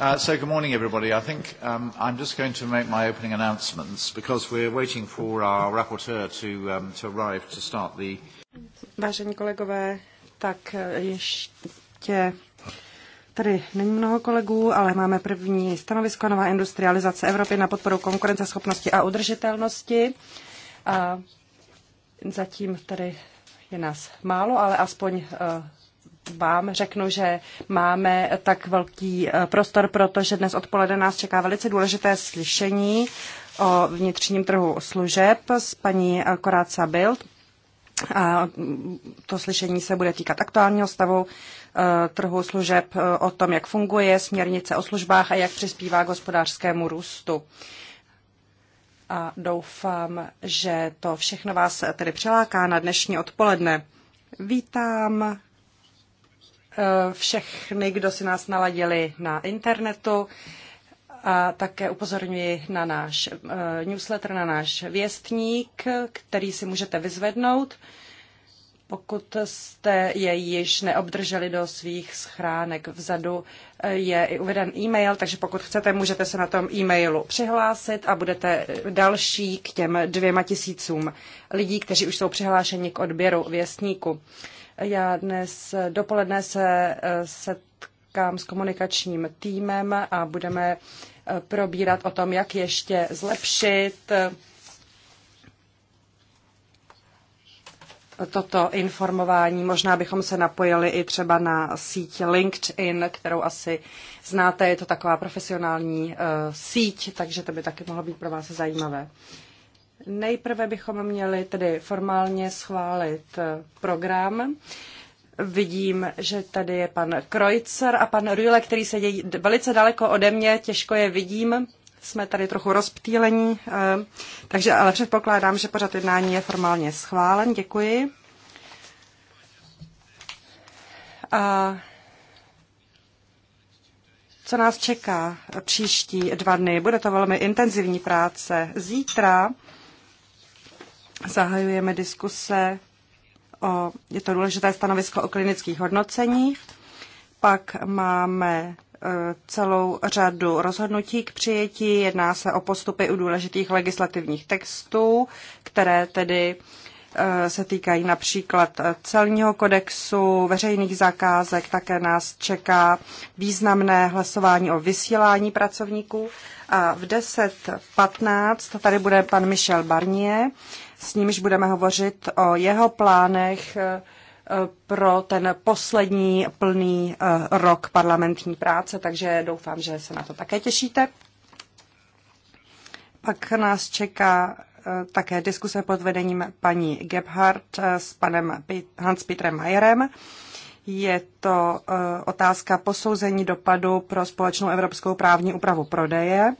Uh, so good morning, everybody. I think um, I'm just going to make my opening announcements because we're waiting for our rapporteur to, um, to arrive to start the... Vážení kolegové, tak uh, ještě Tady není mnoho kolegů, ale máme první stanovisko Nová industrializace Evropy na podporu konkurenceschopnosti a udržitelnosti. A zatím tady je nás málo, ale aspoň uh, vám řeknu, že máme tak velký eh, prostor, protože dnes odpoledne nás čeká velice důležité slyšení o vnitřním trhu služeb s paní eh, Koráca Bild. A mm, to slyšení se bude týkat aktuálního stavu eh, trhu služeb, o tom, jak funguje směrnice o službách a jak přispívá k hospodářskému růstu a doufám, že to všechno vás tedy přeláká na dnešní odpoledne. Vítám Eh, všechny, kdo si nás naladili na internetu a také upozorňuji na náš eh, newsletter, na náš věstník, který si můžete vyzvednout, pokud jste je již neobdrželi do svých schránek. Vzadu eh, je i uveden e-mail, takže pokud chcete, můžete se na tom e-mailu přihlásit a budete další k těm dvěma tisícům lidí, kteří už jsou přihlášeni k odběru věstníku. Já dnes dopoledne se eh, setkám s komunikačním týmem a budeme eh, probírat o tom, jak ještě zlepšit eh, toto informování. Možná bychom se napojili i třeba na síť LinkedIn, kterou asi znáte. Je to taková profesionální síť, takže to by taky mohlo být pro vás zajímavé. Nejprve bychom měli tedy formálně schválit eh, program. Vidím, že tady je pan Krojcer a pan Rüle, který sedí velice daleko ode mě, těžko je vidím. Jsme tady trochu rozptýlení, eh, takže ale předpokládám, že pořad jednání je formálně schválen. Děkuji. A co nás čeká příští dva dny? Bude to velmi intenzivní práce. Zítra Zahajujeme diskuse o, je to důležité stanovisko o klinických hodnoceních. Pak máme e, celou řadu rozhodnutí k přijetí. Jedná se o postupy u důležitých legislativních textů, které tedy e, se týkají například celního kodexu, veřejných zakázek, také nás čeká významné hlasování o vysílání pracovníků. A v 10.15 tady bude pan Michel Barnier, s nímž budeme hovořit o jeho plánech eh, pro ten poslední plný eh, rok parlamentní práce, takže doufám, že se na to také těšíte. Pak nás čeká eh, také diskuse pod vedením paní Gebhardt s panem Hans-Petrem Mayerem. Je to otázka posouzení dopadu pro společnou evropskou právní úpravu prodeje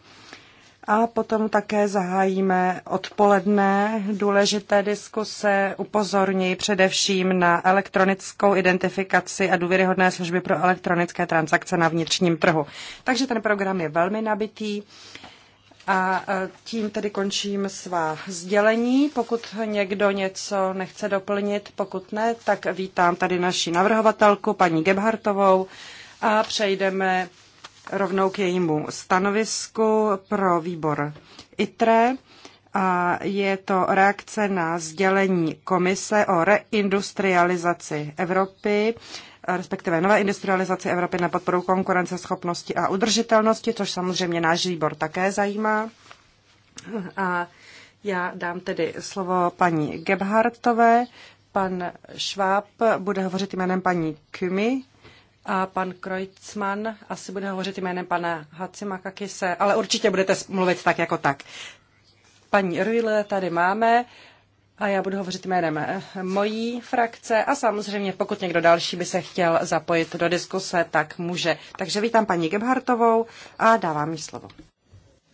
a potom také zahájíme odpoledne důležité diskuse. Upozorní především na elektronickou identifikaci a důvěryhodné služby pro elektronické transakce na vnitřním trhu. Takže ten program je velmi nabitý. A e, tím tedy končím svá sdělení. Pokud někdo něco nechce doplnit, pokud ne, tak vítám tady naši navrhovatelku, paní Gebhartovou, a přejdeme rovnou k jejímu stanovisku pro výbor ITRE. A je to reakce na sdělení komise o reindustrializaci Evropy, respektive nové industrializaci Evropy na podporu konkurenceschopnosti a udržitelnosti, což samozřejmě náš výbor také zajímá. A já dám tedy slovo paní Gebhartové. Pan Šváb bude hovořit jménem paní Kümi a pan Kreutzmann asi bude hovořit jménem pana Hacimakakise, ale určitě budete mluvit tak jako tak. Paní Rujle tady máme a já budu hovořit jménem eh, mojí frakce a samozřejmě pokud někdo další by se chtěl zapojit do diskuse, tak může. Takže vítám paní Gebhartovou a dávám jí slovo.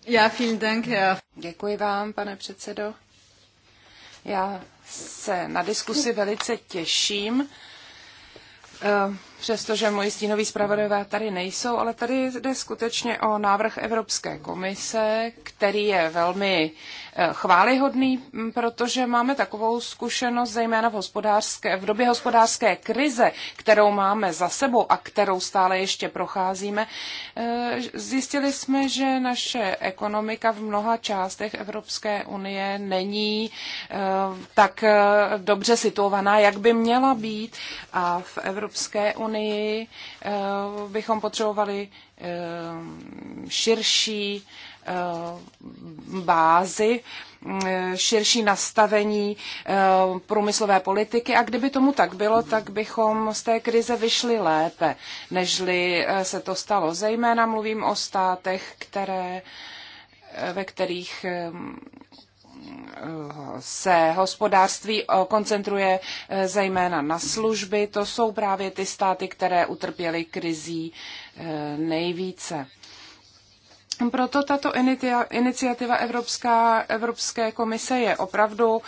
Já vielen Dank, Děkuji vám, pane předsedo. Já se na diskusi velice těším. Eh, přestože moji stínoví zpravodajové tady nejsou, ale tady jde skutečně o návrh Evropské komise, který je velmi eh, chválihodný, protože máme takovou zkušenost, zejména v, hospodářské, v době hospodářské krize, kterou máme za sebou a kterou stále ještě procházíme. Eh, zjistili jsme, že naše ekonomika v mnoha částech Evropské unie není eh, tak dobře situovaná, jak by měla být a v Evropské unii unii eh, bychom potřebovali eh, širší eh, bázi, širší nastavení průmyslové politiky a kdyby tomu tak bylo, tak bychom z té krize vyšli lépe, nežli se to stalo. Zejména mluvím o státech, které, ve kterých se hospodářství eh, koncentruje eh, zejména na služby. To jsou právě ty státy, které utrpěly krizí eh, nejvíce. Proto tato iniciativa Evropská, Evropské komise je opravdu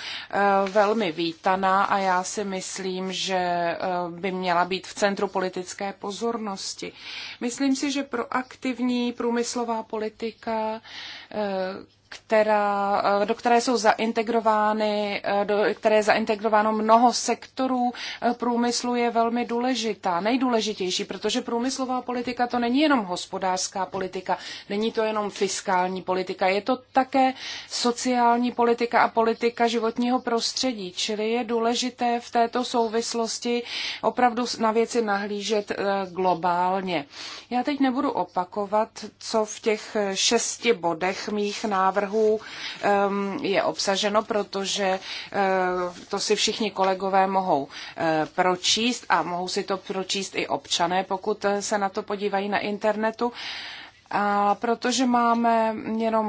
velmi vítaná a já si myslím, že by měla být v centru politické pozornosti. Myslím si, že proaktivní průmyslová politika, která, eh, do které jsou zaintegrovány, eh, do které je zaintegrováno mnoho sektorů eh, průmyslu, je velmi důležitá, nejdůležitější, protože průmyslová politika to není jenom hospodářská politika, není to jenom fiskální politika, je to také sociální politika a politika životního prostředí, čili je důležité v této souvislosti opravdu na věci nahlížet globálně. Já teď nebudu opakovat, co v těch šesti bodech mých návrhů návrhů ehm, je obsaženo, protože eh, to si všichni kolegové mohou eh, pročíst a mohou si to pročíst i občané, pokud eh, se na to podívají na internetu. A protože máme jenom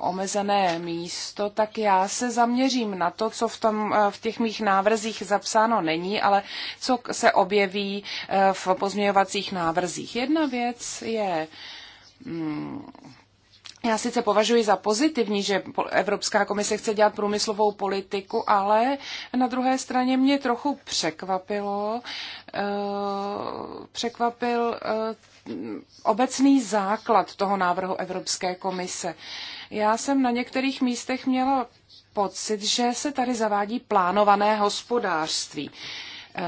omezené místo, tak já se zaměřím na to, co v, tom, v těch mých návrzích zapsáno není, ale co se objeví v pozměňovacích návrzích. Jedna věc je mm, já sice považuji za pozitivní, že Evropská komise chce dělat průmyslovou politiku, ale na druhé straně mě trochu překvapilo, eh, překvapil eh, obecný základ toho návrhu Evropské komise. Já jsem na některých místech měla pocit, že se tady zavádí plánované hospodářství eh,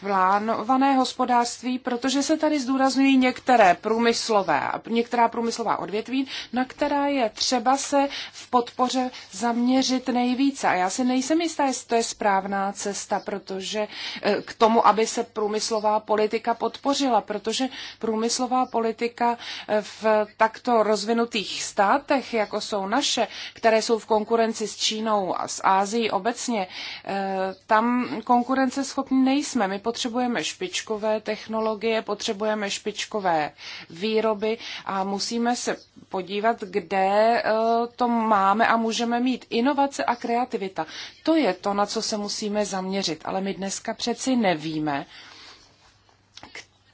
plánované hospodářství, protože se tady zdůrazňují některé průmyslové, některá průmyslová odvětví, na která je třeba se v podpoře zaměřit nejvíce. A já si nejsem jistá, jestli to je správná cesta, protože eh, k tomu, aby se průmyslová politika podpořila, protože průmyslová politika eh, v takto rozvinutých státech, jako jsou naše, které jsou v konkurenci s Čínou a s Ázií obecně, eh, tam konkurenceschopní nejsme potřebujeme. My potřebujeme špičkové technologie, potřebujeme špičkové výroby a musíme se podívat, kde eh, to máme a můžeme mít. Inovace a kreativita. To je to, na co se musíme zaměřit. Ale my dneska přeci nevíme,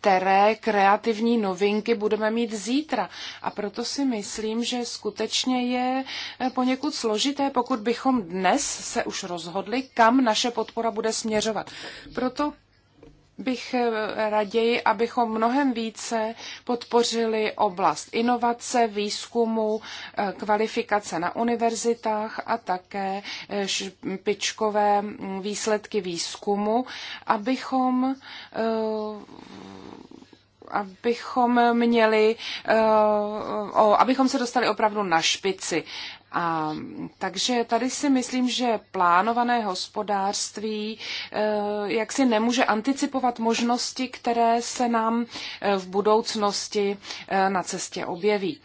které kreativní novinky budeme mít zítra. A proto si myslím, že skutečně je eh, poněkud složité, pokud bychom dnes se už rozhodli, kam naše podpora bude směřovat. Proto bych eh, raději, abychom mnohem více podpořili oblast inovace, výzkumu, eh, kvalifikace na univerzitách a také špičkové mm, výsledky výzkumu, abychom abychom měli, eh, abychom se dostali opravdu na špici. A, takže tady si myslím, že plánované hospodářství eh, jak si nemůže anticipovat možnosti, které se nám eh, v budoucnosti na cestě objeví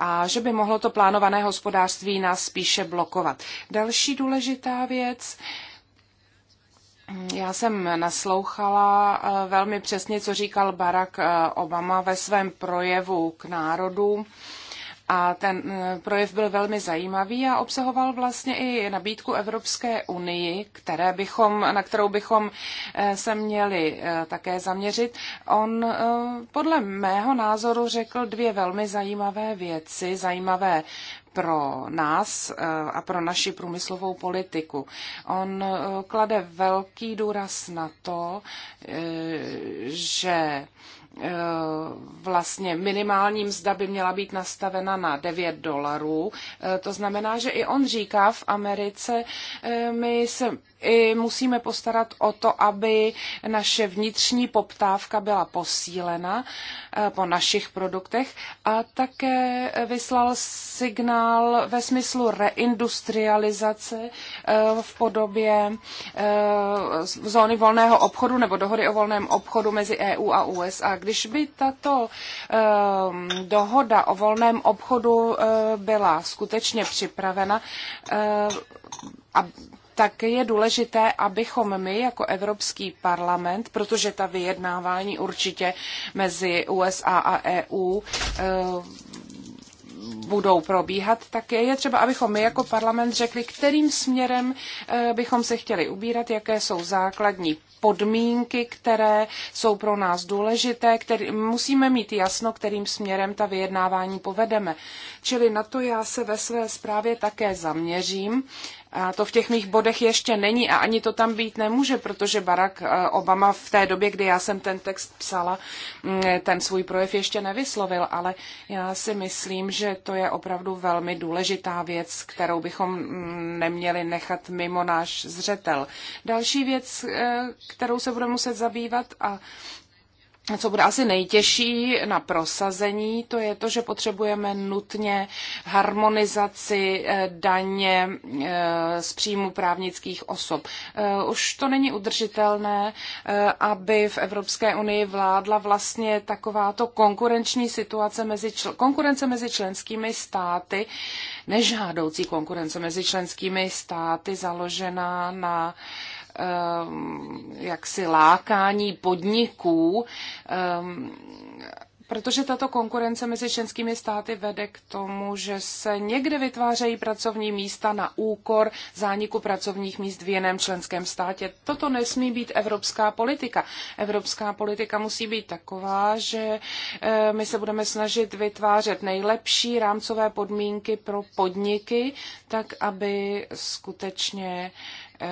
a že by mohlo to plánované hospodářství nás spíše blokovat. Další důležitá věc já jsem naslouchala eh, velmi přesně, co říkal Barack eh, Obama ve svém projevu k národu. A ten eh, projev byl velmi zajímavý a obsahoval vlastně i nabídku Evropské unii, které bychom, na kterou bychom se měli také zaměřit. On podle mého názoru řekl dvě velmi zajímavé věci, zajímavé pro nás eh, a pro naši průmyslovou politiku. On eh, klade velký důraz na to, eh, že vlastně minimální mzda by měla být nastavena na 9 dolarů. To znamená, že i on říká v Americe, my se i musíme postarat o to, aby naše vnitřní poptávka byla posílena eh, po našich produktech a také vyslal signál ve smyslu reindustrializace eh, v podobě eh, zóny volného obchodu nebo dohody o volném obchodu mezi EU a USA. Když by tato dohoda o volném obchodu byla skutečně připravena, a tak je důležité, abychom my jako Evropský parlament, protože ta vyjednávání určitě mezi USA a EU eh, budou probíhat, tak je třeba, abychom my jako parlament řekli, kterým směrem eh, bychom se chtěli ubírat, jaké jsou základní podmínky, které jsou pro nás důležité, který, musíme mít jasno, kterým směrem ta vyjednávání povedeme. Čili na to já se ve své zprávě také zaměřím a to v těch mých bodech ještě není a ani to tam být nemůže, protože Barack eh, Obama v té době, kdy já jsem ten text psala, mm, ten svůj projev ještě nevyslovil, ale já si myslím, že to je opravdu velmi důležitá věc, kterou bychom mm, neměli nechat mimo náš zřetel. Další věc, eh, kterou se budeme muset zabývat a co bude asi nejtěžší na prosazení, to je to, že potřebujeme nutně harmonizaci eh, daně eh, z příjmu právnických osob. Eh, už to není udržitelné, aby v Evropské unii vládla vlastně takováto konkurenční situace mezi čl- konkurence mezi členskými státy, nežádoucí konkurence mezi členskými státy založená na uh, Eh, jaksi lákání podniků, eh, protože tato konkurence mezi členskými státy vede k tomu, že se někde vytvářejí pracovní místa na úkor zániku pracovních míst v jiném členském státě. Toto nesmí být evropská politika. Evropská politika musí být taková, že eh, my se budeme snažit vytvářet nejlepší rámcové podmínky pro podniky, tak aby skutečně Eh,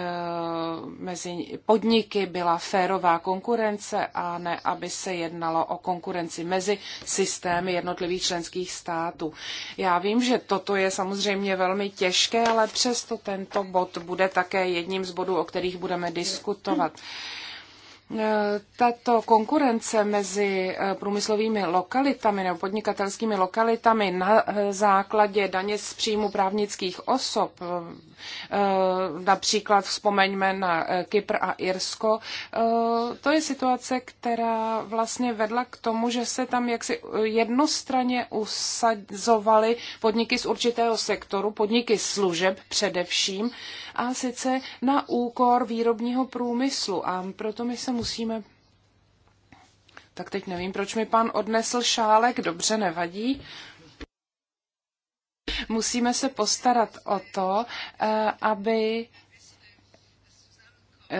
mezi podniky byla férová konkurence a ne, aby se jednalo o konkurenci mezi systémy jednotlivých členských států. Já vím, že toto je samozřejmě velmi těžké, ale přesto tento bod bude také jedním z bodů, o kterých budeme diskutovat. Hmm tato konkurence mezi eh, průmyslovými lokalitami nebo podnikatelskými lokalitami na eh, základě daně z příjmu právnických osob, eh, například vzpomeňme na Kypr a Irsko, to je situace, která vlastně vedla k tomu, že se tam jaksi jednostranně usazovaly podniky z určitého sektoru, podniky služeb především, a sice na úkor výrobního průmyslu. A proto my se musíme... Tak teď nevím, proč mi pan odnesl šálek, dobře, nevadí. Musíme se postarat o to, eh, aby eh,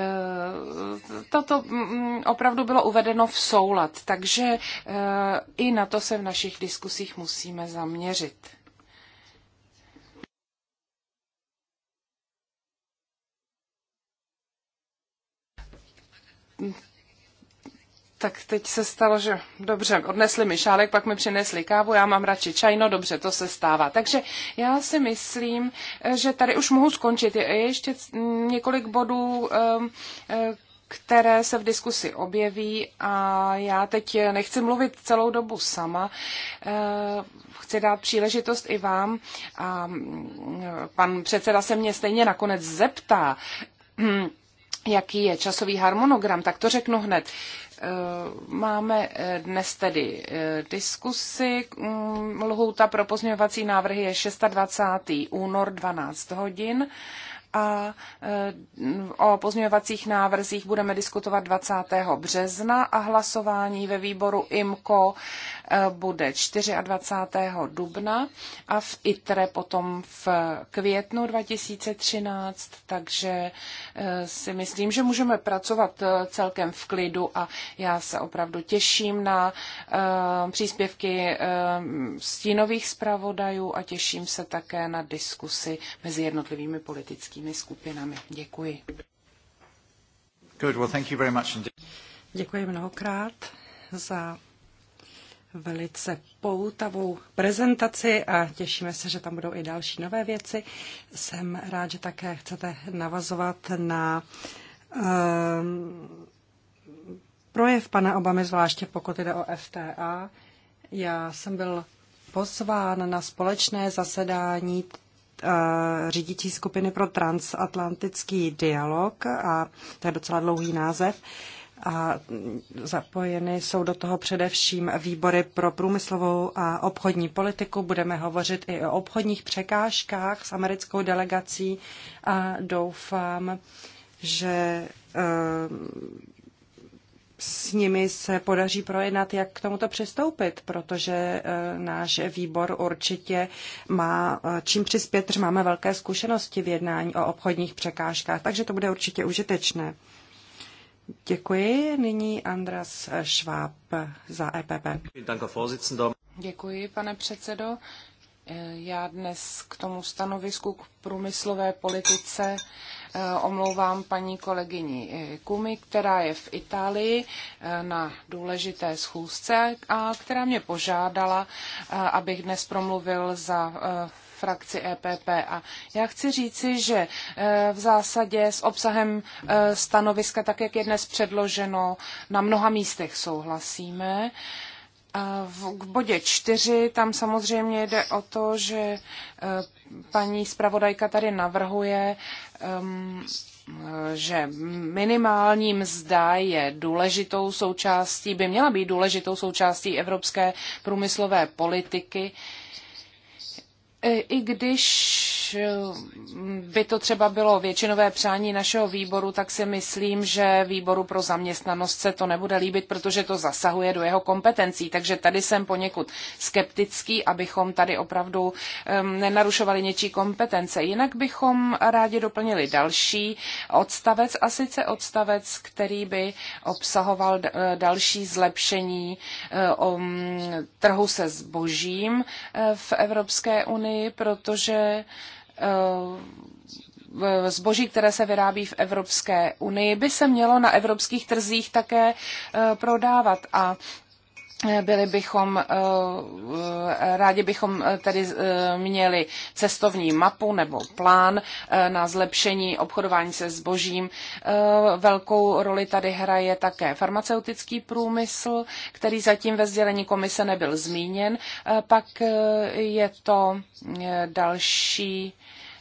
toto mm, mm, opravdu bylo uvedeno v soulad, takže eh, i na to se v našich diskusích musíme zaměřit. tak teď se stalo, že dobře, odnesli mi šálek, pak mi přinesli kávu, já mám radši čaj, no dobře, to se stává. Takže já si myslím, že tady už mohu skončit. Je ještě několik bodů, eh, které se v diskusi objeví a já teď nechci mluvit celou dobu sama. Eh, chci dát příležitost i vám a mm, pan předseda se mě stejně nakonec zeptá jaký je časový harmonogram, tak to řeknu hned. E, máme e, dnes tedy e, diskusi. Mm, lhůta pro pozměňovací návrhy je 26. únor 12 hodin a eh, o pozměňovacích návrzích budeme diskutovat 20. března a hlasování ve výboru IMKO eh, bude 24. dubna a v ITRE potom v květnu 2013, takže eh, si myslím, že můžeme pracovat celkem v klidu a já se opravdu těším na příspěvky stínových zpravodajů a těším se také na diskusy mezi jednotlivými politickými dětskými skupinami. Děkuji. Good. Well, thank you very much indeed. Děkuji mnohokrát za velice poutavou prezentaci a těšíme se, že tam budou i další nové věci. Jsem rád, že také chcete navazovat na um, projev pana Obamy, zvláště pokud jde o FTA. Já jsem byl pozván na společné zasedání řídící skupiny pro transatlantický dialog a to je docela dlouhý název. A zapojeny jsou do toho především výbory pro průmyslovou a obchodní politiku. Budeme hovořit i o obchodních překážkách s americkou delegací a doufám, že s nimi se podaří projednat, jak k tomuto přistoupit, protože e, náš výbor určitě má e, čím přispět, že máme velké zkušenosti v jednání o obchodních překážkách, takže to bude určitě užitečné. Děkuji. Nyní Andras Schwab za EPP. Děkuji, pane předsedo. Já dnes k tomu stanovisku k průmyslové politice eh, omlouvám paní kolegyni eh, Kumi, která je v Itálii eh, na důležité schůzce a která mě požádala, abych dnes promluvil za frakci EPP. A já chci říci, že v zásadě s obsahem stanoviska, tak jak je dnes předloženo, na mnoha místech souhlasíme. V, k bodě čtyři tam samozřejmě jde o to, že e, paní zpravodajka tady navrhuje, e, že minimální mzda je důležitou součástí, by měla být důležitou součástí evropské průmyslové politiky, e, i když Eh, by to třeba bylo většinové přání našeho výboru, tak si myslím, že výboru pro zaměstnanost se to nebude líbit, protože to zasahuje do jeho kompetencí. Takže tady jsem poněkud skeptický, abychom tady opravdu um, nenarušovali něčí kompetence. Jinak bychom rádi doplnili další odstavec, a sice odstavec, který by obsahoval eh, další zlepšení um, trhu se zbožím v Evropské unii, protože Eh, zboží, které se vyrábí v Evropské unii, by se mělo na evropských trzích také eh, prodávat. A byli bychom, eh, eh, rádi bychom eh, tedy měli cestovní mapu nebo plán na zlepšení obchodování se zbožím. Velkou roli tady hraje také farmaceutický průmysl, který zatím ve sdělení komise nebyl zmíněn. Pak je to další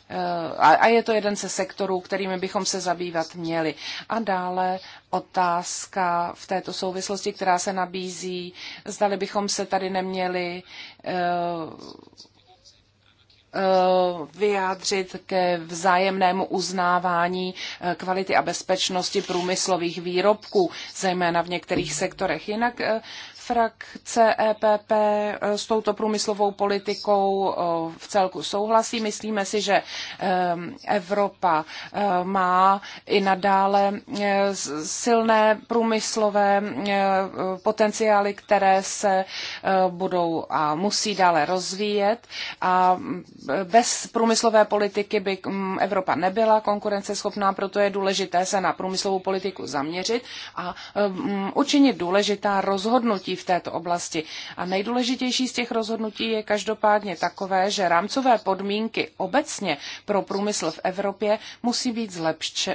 Eh, a je to jeden ze sektorů, kterými bychom se zabývat měli. A dále otázka v této souvislosti, která se nabízí, zdali bychom se tady neměli eh, eh, vyjádřit ke vzájemnému uznávání kvality a bezpečnosti průmyslových výrobků, zejména v některých sektorech. Jinak Frakce EPP eh, s touto průmyslovou politikou eh, v celku souhlasí. Myslíme si, že eh, Evropa má i nadále silné průmyslové potenciály, které se budou a musí dále rozvíjet. A mm, bez průmyslové politiky by mm, Evropa nebyla konkurenceschopná, proto je důležité se na průmyslovou politiku zaměřit a mm, učinit důležitá rozhodnutí v této oblasti. A nejdůležitější z těch rozhodnutí je každopádně takové, že rámcové podmínky obecně pro průmysl v Evropě musí být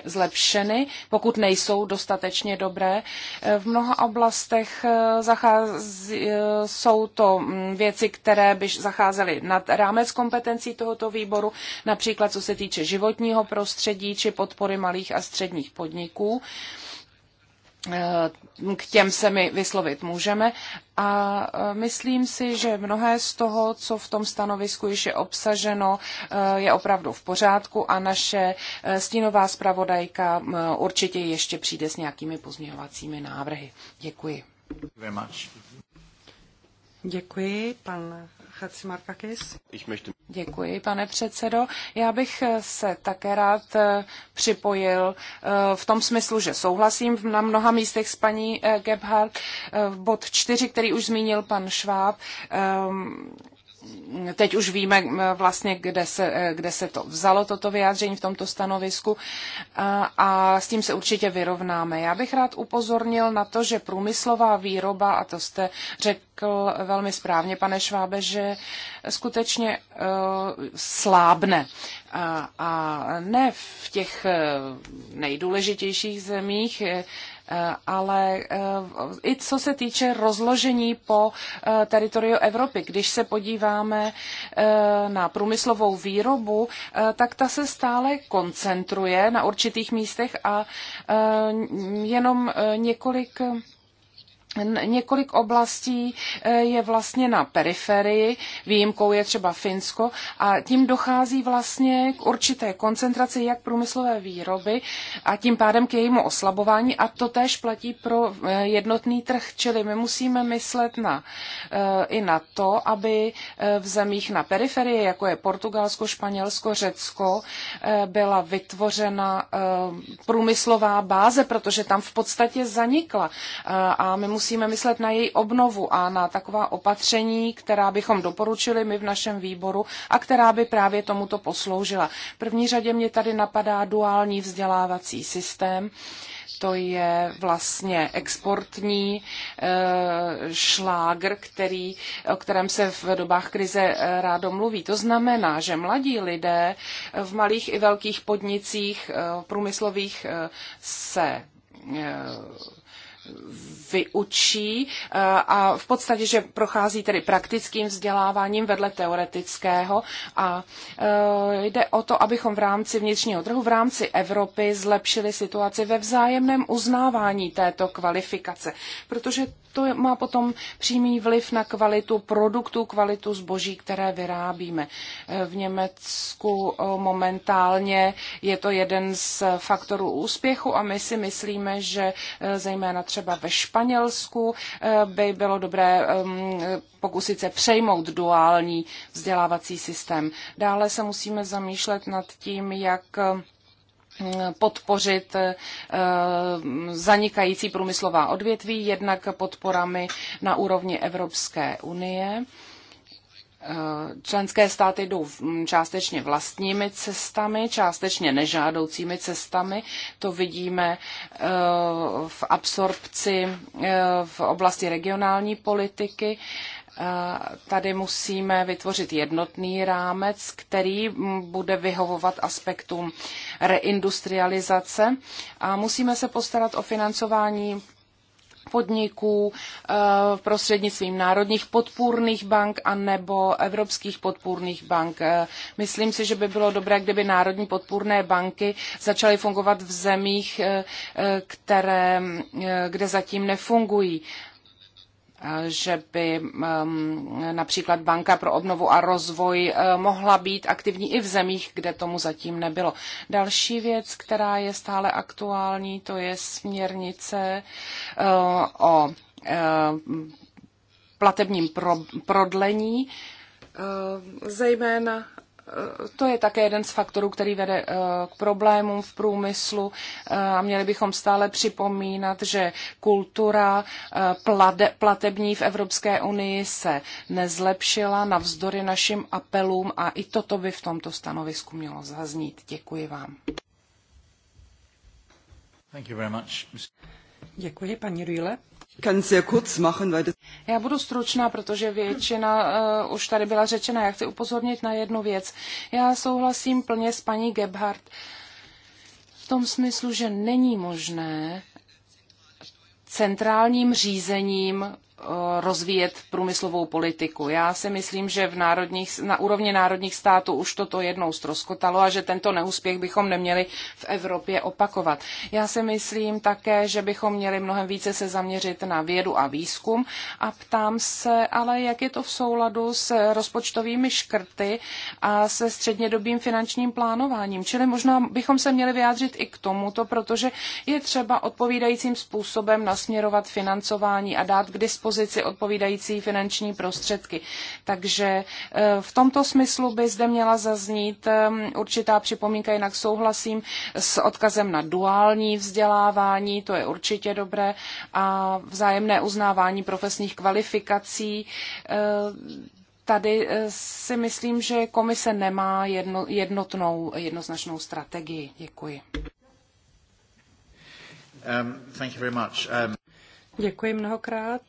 zlepšeny, pokud nejsou dostatečně dobré. Eh, v mnoha oblastech eh, zachází, eh, jsou to mm, věci, které by zacházely nad rámec kompetencí tohoto výboru, například co se týče životního prostředí či podpory malých a středních podniků. Eh, k těm se my vyslovit můžeme. A eh, myslím si, že mnohé z toho, co v tom stanovisku již je obsaženo, eh, je opravdu v pořádku a naše stínová zpravodajka určitě ještě přijde s nějakými pozměňovacími návrhy. Děkuji. Děkuji, pan Děkuji, pane předsedo. Já bych se také rád eh, připojil eh, v tom smyslu, že souhlasím na mnoha místech s paní eh, Gebhardt. Bod čtyři, který už zmínil pan Šváb, Teď už víme eh, vlastně, kde se, eh, kde se to vzalo, toto vyjádření v tomto stanovisku a, a s tím se určitě vyrovnáme. Já bych rád upozornil na to, že průmyslová výroba, a to jste řekl velmi správně, pane Švábe, že skutečně uh, slábne. A, a ne v těch nejdůležitějších zemích, Eh, ale eh, i co se týče rozložení po eh, teritoriu Evropy, když se podíváme na průmyslovou výrobu, tak ta se stále koncentruje na určitých místech a jenom několik Několik oblastí e, je vlastně na periferii, výjimkou je třeba Finsko a tím dochází vlastně k určité koncentraci jak průmyslové výroby a tím pádem k jejímu oslabování a to též platí pro e, jednotný trh, čili my musíme myslet na, e, i na to, aby v zemích na periferii, jako je Portugalsko, Španělsko, Řecko, byla vytvořena průmyslová báze, protože tam v podstatě zanikla a my musíme musíme myslet na její obnovu a na taková opatření, která bychom doporučili my v našem výboru a která by právě tomuto posloužila. V první řadě mě tady napadá duální vzdělávací systém to je vlastně exportní eh, šlágr, který, o kterém se v dobách krize eh, rádo mluví. To znamená, že mladí lidé v malých i velkých podnicích eh, průmyslových se vyučí eh, a v podstatě, že prochází tedy praktickým vzděláváním vedle teoretického a eh, jde o to, abychom v rámci vnitřního trhu, v rámci Evropy zlepšili situaci ve vzájemném uznávání této kvalifikace, protože to má potom přímý vliv na kvalitu produktu, kvalitu zboží, které vyrábíme. Eh, v Německu eh, momentálně je to jeden z faktorů úspěchu a my si myslíme, že eh, zejména třeba ve Španělsku by bylo dobré ehm, pokusit se přejmout duální vzdělávací systém. Dále se musíme zamýšlet nad tím, jak podpořit eh, zanikající průmyslová odvětví, jednak podporami na úrovni Evropské unie. Eh, členské státy jdou částečně vlastními cestami, částečně nežádoucími cestami. To vidíme eh, v absorpci v oblasti regionální politiky tady musíme vytvořit jednotný rámec, který bude vyhovovat aspektům reindustrializace a musíme se postarat o financování podniků eh, prostřednictvím národních podpůrných bank a nebo evropských podpůrných bank. Eh, myslím si, že by bylo dobré, kdyby národní podpůrné banky začaly fungovat v zemích, eh, které, kde zatím nefungují že by um, například Banka pro obnovu a rozvoj uh, mohla být aktivní i v zemích, kde tomu zatím nebylo. Další věc, která je stále aktuální, to je směrnice uh, o uh, platebním prodlení, zejména to je také jeden z faktorů, který vede eh, k problémům v průmyslu eh, a měli bychom stále připomínat, že kultura eh, platební v Evropské unii se nezlepšila navzdory našim apelům a i toto by v tomto stanovisku mělo zaznít. Děkuji vám. Děkuji, paní Rýle. Já budu stručná, protože většina uh, už tady byla řečena. Já chci upozornit na jednu věc. Já souhlasím plně s paní Gebhardt v tom smyslu, že není možné centrálním řízením Eh, rozvíjet průmyslovou politiku. Já si myslím, že v národních, na úrovni národních států už toto jednou ztroskotalo a že tento neúspěch bychom neměli v Evropě opakovat. Já si myslím také, že bychom měli mnohem více se zaměřit na vědu a výzkum a ptám se, ale jak je to v souladu s rozpočtovými škrty a se střednědobým finančním plánováním. Čili možná bychom se měli vyjádřit i k tomuto, protože je třeba odpovídajícím způsobem nasměrovat financování a dát k dispozici dispozici odpovídající finanční prostředky. Takže eh, v tomto smyslu by zde měla zaznít eh, určitá připomínka, jinak souhlasím s odkazem na duální vzdělávání, to je určitě dobré, a vzájemné uznávání profesních kvalifikací eh, tady si myslím, že komise nemá jedno, jednotnou, jednoznačnou strategii. Děkuji. Um, thank you very much. Um... Děkuji mnohokrát.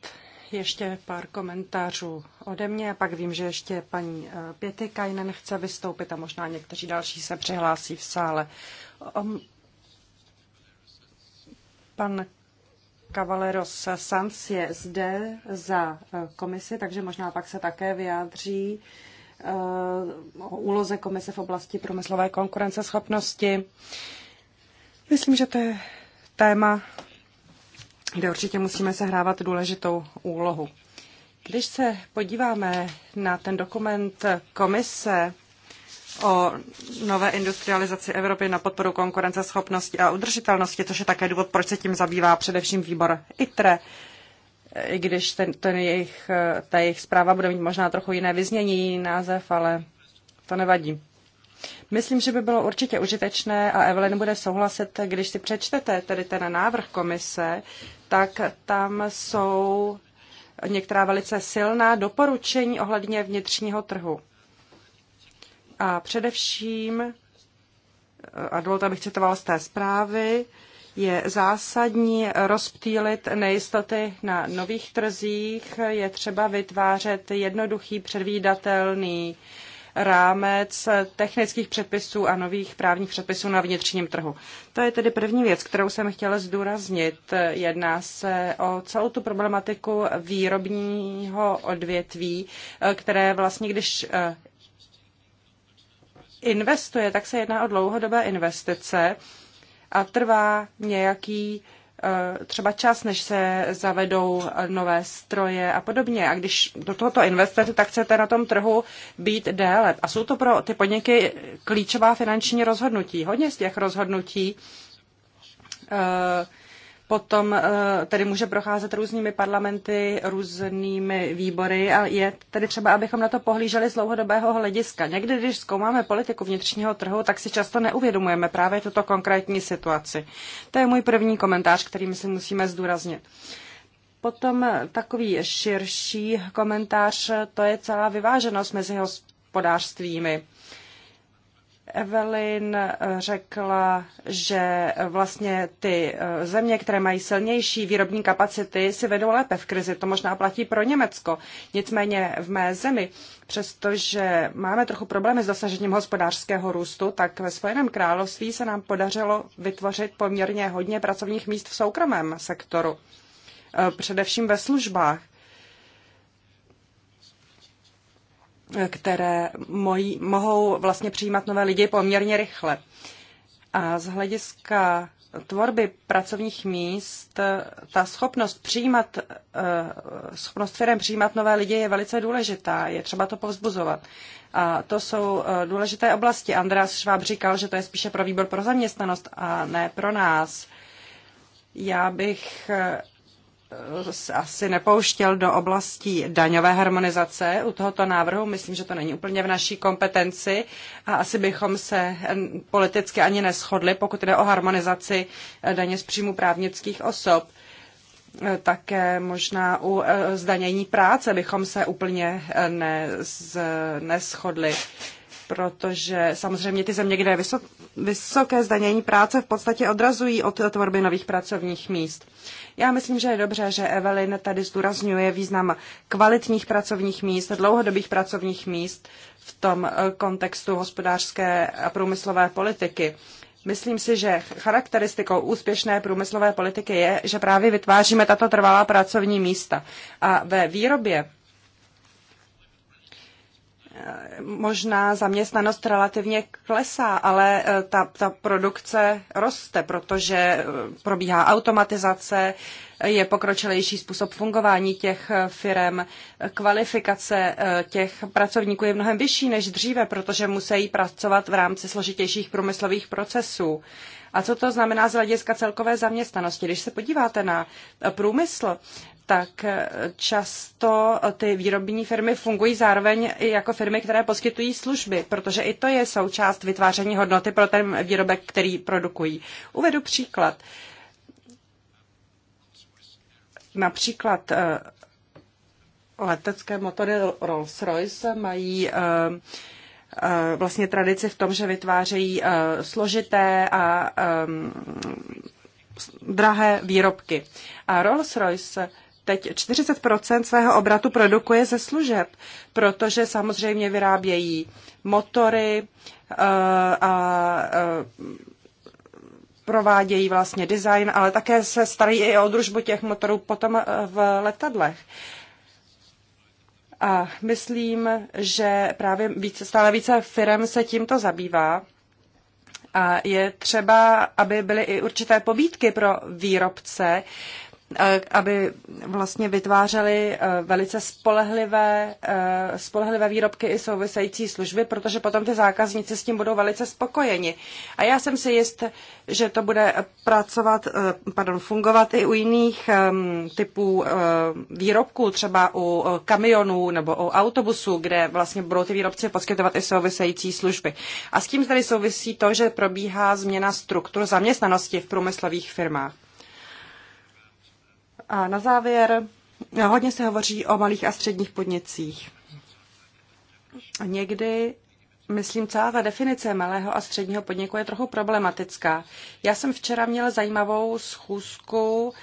Ještě pár komentářů ode mě a pak vím, že ještě paní eh, Pěty Kajnen chce vystoupit a možná někteří další se přihlásí v sále. Pan Cavaleros Sanz je zde za eh, komisi, takže možná pak se také vyjádří eh, o úloze komise v oblasti průmyslové konkurenceschopnosti. Myslím, že to je téma, kde určitě musíme sehrávat důležitou úlohu. Když se podíváme na ten dokument komise o nové industrializaci Evropy na podporu konkurenceschopnosti a udržitelnosti, což je také důvod, proč se tím zabývá především výbor ITRE, i když ten, ten jejich, ta jejich zpráva bude mít možná trochu jiné vyznění, jiný název, ale to nevadí. Myslím, že by bylo určitě užitečné, a Evelyn bude souhlasit, když si přečtete tedy ten návrh komise, tak tam jsou některá velice silná doporučení ohledně vnitřního trhu. A především, a dovolte, abych citoval z té zprávy, je zásadní rozptýlit nejistoty na nových trzích, je třeba vytvářet jednoduchý, předvídatelný rámec technických předpisů a nových právních předpisů na vnitřním trhu. To je tedy první věc, kterou jsem chtěla zdůraznit. Jedná se o celou tu problematiku výrobního odvětví, které vlastně, když eh, investuje, tak se jedná o dlouhodobé investice a trvá nějaký Eh, třeba čas, než se zavedou nové stroje a podobně. A když do tohoto investujete, tak chcete na tom trhu být déle. A jsou to pro ty podniky klíčová finanční rozhodnutí. Hodně z těch rozhodnutí uh, potom eh, tedy může procházet různými parlamenty, různými výbory a je tedy třeba, abychom na to pohlíželi z dlouhodobého hlediska. Někdy, když zkoumáme politiku vnitřního trhu, tak si často neuvědomujeme právě tuto konkrétní situaci. To je můj první komentář, který si musíme zdůraznit. Potom eh, takový širší komentář, to je celá vyváženost mezi hospodářstvími. Evelyn řekla, že vlastně ty eh, země, které mají silnější výrobní kapacity, si vedou lépe v krizi. To možná platí pro Německo. Nicméně v mé zemi, přestože máme trochu problémy s dosažením hospodářského růstu, tak ve Spojeném království se nám podařilo vytvořit poměrně hodně pracovních míst v soukromém sektoru, eh, především ve službách. které mojí, mohou vlastně přijímat nové lidi poměrně rychle. A z hlediska tvorby pracovních míst, ta schopnost přijímat, eh, schopnost firm přijímat nové lidi je velice důležitá. Je třeba to povzbuzovat. A to jsou eh, důležité oblasti. Andreas Schwab říkal, že to je spíše pro výbor pro zaměstnanost a ne pro nás. Já bych eh, asi nepouštěl do oblastí daňové harmonizace u tohoto návrhu. Myslím, že to není úplně v naší kompetenci a asi bychom se politicky ani neschodli, pokud jde o harmonizaci eh, daně z příjmu právnických osob. Eh, také možná u eh, zdanění práce bychom se úplně nes, protože samozřejmě ty země, kde je vysoké zdanění práce, v podstatě odrazují od tvorby nových pracovních míst. Já myslím, že je dobře, že Evelyn tady zdůrazňuje význam kvalitních pracovních míst, dlouhodobých pracovních míst v tom eh, kontextu hospodářské a průmyslové politiky. Myslím si, že charakteristikou úspěšné průmyslové politiky je, že právě vytváříme tato trvalá pracovní místa. A ve výrobě možná zaměstnanost relativně klesá, ale eh, ta, ta produkce roste, protože eh, probíhá automatizace, je pokročilejší způsob fungování těch eh, firm, kvalifikace těch pracovníků je mnohem vyšší než dříve, protože musí pracovat v rámci složitějších průmyslových procesů. A co to znamená z hlediska celkové zaměstnanosti? Když se podíváte na průmysl, tak často ty výrobní firmy fungují zároveň i jako firmy, které poskytují služby, protože i to je součást vytváření hodnoty pro ten výrobek, který produkují. Uvedu příklad. Například eh, letecké motory Rolls-Royce mají eh, eh, vlastně tradici v tom, že vytvářejí složité a drahé výrobky. A Rolls-Royce teď 40 svého obratu produkuje ze služeb, protože samozřejmě vyrábějí motory eh, a eh, provádějí vlastně design, ale také se starají i o družbu těch motorů potom eh, v letadlech. A myslím, že právě více, stále více firm se tímto zabývá. A je třeba, aby byly i určité pobídky pro výrobce, Eh, aby vlastně vytvářely eh, velice spolehlivé, eh, spolehlivé výrobky i související služby, protože potom ty zákazníci s tím budou velice spokojeni. A já jsem si jist, že to bude pracovat, pardon, fungovat i u jiných ehm, typů výrobků, třeba u kamionů nebo u autobusů, kde vlastně budou ty výrobci poskytovat i související služby. A s tím tady souvisí to, že probíhá změna struktur zaměstnanosti v průmyslových firmách. A na závěr, hodně se hovoří o malých a středních podnicích. Někdy myslím, celá ta definice malého a středního podniku je trochu problematická. Já jsem včera měla zajímavou schůzku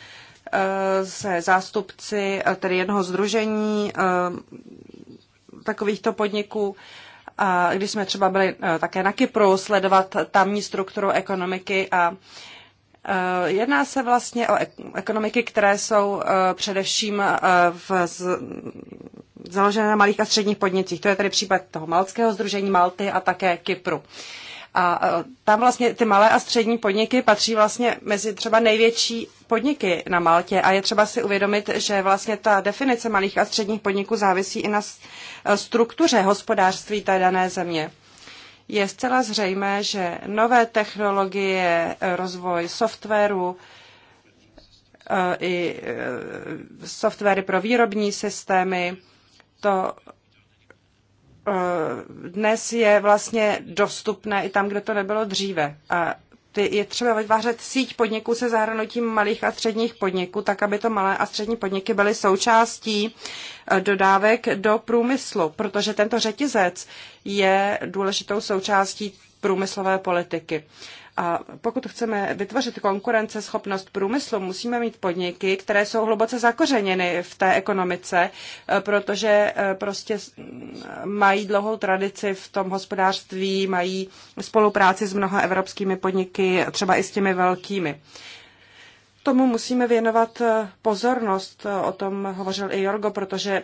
eh, se zástupci eh, tedy jednoho združení eh, takovýchto podniků. A když jsme třeba byli také na Kypru sledovat tamní strukturu ekonomiky a Eh, jedná se vlastně o ekonomiky, které jsou eh, především eh, v založené na malých a středních podnicích. To je tedy případ toho Malckého združení Malty a také Kypru. A tam vlastně ty malé a střední podniky patří vlastně mezi třeba největší podniky na Maltě a je třeba si uvědomit, že vlastně ta definice malých a středních podniků závisí i na struktuře hospodářství té dané země je zcela zřejmé, že nové technologie, eh, rozvoj softwaru eh, i eh, softwary pro výrobní systémy, to dnes je vlastně dostupné i tam, kde to nebylo dříve. A ty je třeba vytvářet síť podniků se zahrnutím malých a středních podniků, tak aby to malé a střední podniky byly součástí eh, dodávek do průmyslu, protože tento řetězec je důležitou součástí průmyslové politiky. A pokud chceme vytvořit konkurenceschopnost průmyslu, musíme mít podniky, které jsou hluboce zakořeněny v té ekonomice, e, protože e, prostě mají dlouhou tradici v tom hospodářství, mají spolupráci s mnoha evropskými podniky, třeba i s těmi velkými. Tomu musíme věnovat e, pozornost, o tom hovořil i Jorgo, protože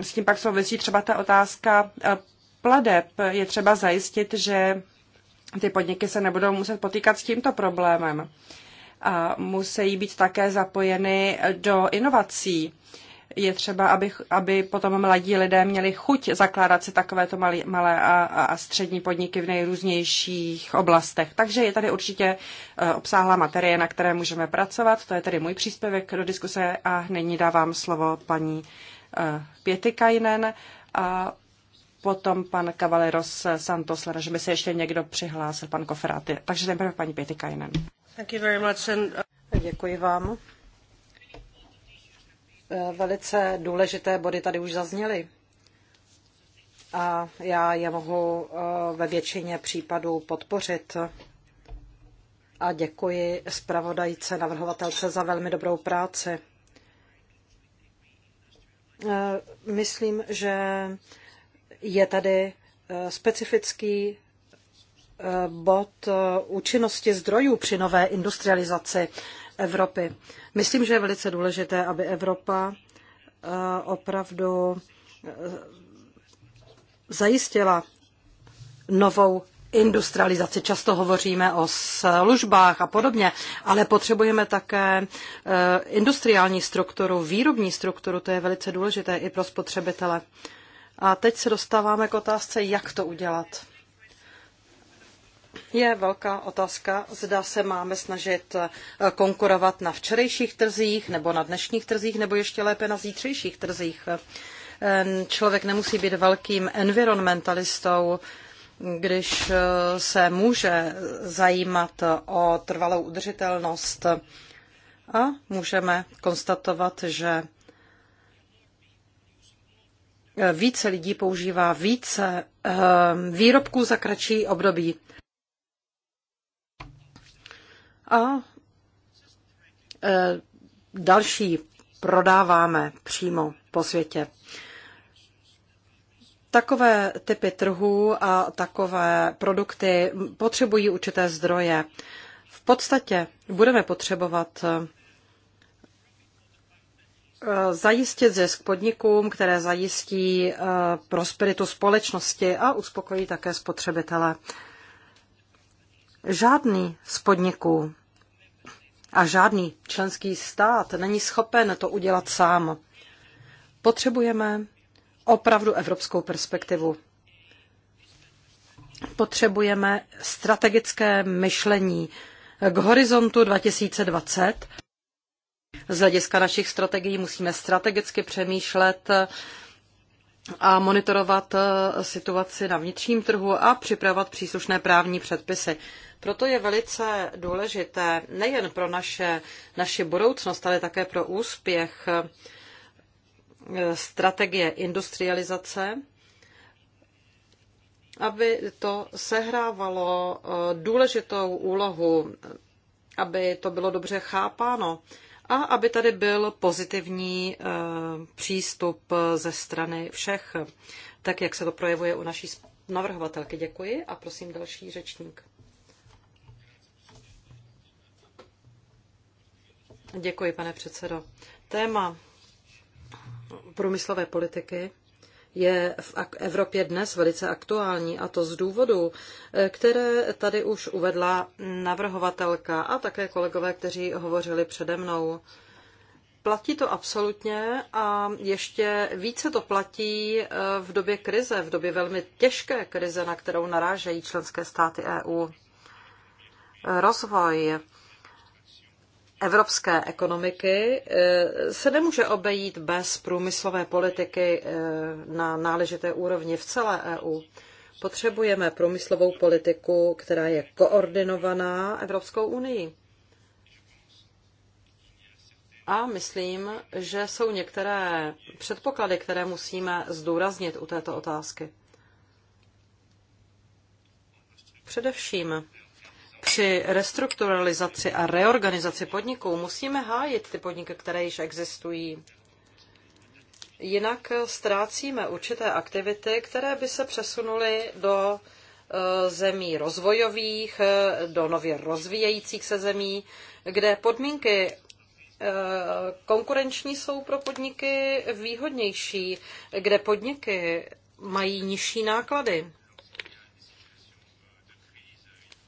s tím pak souvisí třeba ta otázka pladeb. Je třeba zajistit, že ty podniky se nebudou muset potýkat s tímto problémem. A musí být také zapojeny do inovací. Je třeba, aby, aby potom mladí lidé měli chuť zakládat si takovéto malé, malé a, a střední podniky v nejrůznějších oblastech. Takže je tady určitě e, obsáhlá materie, na které můžeme pracovat. To je tedy můj příspěvek do diskuse a nyní dávám slovo paní e, Pětikajnen a potom pan Cavaleros Santos, že by se ještě někdo přihlásil, pan Koferáty. Takže nejprve paní Pětikajnen. Uh, děkuji vám. Eh, velice důležité body tady už zazněly a já je mohu eh, ve většině případů podpořit. A děkuji zpravodajce, navrhovatelce za velmi dobrou práci. Eh, myslím, že je tady eh, specifický eh, bod eh, účinnosti zdrojů při nové industrializaci Evropy. Myslím, že je velice důležité, aby Evropa opravdu zajistila novou industrializaci. Často hovoříme o službách a podobně, ale potřebujeme také industriální strukturu, výrobní strukturu, to je velice důležité i pro spotřebitele. A teď se dostáváme k otázce, jak to udělat. Je velká otázka, zda se máme snažit eh, konkurovat na včerejších trzích, nebo na dnešních trzích, nebo ještě lépe na zítřejších trzích. Ehm, člověk nemusí být velkým environmentalistou, když eh, se může zajímat eh, o trvalou udržitelnost a můžeme konstatovat, že více lidí používá více ehm, výrobků za kratší období. A eh, další prodáváme přímo po světě. Takové typy trhů a takové produkty potřebují určité zdroje. V podstatě budeme potřebovat Eh, zajistit zisk podnikům, které zajistí eh, prosperitu společnosti a uspokojí také spotřebitele. Žádný z podniků a žádný členský stát není schopen to udělat sám. Potřebujeme opravdu evropskou perspektivu. Potřebujeme strategické myšlení k horizontu 2020 z hlediska našich strategií musíme strategicky přemýšlet a monitorovat eh, situaci na vnitřním trhu a připravovat příslušné právní předpisy. Proto je velice důležité nejen pro naše, naši budoucnost, ale také pro úspěch eh, strategie industrializace, aby to sehrávalo eh, důležitou úlohu, aby to bylo dobře chápáno a aby tady byl pozitivní eh, přístup eh, ze strany všech, tak jak se to projevuje u naší navrhovatelky. Děkuji a prosím další řečník. Děkuji, pane předsedo. Téma průmyslové politiky je v Evropě dnes velice aktuální a to z důvodů, eh, které tady už uvedla navrhovatelka a také kolegové, kteří hovořili přede mnou. Platí to absolutně a ještě více to platí eh, v době krize, v době velmi těžké krize, na kterou narážejí členské státy EU. Rozvoj evropské ekonomiky eh, se nemůže obejít bez průmyslové politiky eh, na náležité úrovni v celé EU. Potřebujeme průmyslovou politiku, která je koordinovaná Evropskou unii. A myslím, že jsou některé předpoklady, které musíme zdůraznit u této otázky. Především při restrukturalizaci a reorganizaci podniků musíme hájit ty podniky, které již existují. Jinak ztrácíme určité aktivity, které by se přesunuly do eh, zemí rozvojových, eh, do nově rozvíjejících se zemí, kde podmínky eh, konkurenční jsou pro podniky výhodnější, kde podniky mají nižší náklady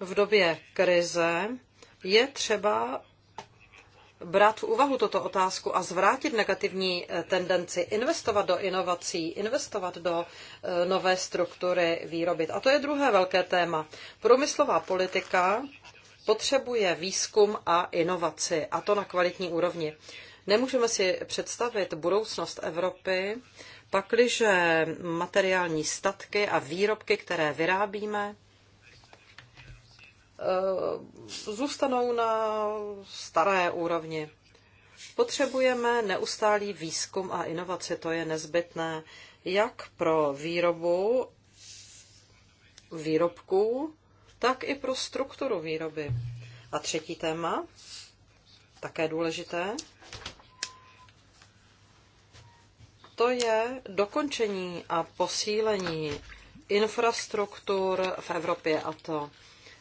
v době krize je třeba brát v úvahu toto otázku a zvrátit negativní eh, tendenci, investovat do inovací, investovat do eh, nové struktury výroby. A to je druhé velké téma. Průmyslová politika potřebuje výzkum a inovaci, a to na kvalitní úrovni. Nemůžeme si představit budoucnost Evropy, pakliže materiální statky a výrobky, které vyrábíme, Eh, zůstanou na staré úrovni. Potřebujeme neustálý výzkum a inovace, to je nezbytné jak pro výrobu výrobků, tak i pro strukturu výroby. A třetí téma, také důležité, to je dokončení a posílení infrastruktur v Evropě a to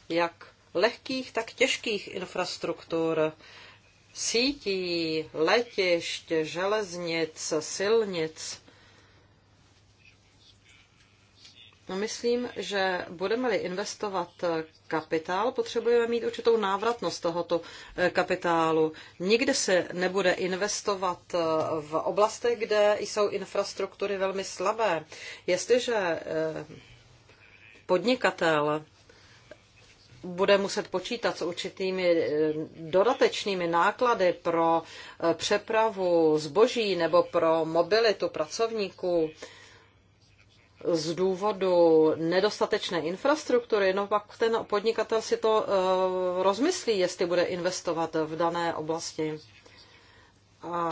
jak lehkých, tak těžkých infrastruktur, sítí, letišť, železnic, silnic. No, myslím, že budeme-li investovat kapitál, potřebujeme mít určitou návratnost tohoto eh, kapitálu. Nikde se nebude investovat eh, v oblastech, kde jsou infrastruktury velmi slabé. Jestliže eh, podnikatel bude muset počítat s určitými eh, dodatečnými náklady pro eh, přepravu zboží nebo pro mobilitu pracovníků z důvodu nedostatečné infrastruktury, no pak ten podnikatel si to eh, rozmyslí, jestli bude investovat v dané oblasti. A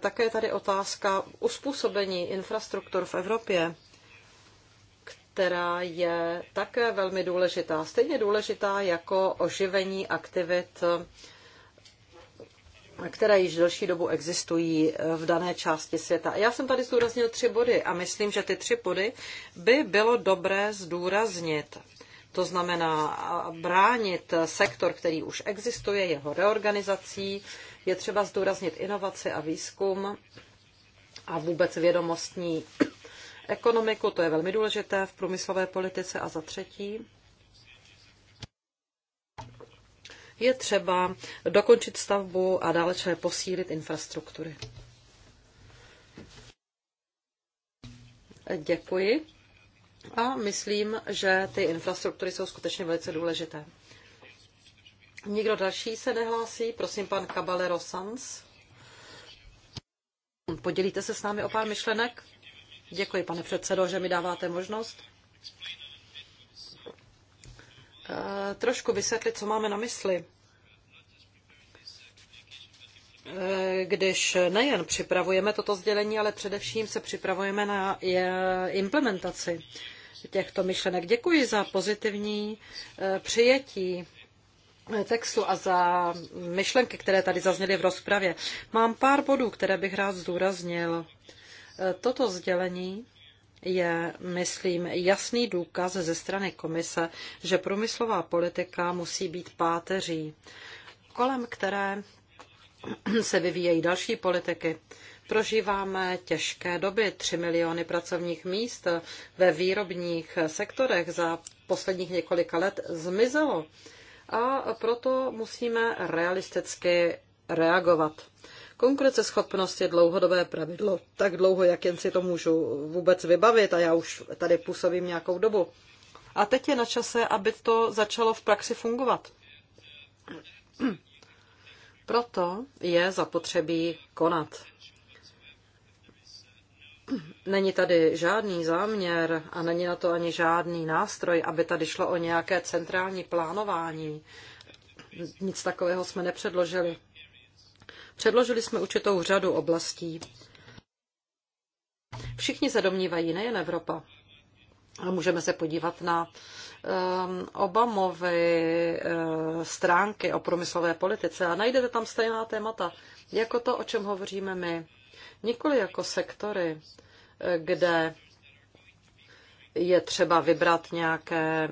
také tady otázka uspůsobení infrastruktur v Evropě která je také velmi důležitá. Stejně důležitá jako oživení aktivit, které již delší dobu existují v dané části světa. Já jsem tady zdůraznil tři body a myslím, že ty tři body by bylo dobré zdůraznit. To znamená bránit sektor, který už existuje, jeho reorganizací. Je třeba zdůraznit inovaci a výzkum a vůbec vědomostní ekonomiku, to je velmi důležité v průmyslové politice. A za třetí, je třeba dokončit stavbu a dále třeba posílit infrastruktury. Děkuji. A myslím, že ty infrastruktury jsou skutečně velice důležité. Nikdo další se nehlásí? Prosím, pan Caballero Sanz. Podělíte se s námi o pár myšlenek? Děkuji, pane předsedo, že mi dáváte možnost eh, trošku vysvětlit, co máme na mysli. Eh, když nejen připravujeme toto sdělení, ale především se připravujeme na implementaci těchto myšlenek. Děkuji za pozitivní eh, přijetí textu a za myšlenky, které tady zazněly v rozpravě. Mám pár bodů, které bych rád zdůraznil. Toto sdělení je, myslím, jasný důkaz ze strany komise, že průmyslová politika musí být páteří, kolem které se vyvíjejí další politiky. Prožíváme těžké doby, 3 miliony pracovních míst ve výrobních sektorech za posledních několika let zmizelo. A proto musíme realisticky reagovat. Konkurenceschopnost je dlouhodobé pravidlo, tak dlouho, jak jen si to můžu vůbec vybavit a já už tady působím nějakou dobu. A teď je na čase, aby to začalo v praxi fungovat. Proto je zapotřebí konat. Není tady žádný záměr a není na to ani žádný nástroj, aby tady šlo o nějaké centrální plánování. Nic takového jsme nepředložili. Předložili jsme určitou řadu oblastí. Všichni se domnívají, nejen Evropa. A můžeme se podívat na um, Obamovy uh, stránky o průmyslové politice a najdete tam stejná témata, jako to, o čem hovoříme my. Nikoli jako sektory, eh, kde je třeba vybrat nějaké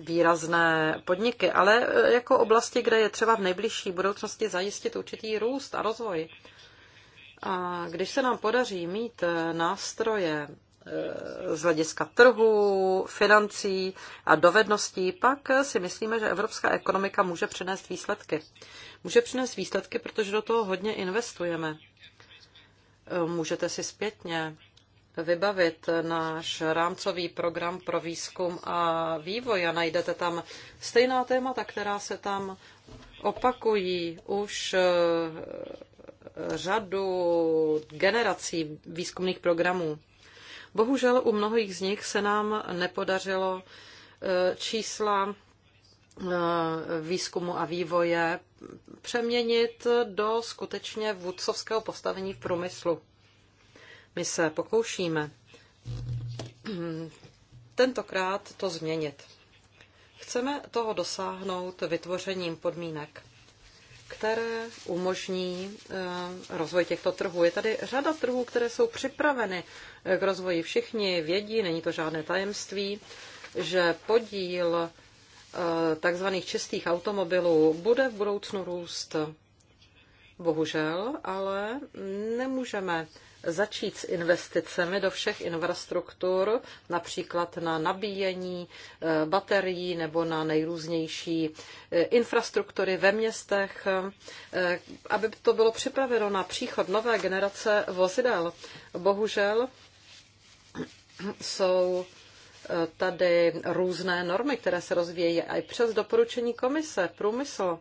výrazné podniky, ale e, jako oblasti, kde je třeba v nejbližší budoucnosti zajistit určitý růst a rozvoj. A když se nám podaří mít e, nástroje e, z hlediska trhu, financí a dovedností, pak si myslíme, že evropská ekonomika může přinést výsledky. Může přinést výsledky, protože do toho hodně investujeme. Můžete si zpětně vybavit náš rámcový program pro výzkum a vývoj a najdete tam stejná témata, která se tam opakují už eh, řadu generací výzkumných programů. Bohužel u mnohých z nich se nám nepodařilo eh, čísla eh, výzkumu a vývoje přeměnit do skutečně vůdcovského postavení v průmyslu. My se pokoušíme tentokrát to změnit. Chceme toho dosáhnout vytvořením podmínek, které umožní eh, rozvoj těchto trhů. Je tady řada trhů, které jsou připraveny eh, k rozvoji. Všichni vědí, není to žádné tajemství, že podíl eh, takzvaných čistých automobilů bude v budoucnu růst. Bohužel, ale nemůžeme začít s investicemi do všech infrastruktur, například na nabíjení eh, baterií nebo na nejrůznější eh, infrastruktury ve městech, eh, aby to bylo připraveno na příchod nové generace vozidel. Bohužel jsou tady různé normy, které se rozvíjejí i přes doporučení komise, průmysl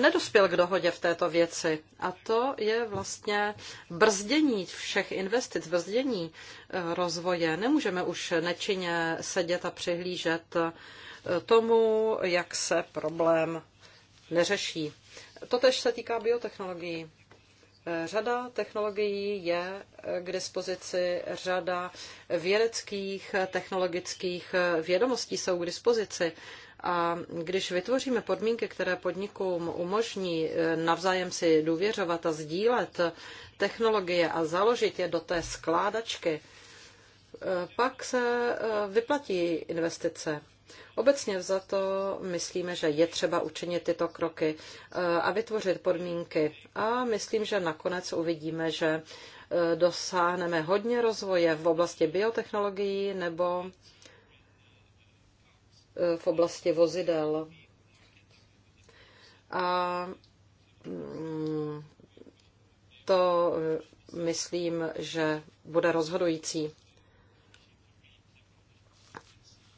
nedospěl k dohodě v této věci. A to je vlastně brzdění všech investic, brzdění eh, rozvoje. Nemůžeme už nečinně sedět a přihlížet eh, tomu, jak se problém neřeší. Totež se týká biotechnologií. Eh, řada technologií je k dispozici, řada vědeckých, technologických vědomostí jsou k dispozici a když vytvoříme podmínky, které podnikům umožní eh, navzájem si důvěřovat a sdílet eh, technologie a založit je do té skládačky, eh, pak se vyplatí investice. Obecně to myslíme, že je třeba učinit tyto kroky a vytvořit podmínky. A myslím, že nakonec uvidíme, že dosáhneme hodně rozvoje v oblasti biotechnologií nebo Eh, v oblasti vozidel. A mm, to eh, myslím, že bude rozhodující.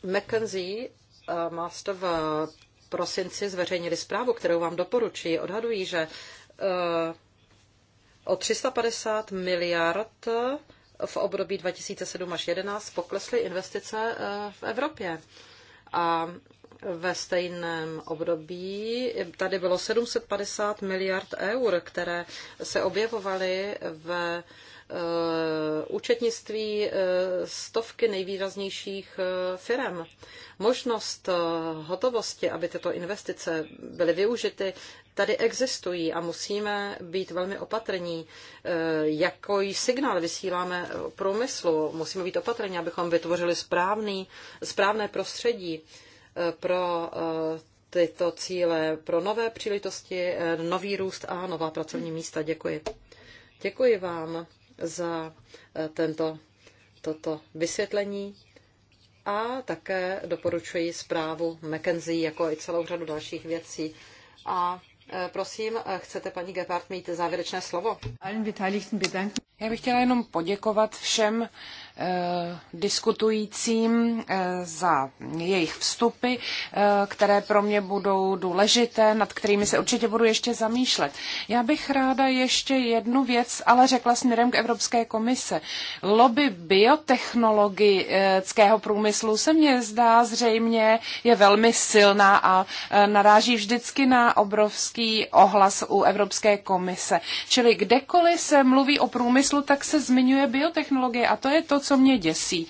McKenzie eh, Master v prosinci zveřejnili zprávu, kterou vám doporučuji. Odhadují, že o 350 miliard v období 2007 až 2011 poklesly investice v Evropě a ve stejném období tady bylo 750 miliard eur, které se objevovaly v Eh, účetnictví eh, stovky nejvýraznějších eh, firm. Možnost hotovosti, aby tyto investice byly využity, tady existují a musíme být velmi opatrní. Jaký signál vysíláme průmyslu? Musíme být opatrní, abychom vytvořili správný, správné prostředí pro tyto cíle pro nové příležitosti, nový růst a nová pracovní místa. Děkuji. Děkuji vám za eh, tento, toto vysvětlení a také doporučuji zprávu McKenzie, jako i celou řadu dalších věcí. A eh, prosím, eh, chcete paní Gebhardt mít závěrečné slovo? Já bych chtěla jenom poděkovat všem eh, diskutujícím eh, za jejich vstupy, eh, které pro mě budou důležité, nad kterými se určitě budu ještě zamýšlet. Já bych ráda ještě jednu věc, ale řekla směrem k Evropské komise. Lobby biotechnologického průmyslu se mně zdá zřejmě je velmi silná a naráží vždycky na obrovský ohlas u Evropské komise. Čili kdekoliv se mluví o průmyslu, průmyslu, tak se zmiňuje biotechnologie a to je to, co mě děsí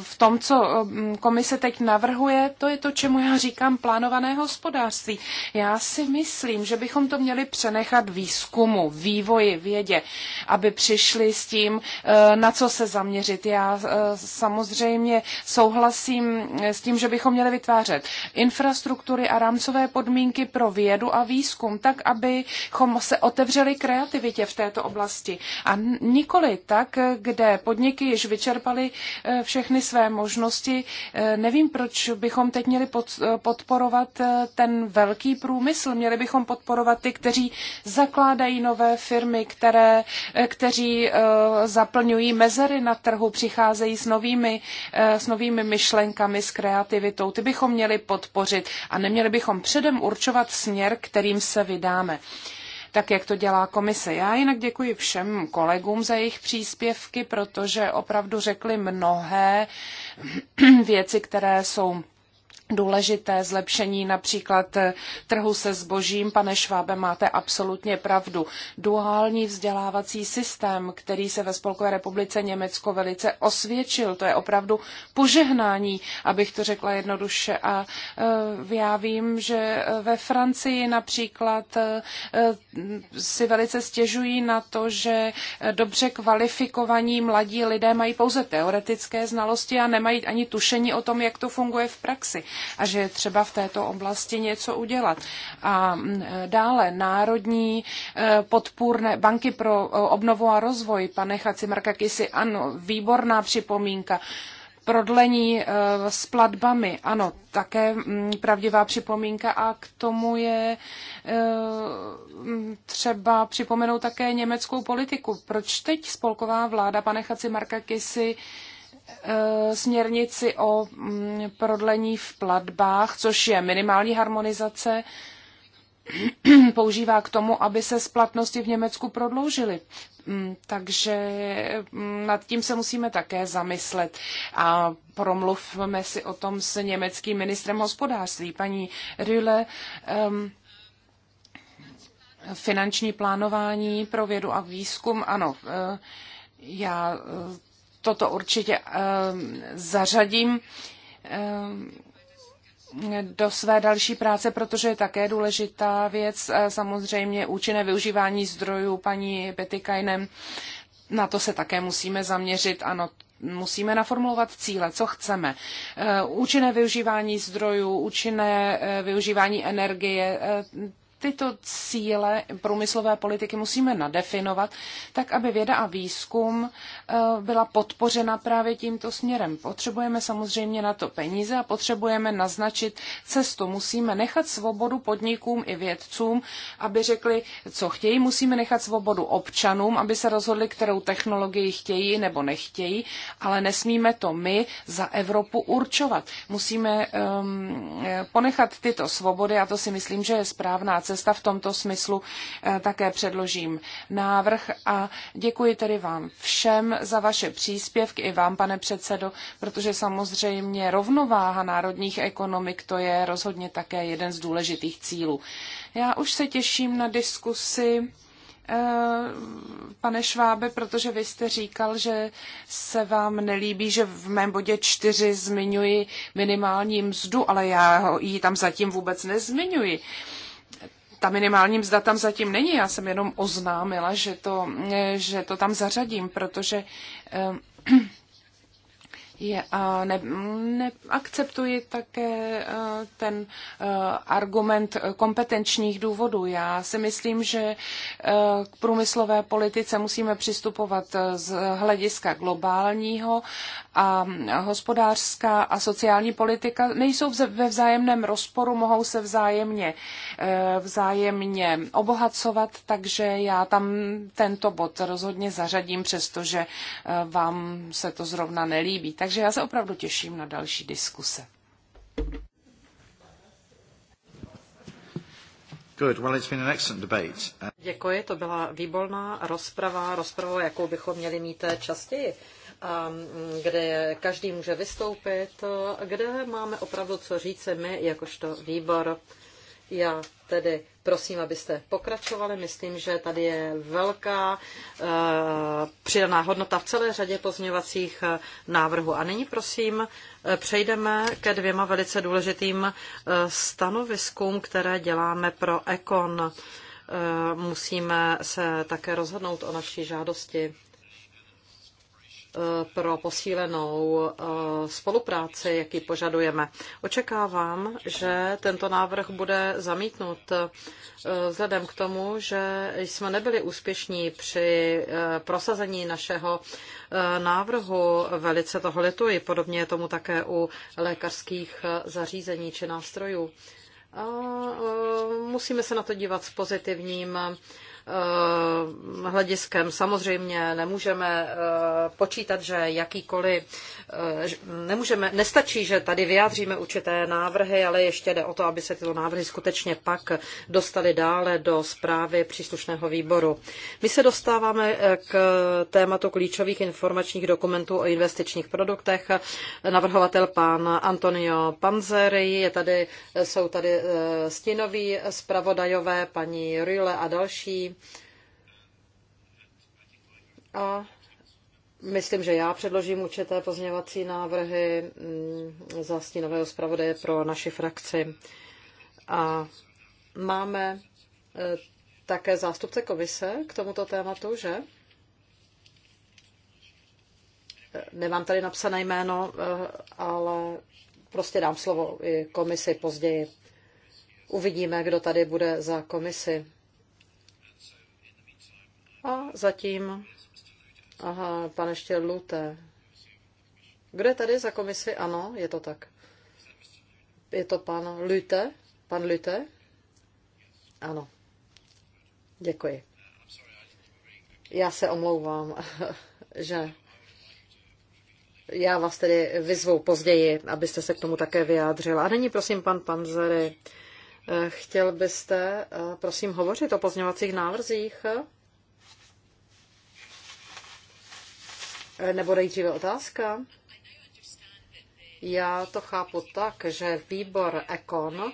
v tom, co mm, komise teď navrhuje, to je to, čemu já říkám plánované hospodářství. Já si myslím, že bychom to měli přenechat výzkumu, vývoji, vědě, aby přišli s tím, eh, na co se zaměřit. Já eh, samozřejmě souhlasím eh, s tím, že bychom měli vytvářet infrastruktury a rámcové podmínky pro vědu a výzkum, tak, abychom se otevřeli kreativitě v této oblasti. A nikoli tak, kde podniky již vyčerpaly Eh, všechny své možnosti. Eh, nevím, proč bychom teď měli eh, podporovat ten velký průmysl. Měli bychom podporovat ty, kteří zakládají nové firmy, které, kteří zaplňují mezery na trhu, přicházejí s novými, s novými myšlenkami, s kreativitou. Ty bychom měli podpořit a neměli bychom předem určovat směr, kterým se vydáme tak jak to dělá komise. Já jinak děkuji všem kolegům za jejich příspěvky, protože opravdu řekli mnohé věci, které jsou důležité zlepšení například eh, trhu se zbožím. Pane Švábe, máte absolutně pravdu. Duální vzdělávací systém, který se ve Spolkové republice Německo velice osvědčil, to je opravdu požehnání, abych to řekla jednoduše. A eh, já vím, že eh, ve Francii například si velice stěžují na to, že dobře kvalifikovaní mladí lidé mají pouze teoretické znalosti a nemají ani tušení o tom, jak to funguje v praxi a že je třeba v této oblasti něco udělat. A mm, e, dále národní e, podpůrné banky pro e, obnovu a rozvoj, pane Chacimarkakisi, ano, výborná připomínka prodlení s platbami. Ano, také mm, pravdivá připomínka a k tomu je mm, třeba připomenout také německou politiku. Proč teď spolková vláda, pane Chaci Marka Kisi, Eh, směrnici o mm, prodlení v platbách, což je minimální harmonizace, používá k tomu, aby se splatnosti v Německu prodloužily. Mm, takže mm, nad tím se musíme také zamyslet a promluvme si o tom s německým ministrem hospodářství, paní Rühle. Um, finanční plánování pro vědu a výzkum, ano, eh, já eh, toto určitě ehm, zařadím ehm, do své další práce, protože je také důležitá věc, e, samozřejmě účinné využívání zdrojů paní Petikajnem. Na to se také musíme zaměřit, ano, musíme naformulovat cíle, co chceme. E, účinné využívání zdrojů, účinné e, využívání energie, tyto cíle průmyslové politiky musíme nadefinovat, tak aby věda a výzkum eh, byla podpořena právě tímto směrem. Potřebujeme samozřejmě na to peníze a potřebujeme naznačit cestu. Musíme nechat svobodu podnikům i vědcům, aby řekli, co chtějí. Musíme nechat svobodu občanům, aby se rozhodli, kterou technologii chtějí nebo nechtějí, ale nesmíme to my za Evropu určovat. Musíme um, ponechat tyto svobody a to si myslím, že je správná cesta cesta v tomto smyslu eh, také předložím návrh a děkuji tedy vám všem za vaše příspěvky i vám, pane předsedo, protože samozřejmě rovnováha národních ekonomik to je rozhodně také jeden z důležitých cílů. Já už se těším na diskusi eh, pane Švábe, protože vy jste říkal, že se vám nelíbí, že v mém bodě čtyři zmiňuji minimální mzdu, ale já ji tam zatím vůbec nezmiňuji ta minimální mzda tam zatím není, já jsem jenom oznámila, že to, eh, že to tam zařadím, protože eh, je, a ne, neakceptuji také eh, ten argument kompetenčních důvodů. Já si myslím, že k průmyslové politice musíme přistupovat z hlediska globálního a hospodářská a sociální politika nejsou ve vzájemném rozporu, mohou se vzájemně, eh, vzájemně obohacovat, takže já tam tento bod rozhodně zařadím, přestože eh, vám se to zrovna nelíbí. Takže já se opravdu těším na další diskuse. Good, well, it's been an excellent debate. Děkuji, to byla výborná rozprava, rozprava, jakou bychom měli mít eh, častěji Mm, kde každý může vystoupit, kde máme opravdu co říct my jakožto výbor. Já tedy prosím, abyste pokračovali. Myslím, že tady je velká přidaná hodnota v celé řadě pozměňovacích návrhů. A nyní prosím e, přejdeme ke dvěma velice důležitým e, stanoviskům, které děláme pro Ekon. E, musíme se také rozhodnout o naší žádosti pro posílenou eh, spolupráci, jaký požadujeme. Očekávám, že tento návrh bude zamítnut eh, vzhledem k tomu, že jsme nebyli úspěšní při eh, prosazení našeho návrhu. Velice toho lituji. Podobně je tomu také u lékařských zařízení či nástrojů. A musíme se na to dívat s pozitivním Eh, hlediskem. Samozřejmě nemůžeme eh, počítat, že jakýkoliv, eh, nemůžeme, nestačí, že tady vyjádříme určité návrhy, ale ještě jde o to, aby se tyto návrhy skutečně pak dostaly dále do zprávy příslušného výboru. My se dostáváme k tématu klíčových informačních dokumentů o investičních produktech. Navrhovatel pán Antonio Panzeri, je tady, jsou tady stínoví zpravodajové, paní Rüle a další. A myslím, že já předložím určité pozměňovací návrhy mm, za stínového zpravodaje pro naši frakci. A máme e, také zástupce komise k tomuto tématu, že? E, nemám tady napsané jméno, e, ale prostě dám slovo i komisi později. Uvidíme, kdo tady bude za komisi. A zatím, aha, pane Štěrluté, kde tady za komisi? Ano, je to tak. Je to pan Lute? Pan Lute? Ano. Děkuji. Já se omlouvám, že já vás tedy vyzvu později, abyste se k tomu také vyjádřila. A nyní prosím pan Panzery, eh, chtěl byste eh, prosím hovořit o pozněvacích návrzích? Eh, nebo nejdříve otázka? Já to chápu tak, že výbor Econ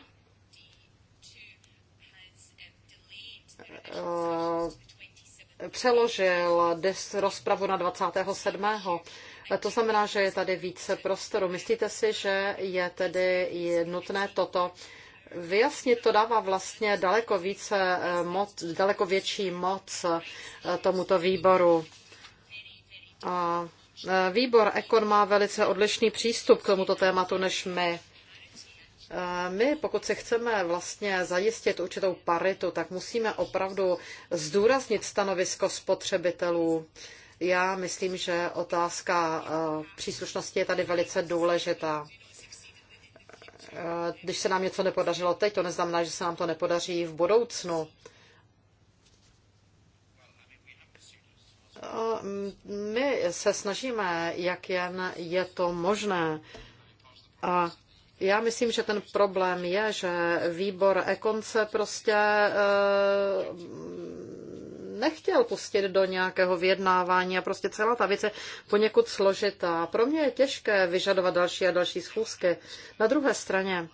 eh, přeložil rozpravu na 27. Eh, to znamená, že je tady více prostoru. Myslíte si, že je tedy nutné toto vyjasnit? To dává vlastně daleko, více moc, daleko větší moc tomuto výboru. E, výbor Ekon má velice odlišný přístup k tomuto tématu než my. E, my, pokud si chceme vlastně zajistit určitou paritu, tak musíme opravdu zdůraznit stanovisko spotřebitelů. Já myslím, že otázka e, příslušnosti je tady velice důležitá. Když se nám něco nepodařilo teď, to neznamená, že se nám to nepodaří v budoucnu. Eh, my se snažíme, jak jen je to možné. A já myslím, že ten problém je, že výbor Ekonce prostě eh, nechtěl pustit do nějakého vyjednávání a prostě celá ta věc je poněkud složitá. Pro mě je těžké vyžadovat další a další schůzky. Na druhé straně,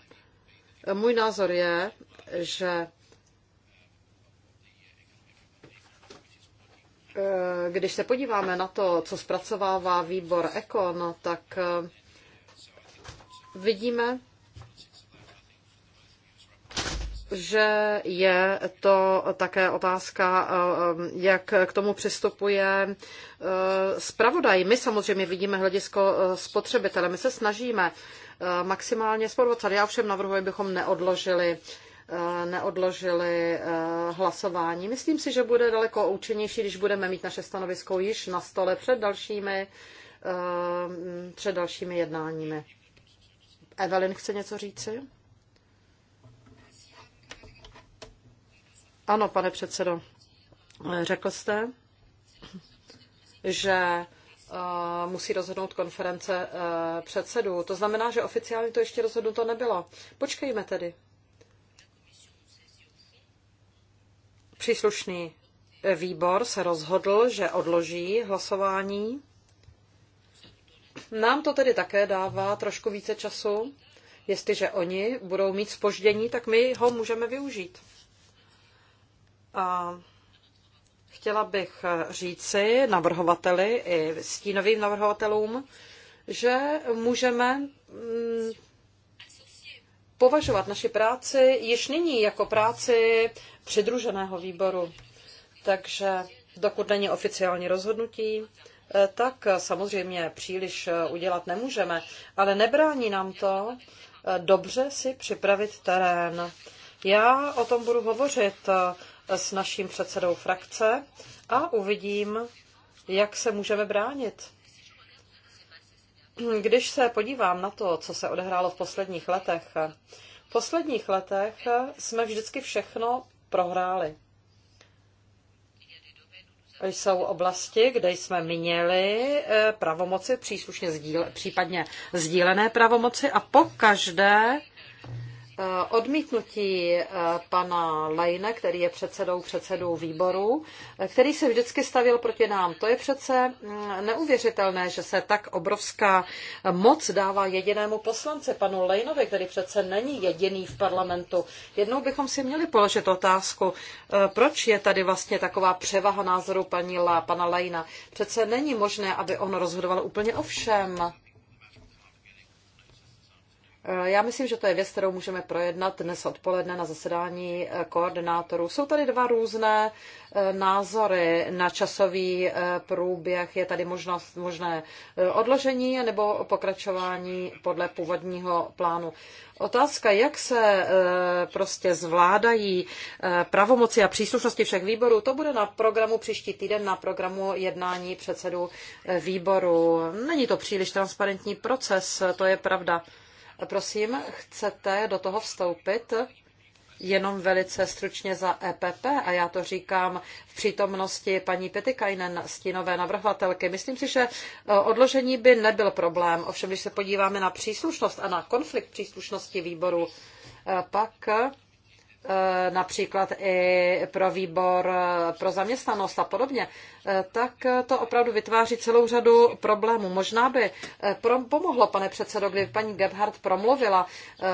můj názor je, že Eh, když se podíváme na to, co zpracovává výbor Ekon, tak eh, vidíme, že je to také otázka, eh, jak k tomu přistupuje zpravodaj. My samozřejmě vidíme hledisko spotřebitele. My se snažíme maximálně spolupracovat. Já všem navrhuji, bychom neodložili Eh, neodložili eh, hlasování. Myslím si, že bude daleko účinnější, když budeme mít naše stanovisko již na stole před dalšími, eh, před dalšími jednáními. Evelyn chce něco říci? Ano, pane předsedo. Řekl jste, že musí rozhodnout konference předsedů. To znamená, že oficiálně to ještě rozhodnuto nebylo. Počkejme tedy. Příslušný eh, výbor se rozhodl, že odloží hlasování. Nám to tedy také dává trošku více času. Jestliže oni budou mít spoždění, tak my ho můžeme využít. A chtěla bych eh, říci navrhovateli i stínovým navrhovatelům, že můžeme mm, považovat naši práci již nyní jako práci přidruženého výboru. Takže dokud není oficiální rozhodnutí, eh, tak samozřejmě příliš eh, udělat nemůžeme, ale nebrání nám to eh, dobře si připravit terén. Já o tom budu hovořit s naším předsedou frakce a uvidím, jak se můžeme bránit. Když se podívám na to, co se odehrálo v posledních letech, v posledních letech jsme vždycky všechno prohráli. Jsou oblasti, kde jsme měli e, pravomoci, příslušně sdíle, případně sdílené pravomoci a po každé Eh, odmítnutí eh, pana Lejna, který je předsedou předsedů výboru, eh, který se vždycky stavil proti nám. To je přece mm, neuvěřitelné, že se tak obrovská moc dává jedinému poslanci, panu Lejnovi, který přece není jediný v parlamentu. Jednou bychom si měli položit otázku, proč je tady vlastně taková převaha názoru paní La, pana Lejna. Přece není možné, aby on rozhodoval úplně o všem. Eh, já myslím, že to je věc, kterou můžeme projednat dnes odpoledne na zasedání eh, koordinátorů. Jsou tady dva různé eh, názory na časový průběh. Je tady možnost, možné odložení nebo pokračování podle původního plánu. Otázka, jak se prostě zvládají pravomoci a příslušnosti všech výborů, to bude na programu příští týden, na programu jednání předsedů výboru. Není to příliš transparentní proces, to je pravda. Prosím, chcete do toho vstoupit? Jenom velice stručně za EPP, a já to říkám v přítomnosti paní Petikainen, stínové navrhovatelky. Myslím si, že e, odložení by nebyl problém. Ovšem, když se podíváme na příslušnost a na konflikt příslušnosti výboru, e, pak Eh, například i pro výbor eh, pro zaměstnanost a podobně, eh, tak to opravdu vytváří celou řadu problémů. Možná by pomohlo, pane předsedo, kdyby paní Gebhardt promluvila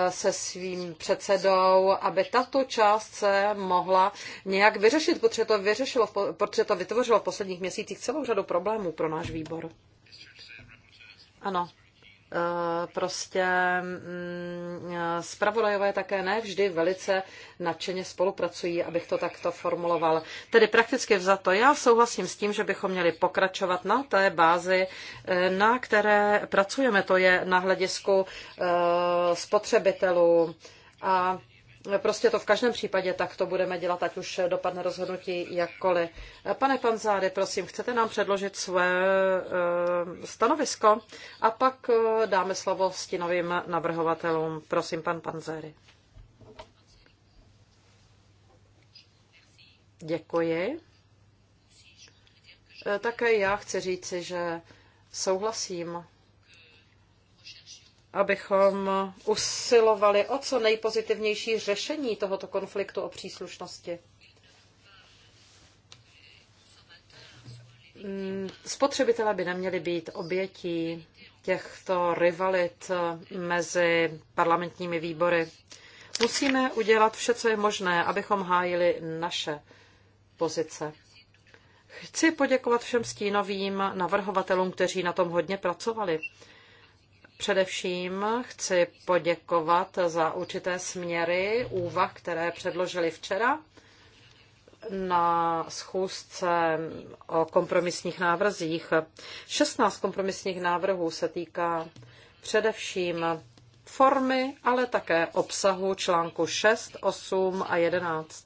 se svým předsedou, aby tato část se mohla nějak vyřešit, protože to, vyřešilo, protože to vytvořilo v posledních měsících celou řadu problémů pro náš výbor. Ano, Eh, prostě mm, eh, zpravodajové také ne vždy velice nadšeně spolupracují, abych to takto formuloval. Tedy prakticky vzato, já souhlasím s tím, že bychom měli pokračovat na té bázi, eh, na které pracujeme, to je na hledisku spotřebitelů a Prostě to v každém případě tak to budeme dělat, ať už dopadne rozhodnutí jakkoliv. Pane Panzáry, prosím, chcete nám předložit své eh, stanovisko a pak eh, dáme slovo stinovým navrhovatelům. Prosím, pan Panzáry. Děkuji. Eh, také já chci říci, že souhlasím abychom usilovali o co nejpozitivnější řešení tohoto konfliktu o příslušnosti. Spotřebitelé by neměli být obětí těchto rivalit mezi parlamentními výbory. Musíme udělat vše, co je možné, abychom hájili naše pozice. Chci poděkovat všem stínovým navrhovatelům, kteří na tom hodně pracovali. Především chci poděkovat za určité směry úvah, které předložili včera na schůzce o kompromisních návrzích. 16 kompromisních návrhů se týká především formy, ale také obsahu článku 6, 8 a 11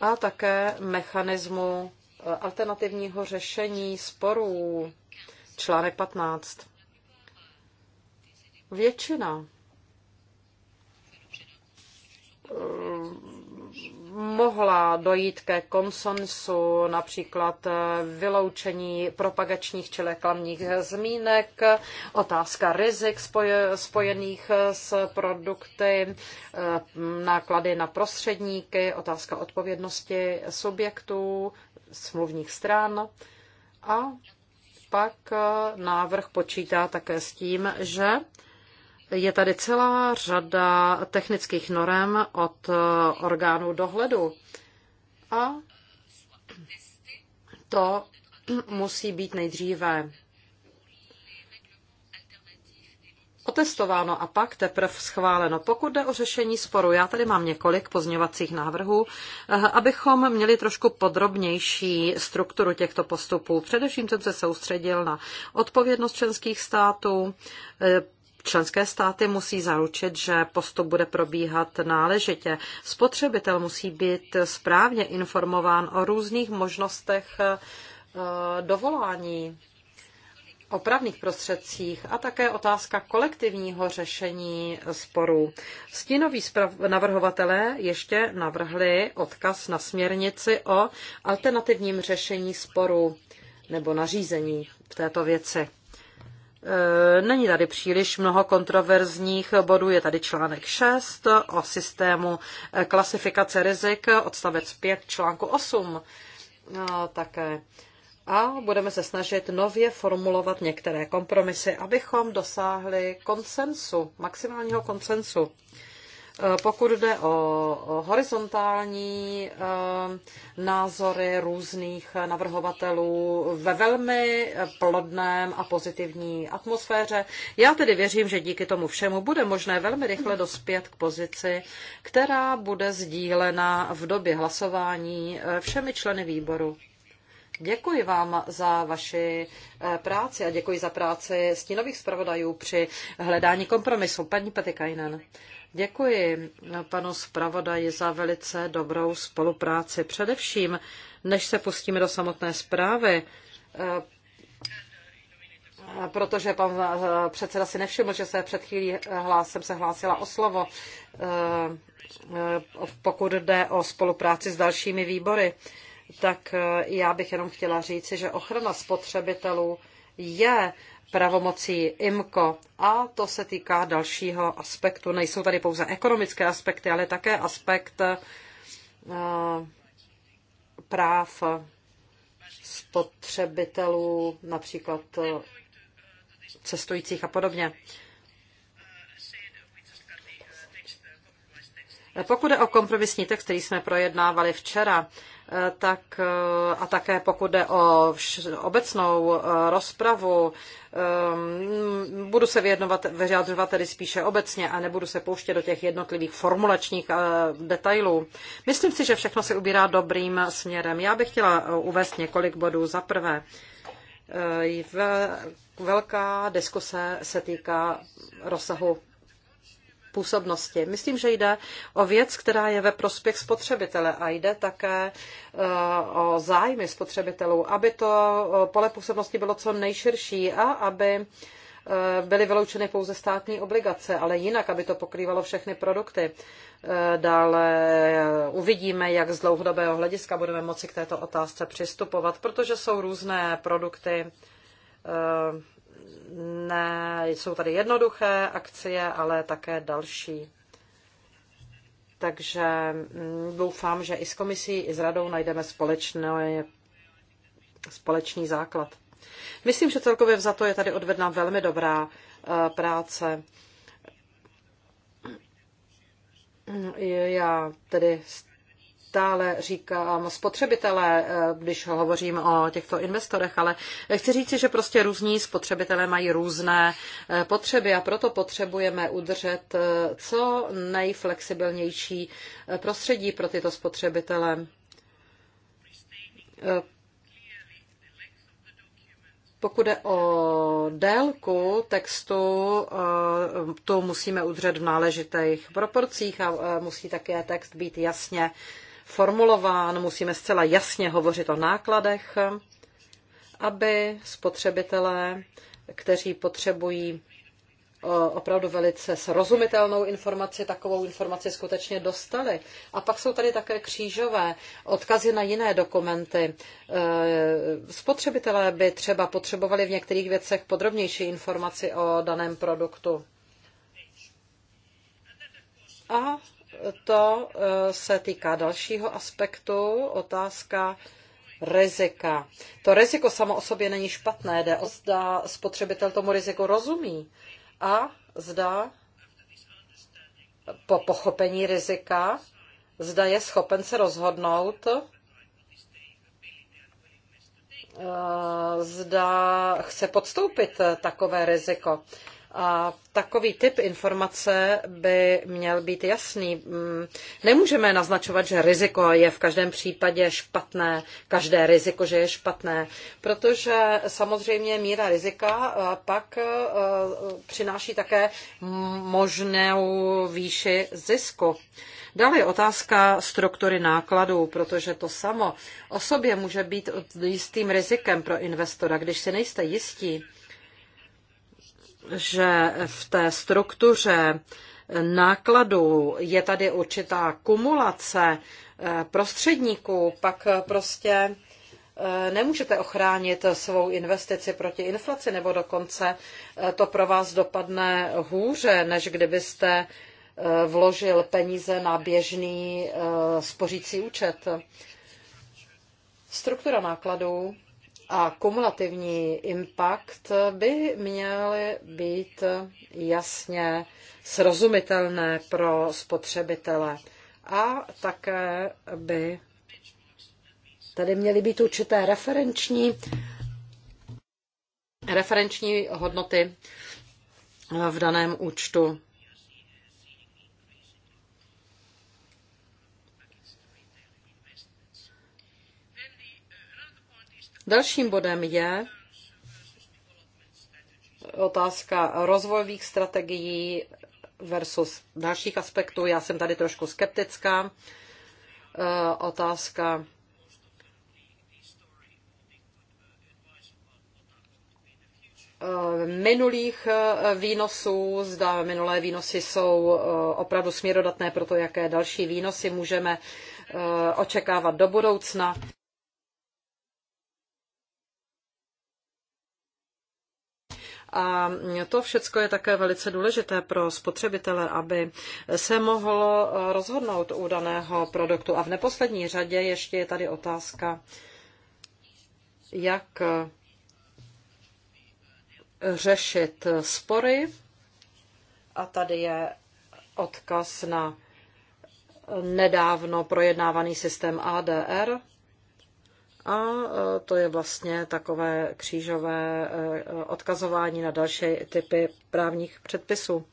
a také mechanismu eh, alternativního řešení sporů článek 15. Většina eh, mohla dojít ke konsensu, například eh, vyloučení propagačních či reklamních zmínek, otázka rizik spojených eh, s produkty, náklady na prostředníky, otázka odpovědnosti subjektů, smluvních stran a pak návrh počítá také s tím, že je tady celá řada technických norem od eh, orgánů dohledu a to musí být nejdříve otestováno a pak teprve schváleno. Pokud jde o řešení sporu, já tady mám několik pozměvacích návrhů, eh, abychom měli trošku podrobnější strukturu těchto postupů. Především jsem se soustředil na odpovědnost členských států, eh, Členské státy musí zaručit, že postup bude probíhat náležitě. Spotřebitel musí být správně informován o různých možnostech eh, dovolání opravných prostředcích a také otázka kolektivního řešení sporů. Stínoví navrhovatelé ještě navrhli odkaz na směrnici o alternativním řešení sporů nebo nařízení v této věci. Eh, není tady příliš mnoho kontroverzních bodů, je tady článek 6 o systému eh, klasifikace rizik, odstavec 5 článku 8 no, také. A budeme se snažit nově formulovat některé kompromisy, abychom dosáhli konsensu, maximálního konsensu. Eh, pokud jde o horizontální eh, názory různých navrhovatelů ve velmi plodném a pozitivní atmosféře, já tedy věřím, že díky tomu všemu bude možné velmi rychle dospět k pozici, která bude sdílena v době hlasování eh, všemi členy výboru. Děkuji vám za vaši eh, práci a děkuji za práci stínových zpravodajů při hledání kompromisu. Paní Petikainen, děkuji eh, panu zpravodaji za velice dobrou spolupráci. Především, než se pustíme do samotné zprávy, eh, protože pan předseda si nevšiml, že se před chvílí hlásem se hlásila o slovo, pokud jde o spolupráci s dalšími výbory tak eh, já bych jenom chtěla říci, že ochrana spotřebitelů je pravomocí IMCO a to se týká dalšího aspektu. Nejsou tady pouze ekonomické aspekty, ale také aspekt eh, práv spotřebitelů, například eh, cestujících a podobně. Pokud je o kompromisní text, který jsme projednávali včera, tak a také pokud jde o obecnou eh, rozpravu, eh, budu se vyjednovat, vyjadřovat tedy spíše obecně a nebudu se pouštět do těch jednotlivých formulačních eh, detailů. Myslím si, že všechno se ubírá dobrým směrem. Já bych chtěla uvést několik bodů. Za prvé, velká diskuse se týká rozsahu působnosti. Myslím, že jde o věc, která je ve prospěch spotřebitele a jde také eh, o zájmy spotřebitelů, aby to eh, pole působnosti bylo co nejširší a aby eh, byly vyloučeny pouze státní obligace, ale jinak, aby to pokrývalo všechny produkty. Dále uvidíme, jak z dlouhodobého hlediska budeme moci k této otázce přistupovat, protože jsou různé produkty, ne, jsou tady jednoduché akcie, ale také další. Takže mm, doufám, že i s komisí, i s radou najdeme společný společný základ. Myslím, že celkově vzato je tady odvedna velmi dobrá eh, práce. Já tedy neustále říkám spotřebitelé, eh, když hovořím o těchto investorech, ale chci říct, že prostě různí spotřebitelé mají různé eh, potřeby a proto potřebujeme udržet eh, co nejflexibilnější prostředí pro tyto spotřebitele. Pokud je o délku textu, to musíme udržet v náležitých proporcích a musí také text být jasně formulován, musíme zcela jasně hovořit o nákladech, aby spotřebitelé, kteří potřebují eh, opravdu velice srozumitelnou informaci, takovou informaci skutečně dostali. A pak jsou tady také křížové odkazy na jiné dokumenty. Eh, spotřebitelé by třeba potřebovali v některých věcech podrobnější informaci o daném produktu. A to eh, se týká dalšího aspektu, otázka rizika. To riziko samo o sobě není špatné, jde o zda spotřebitel tomu riziku rozumí a zda po pochopení rizika, zda je schopen se rozhodnout, eh, zda chce podstoupit takové riziko. A takový typ informace by měl být jasný. Mm, nemůžeme naznačovat, že riziko je v každém případě špatné, každé riziko, že je špatné, protože samozřejmě míra rizika pak e, přináší také možnou výši zisku. Dále je otázka struktury nákladů, protože to samo o sobě může být jistým rizikem pro investora, když si nejste jistí, že v té struktuře nákladů je tady určitá kumulace eh, prostředníků, pak eh, prostě eh, nemůžete ochránit svou investici proti inflaci, nebo dokonce to pro vás dopadne hůře, než kdybyste vložil peníze na běžný spořící účet. Struktura nákladů a kumulativní impact by měly být jasně srozumitelné pro spotřebitele a také by tady měly být určité referenční, referenční hodnoty v daném účtu Dalším bodem je otázka rozvojových strategií versus dalších aspektů. Já jsem tady trošku skeptická. E, otázka e, minulých e, výnosů, zda minulé výnosy jsou opravdu směrodatné pro to, jaké další výnosy můžeme očekávat do budoucna. A to všechno je také velice důležité pro spotřebitele, aby se mohlo rozhodnout u daného produktu. A v neposlední řadě ještě je tady otázka, jak řešit spory. A tady je odkaz na nedávno projednávaný systém ADR a e, to je vlastně takové křížové e, odkazování na další typy právních předpisů.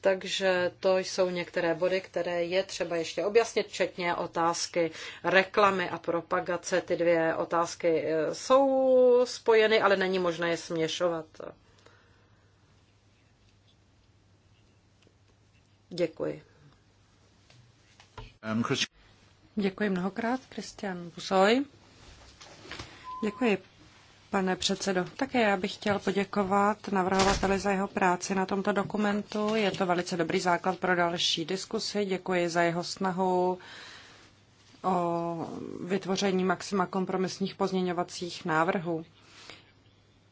Takže to jsou některé body, které je třeba ještě objasnit, včetně otázky reklamy a propagace. Ty dvě otázky e, jsou spojeny, ale není možné je směšovat. Děkuji. Um, Děkuji mnohokrát, Kristian Busoj. Děkuji, pane předsedo. Také já bych chtěl poděkovat navrhovateli za jeho práci na tomto dokumentu. Je to velice dobrý základ pro další diskusy. Děkuji za jeho snahu o vytvoření maxima kompromisních pozměňovacích návrhů.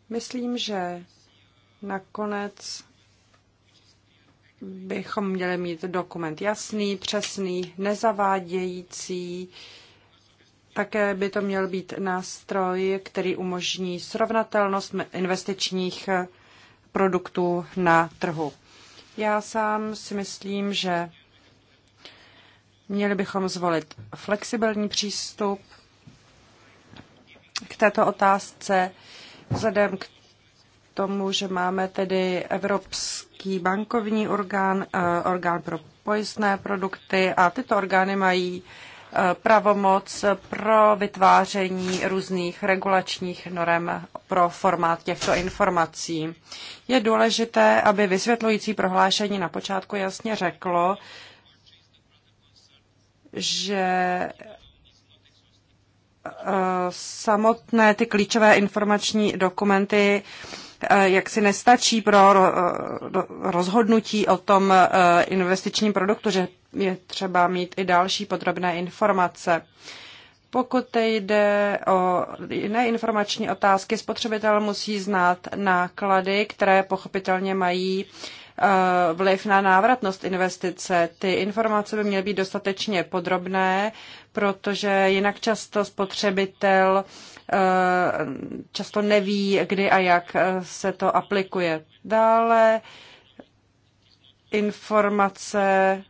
Myslím, že nakonec bychom měli mít dokument jasný, přesný, nezavádějící. Také by to měl být nástroj, který umožní srovnatelnost investičních produktů na trhu. Já sám si myslím, že měli bychom zvolit flexibilní přístup k této otázce vzhledem k tomu, že máme tedy Evropský bankovní orgán, eh, orgán pro pojistné produkty a tyto orgány mají eh, pravomoc pro vytváření různých regulačních norem pro formát těchto informací. Je důležité, aby vysvětlující prohlášení na počátku jasně řeklo, že eh, samotné ty klíčové informační dokumenty Eh, jak si nestačí pro eh, rozhodnutí o tom eh, investičním produktu, že je třeba mít i další podrobné informace. Pokud jde o jiné informační otázky, spotřebitel musí znát náklady, které pochopitelně mají vliv na návratnost investice. Ty informace by měly být dostatečně podrobné, protože jinak často spotřebitel Eh, často neví, kdy a jak eh, se to aplikuje. Dále informace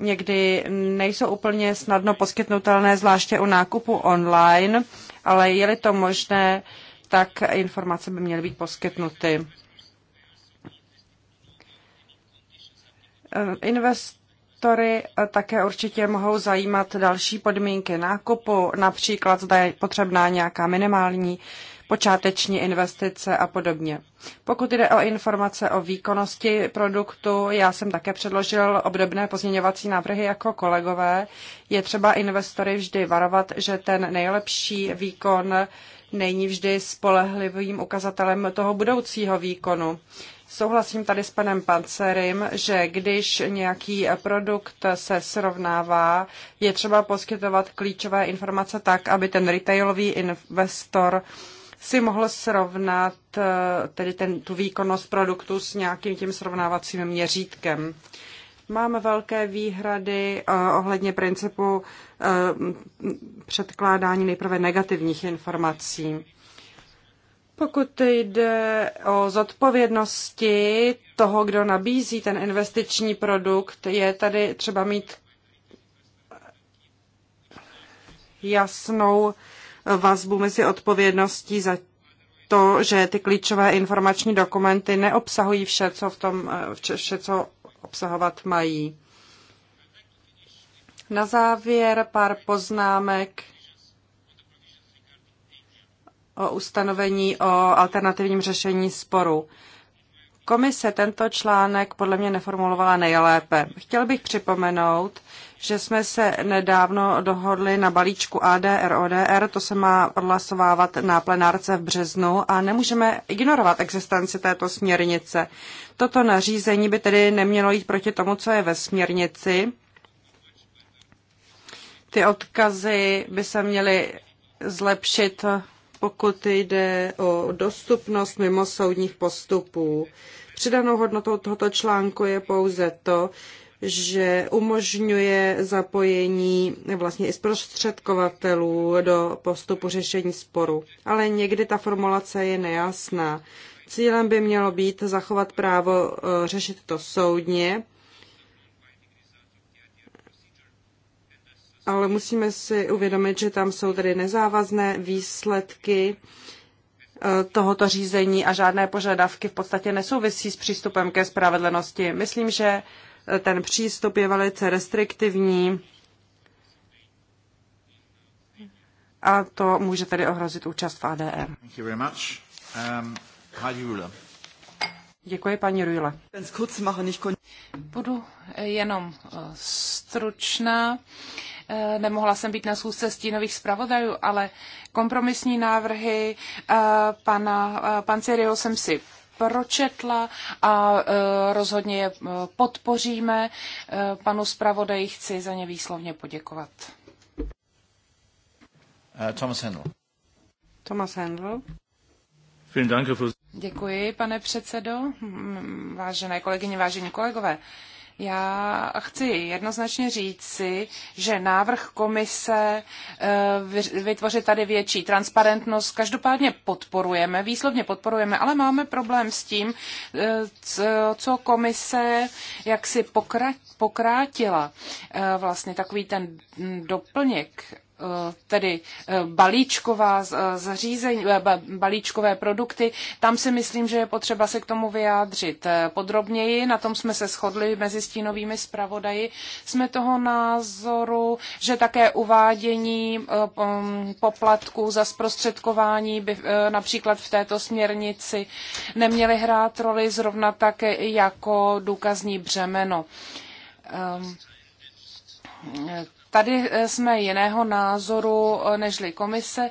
někdy nejsou úplně snadno poskytnutelné, zvláště u nákupu online, ale je-li to možné, tak informace by měly být poskytnuty. Eh, invest investory eh, také určitě mohou zajímat další podmínky nákupu, například zda je potřebná nějaká minimální počáteční investice a podobně. Pokud jde o informace o výkonnosti produktu, já jsem také předložil obdobné pozměňovací návrhy jako kolegové. Je třeba investory vždy varovat, že ten nejlepší výkon není vždy spolehlivým ukazatelem toho budoucího výkonu. Souhlasím tady s panem Pancerem, že když nějaký produkt se srovnává, je třeba poskytovat klíčové informace tak, aby ten retailový investor si mohl srovnat eh, tedy ten, tu výkonnost produktu s nějakým tím srovnávacím měřítkem. Mám velké výhrady eh, ohledně principu eh, předkládání nejprve negativních informací. Pokud jde o zodpovědnosti toho, kdo nabízí ten investiční produkt, je tady třeba mít jasnou vazbu mezi odpovědností za to, že ty klíčové informační dokumenty neobsahují vše, co, v tom, vše, co obsahovat mají. Na závěr pár poznámek o ustanovení o alternativním řešení sporu. Komise tento článek podle mě neformulovala nejlépe. Chtěl bych připomenout, že jsme se nedávno dohodli na balíčku ADR, ODR, to se má odhlasovávat na plenárce v březnu a nemůžeme ignorovat existenci této směrnice. Toto nařízení by tedy nemělo jít proti tomu, co je ve směrnici. Ty odkazy by se měly zlepšit pokud jde o dostupnost mimosoudních postupů. Přidanou hodnotou tohoto článku je pouze to, že umožňuje zapojení vlastně i zprostředkovatelů do postupu řešení sporu. Ale někdy ta formulace je nejasná. Cílem by mělo být zachovat právo eh, řešit to soudně, ale musíme si uvědomit, že tam jsou tedy nezávazné výsledky eh, tohoto řízení a žádné požadavky v podstatě nesouvisí s přístupem ke spravedlnosti. Myslím, že eh, ten přístup je velice restriktivní a to může tedy ohrozit účast v ADM. Um, Děkuji, paní Rühle. Budu jenom eh, stručná. Eh, nemohla jsem být na schůzce stínových zpravodajů, ale kompromisní návrhy eh, pana eh, Panceriho jsem si pročetla a rozhodně je podpoříme. Panu zpravodaji chci za ně výslovně poděkovat. Thomas Handel. Thomas Handel. Děkuji, pane předsedo. Vážené kolegyně, vážení kolegové. Já chci jednoznačně říci, že návrh komise eh, vytvořit tady větší transparentnost každopádně podporujeme, výslovně podporujeme, ale máme problém s tím, eh, co komise jaksi pokrátila. Eh, vlastně takový ten doplněk Eh, tedy eh, balíčková zařízení, eh, balíčkové produkty. Tam si myslím, že je potřeba se k tomu vyjádřit podrobněji. Na tom jsme se shodli mezi stínovými zpravodaji. Jsme toho názoru, že také uvádění poplatků za zprostředkování by například v této směrnici neměly hrát roli zrovna tak jako důkazní břemeno ehm, Tady eh, jsme jiného názoru eh, nežli komise.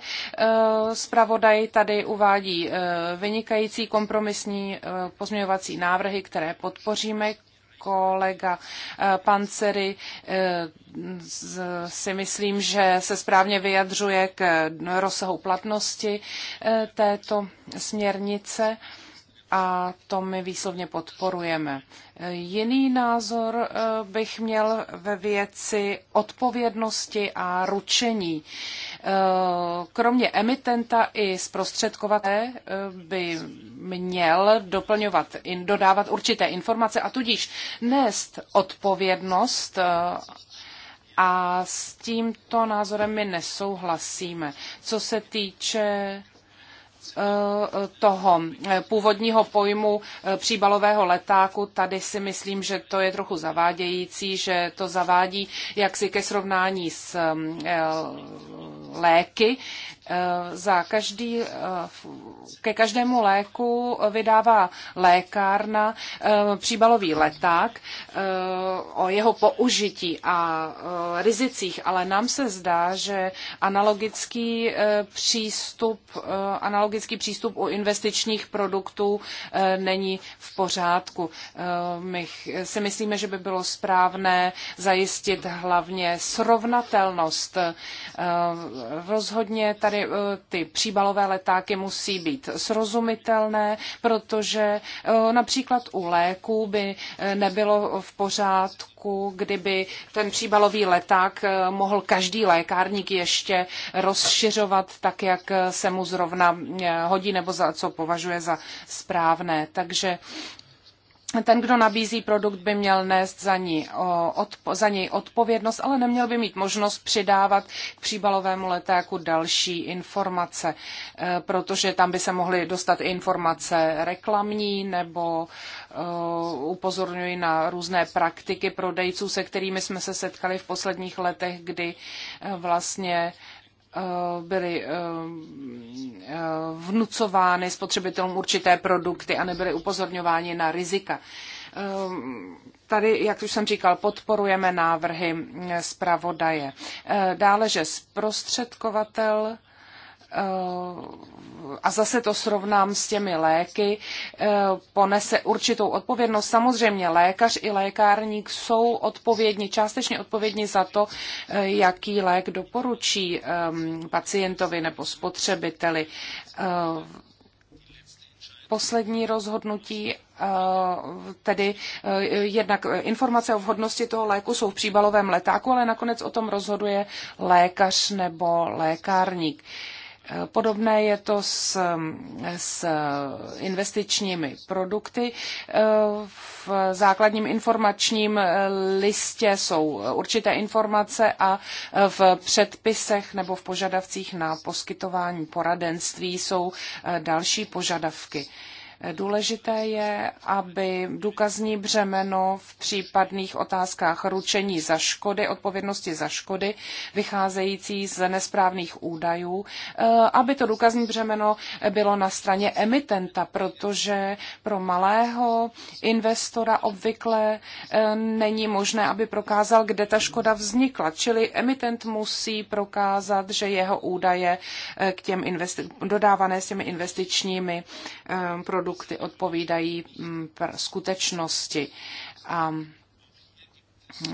Spravodaj eh, tady uvádí vynikající kompromisní pozměňovací návrhy, které podpoříme kolega Pancery si myslím, že se správně vyjadřuje k rozsahu platnosti této směrnice a to my výslovně podporujeme. Jiný názor eh, bych měl ve věci odpovědnosti a ručení. Eh, kromě emitenta i zprostředkovaté eh, by měl doplňovat, dodávat určité informace a tudíž nést odpovědnost a s tímto názorem my nesouhlasíme. Co se týče Eh, toho eh, původního pojmu eh, příbalového letáku, tady si myslím, že to je trochu zavádějící, že to zavádí jaksi ke srovnání s léky, za každý, eh, ke každému léku vydává lékárna eh, příbalový leták eh, o jeho použití a rizicích, ale nám se zdá, že analogický přístup, analogický přístup u investičních produktů není v pořádku. My si myslíme, že by bylo správné zajistit hlavně srovnatelnost. Rozhodně tady Eh, ty příbalové letáky musí být srozumitelné, protože eh, například u léků by eh, nebylo v pořádku, kdyby ten příbalový leták mohl každý lékárník ještě rozšiřovat tak, jak se mu zrovna hodí nebo za co považuje za správné. Takže ten, kdo nabízí produkt, by měl nést za, ní, odpo, za něj odpovědnost, ale neměl by mít možnost přidávat k příbalovému letáku další informace, e, protože tam by se mohly dostat i informace reklamní nebo e, upozorňuji na různé praktiky prodejců, se kterými jsme se setkali v posledních letech, kdy e, vlastně Eh, byly eh, eh, vnucovány spotřebitelům určité produkty a nebyly upozorňováni na rizika. Tady, jak už jsem říkal, podporujeme návrhy zpravodaje. Dále, že zprostředkovatel a zase to srovnám s těmi léky, eh, ponese určitou odpovědnost. Samozřejmě lékař i lékárník jsou odpovědní, částečně odpovědní za to, eh, jaký lék doporučí ehm, pacientovi nebo spotřebiteli. Eh, poslední rozhodnutí tedy jednak informace o vhodnosti toho léku jsou v příbalovém letáku, ale nakonec o tom rozhoduje lékař nebo lékárník. Podobné je to s, s investičními produkty. V základním informačním listě jsou určité informace a v předpisech nebo v požadavcích na poskytování poradenství jsou další požadavky. Důležité je, aby důkazní břemeno v případných otázkách ručení za škody, odpovědnosti za škody, vycházející z nesprávných údajů, eh, aby to důkazní břemeno bylo na straně emitenta, protože pro malého investora obvykle eh, není možné, aby prokázal, kde ta škoda vznikla. Čili emitent musí prokázat, že jeho údaje eh, k těm investi- dodávané s těmi investičními produkty produkty odpovídají mm, skutečnosti. A mm,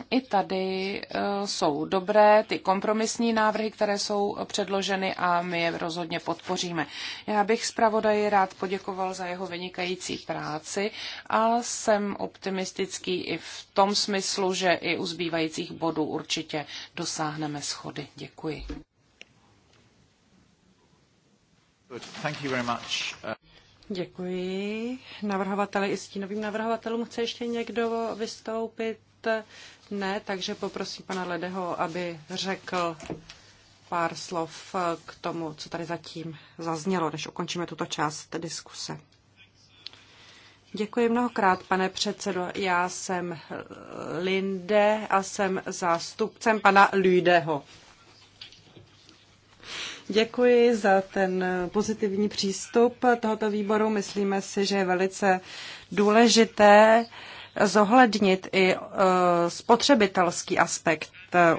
i tady e, jsou dobré ty kompromisní návrhy, které jsou předloženy a my je rozhodně podpoříme. Já bych zpravodaji rád poděkoval za jeho vynikající práci a jsem optimistický i v tom smyslu, že i u zbývajících bodů určitě dosáhneme schody. Děkuji. Děkuji navrhovateli i stínovým navrhovatelům. Chce ještě někdo vystoupit? Ne, takže poprosím pana Ledeho, aby řekl pár slov k tomu, co tady zatím zaznělo, než ukončíme tuto část diskuse. Děkuji mnohokrát, pane předsedo. Já jsem Linde a jsem zástupcem pana Lüdeho. Děkuji za ten pozitivní přístup tohoto výboru. Myslíme si, že je velice důležité zohlednit i e, spotřebitelský aspekt e,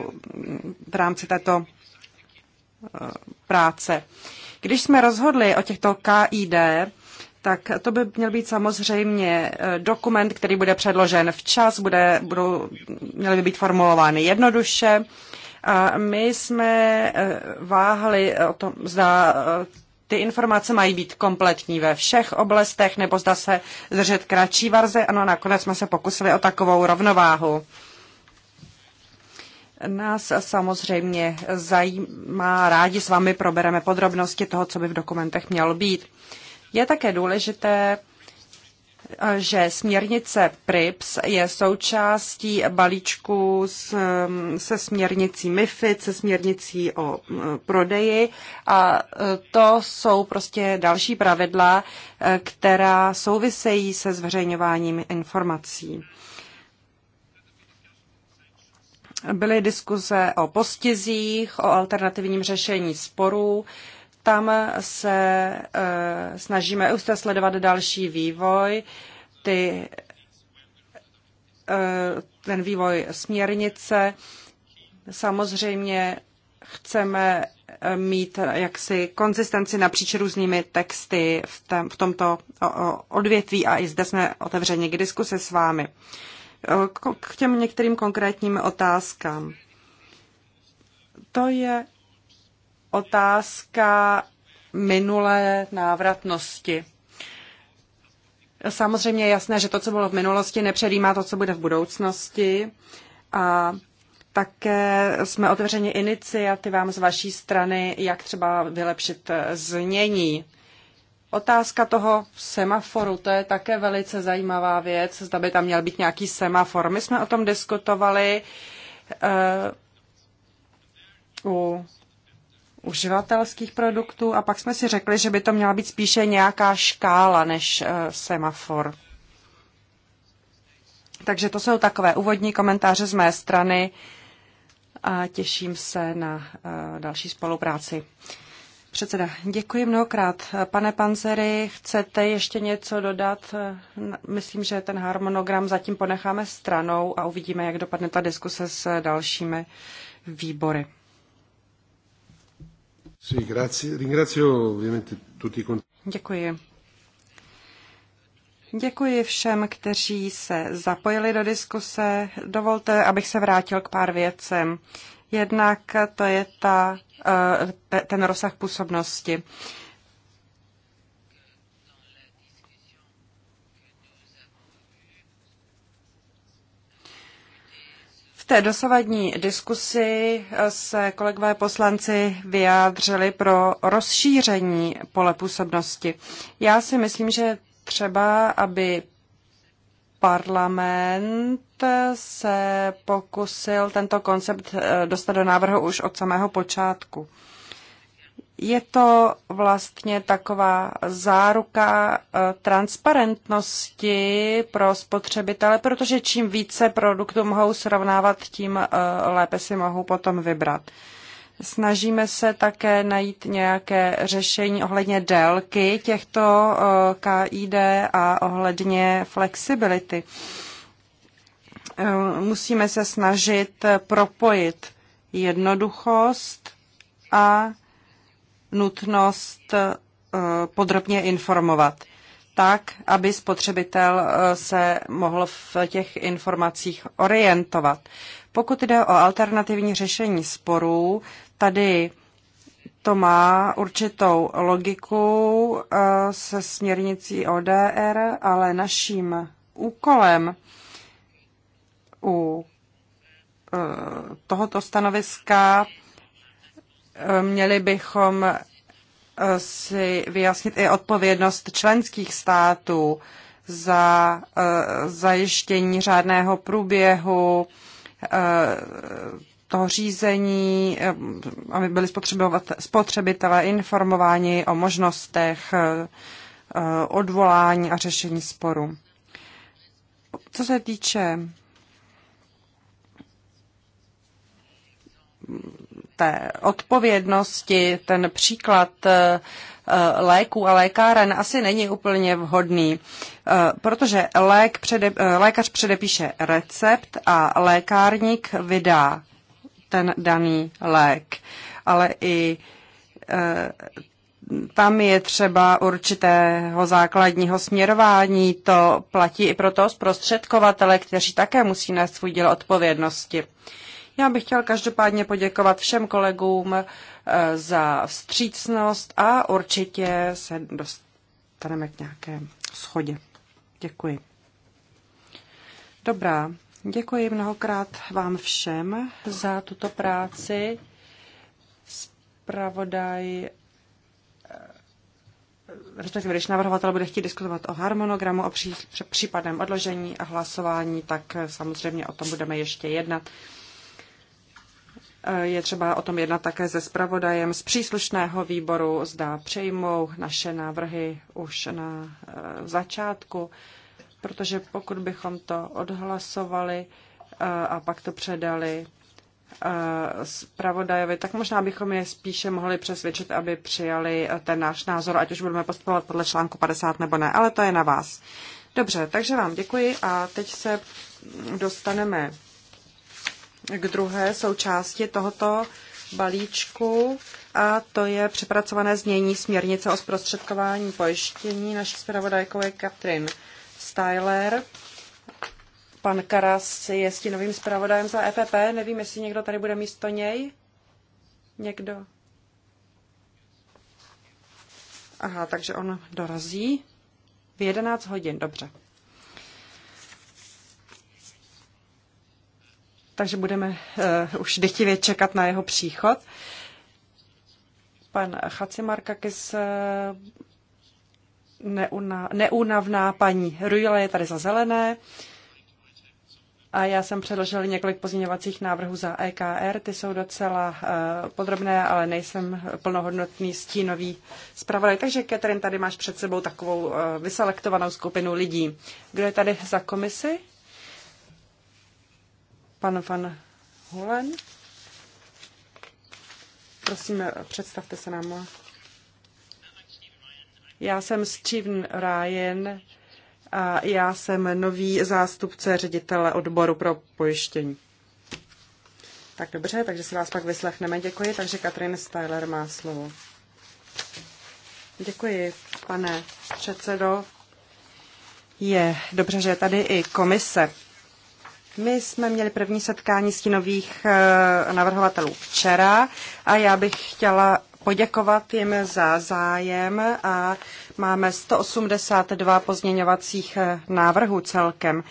v rámci této e, práce. Když jsme rozhodli o těchto KID, tak to by měl být samozřejmě dokument, který bude předložen včas, bude, budou, měly by být formulovány jednoduše a my jsme eh, váhali o tom, zda eh, ty informace mají být kompletní ve všech oblastech, nebo zda se držet kratší varze. Ano, nakonec jsme se pokusili o takovou rovnováhu. Nás samozřejmě zajímá, rádi s vámi probereme podrobnosti toho, co by v dokumentech mělo být. Je také důležité že směrnice PRIPS je součástí balíčku um, se směrnicí MIFID, se směrnicí o um, prodeji a uh, to jsou prostě další pravidla, uh, která souvisejí se zveřejňováním informací. Byly diskuze o postizích, o alternativním řešení sporů. Tam se eh, snažíme už sledovat další vývoj. Ty, eh, ten vývoj směrnice. Samozřejmě chceme eh, mít jaksi konzistenci napříč různými texty v, tém, v tomto odvětví a i zde jsme otevřeni k diskuse s vámi. K těm některým konkrétním otázkám. To je otázka minulé návratnosti. Samozřejmě je jasné, že to, co bylo v minulosti, nepředjímá to, co bude v budoucnosti. A také jsme otevřeni iniciativám z vaší strany, jak třeba vylepšit znění. Otázka toho semaforu, to je také velice zajímavá věc, zda by tam měl být nějaký semafor. My jsme o tom diskutovali uh, u uživatelských produktů a pak jsme si řekli, že by to měla být spíše nějaká škála než eh, semafor. Takže to jsou takové úvodní komentáře z mé strany a těším se na eh, další spolupráci. Předseda, děkuji mnohokrát. Pane Panzery, chcete ještě něco dodat? Myslím, že ten harmonogram zatím ponecháme stranou a uvidíme, jak dopadne ta diskuse s dalšími výbory. Děkuji. Děkuji všem, kteří se zapojili do diskuse. Dovolte, abych se vrátil k pár věcem. Jednak to je ta, eh, ten rozsah působnosti. té dosavadní diskusi se kolegové poslanci vyjádřili pro rozšíření pole působnosti. Já si myslím, že třeba, aby parlament se pokusil tento koncept eh, dostat do návrhu už od samého počátku je to vlastně taková záruka eh, transparentnosti pro spotřebitele, protože čím více produktů mohou srovnávat, tím eh, lépe si mohou potom vybrat. Snažíme se také najít nějaké řešení ohledně délky těchto eh, KID a ohledně flexibility. Musíme se snažit propojit jednoduchost a nutnost eh, podrobně informovat tak, aby spotřebitel eh, se mohl v těch informacích orientovat. Pokud jde o alternativní řešení sporů, tady to má určitou logiku eh, se směrnicí ODR, ale naším úkolem u tohoto stanoviska Měli bychom eh, si vyjasnit i odpovědnost členských států za eh, zajištění řádného průběhu eh, toho řízení, aby byli spotřebitelé informováni o možnostech odvolání a řešení sporu. Co se týče té odpovědnosti ten příklad eh, eh, léků a lékáren asi není úplně vhodný, eh, protože lék přede, lékař předepíše recept a lékárník vydá ten daný lék. Ale i tam je třeba určitého základního směrování. To platí i pro toho zprostředkovatele, kteří také musí nést svůj díl odpovědnosti. Uh, já bych chtěl každopádně poděkovat všem kolegům eh, za vstřícnost a určitě se dostaneme k nějaké schodě. Děkuji. Dobrá, děkuji mnohokrát vám všem za tuto práci. Spravodaj eh, respektive když navrhovatel bude chtít diskutovat o harmonogramu, o pří, případném odložení a hlasování, tak eh, samozřejmě o tom budeme ještě jednat. Je třeba o tom jednat také se zpravodajem z příslušného výboru, zda přejmou naše návrhy už na eh, začátku, protože pokud bychom to odhlasovali eh, a pak to předali eh, zpravodajovi, tak možná bychom je spíše mohli přesvědčit, aby přijali ten náš názor, ať už budeme postupovat podle článku 50 nebo ne, ale to je na vás. Dobře, takže vám děkuji a teď se dostaneme k druhé součásti tohoto balíčku a to je přepracované změní směrnice o zprostředkování pojištění. Naší zpravodajkou je Katrin Styler. Pan Karas je novým zpravodajem za EPP. Nevím, jestli někdo tady bude místo něj. Někdo? Aha, takže on dorazí v 11 hodin, dobře. takže budeme eh, už dětivě čekat na jeho příchod. Pan Chacimarkakis eh, neuna, neunavná paní Rujle je tady za zelené. A já jsem předložil několik pozměňovacích návrhů za EKR, ty jsou docela uh, podrobné, ale nejsem plnohodnotný stínový zpravodaj. Takže Katrin, tady máš před sebou takovou uh, vyselektovanou skupinu lidí. Kdo je tady za komisi? Pan Van Hulen. Prosím, představte se nám. Já jsem Steven Ryan a já jsem nový zástupce ředitele odboru pro pojištění. Tak dobře, takže si vás pak vyslechneme. Děkuji, takže Katrin Styler má slovo. Děkuji, pane předsedo. Je dobře, že je tady i komise. My jsme měli první setkání stínových eh, navrhovatelů včera a já bych chtěla poděkovat jim za zájem a máme 182 pozměňovacích eh, návrhů celkem.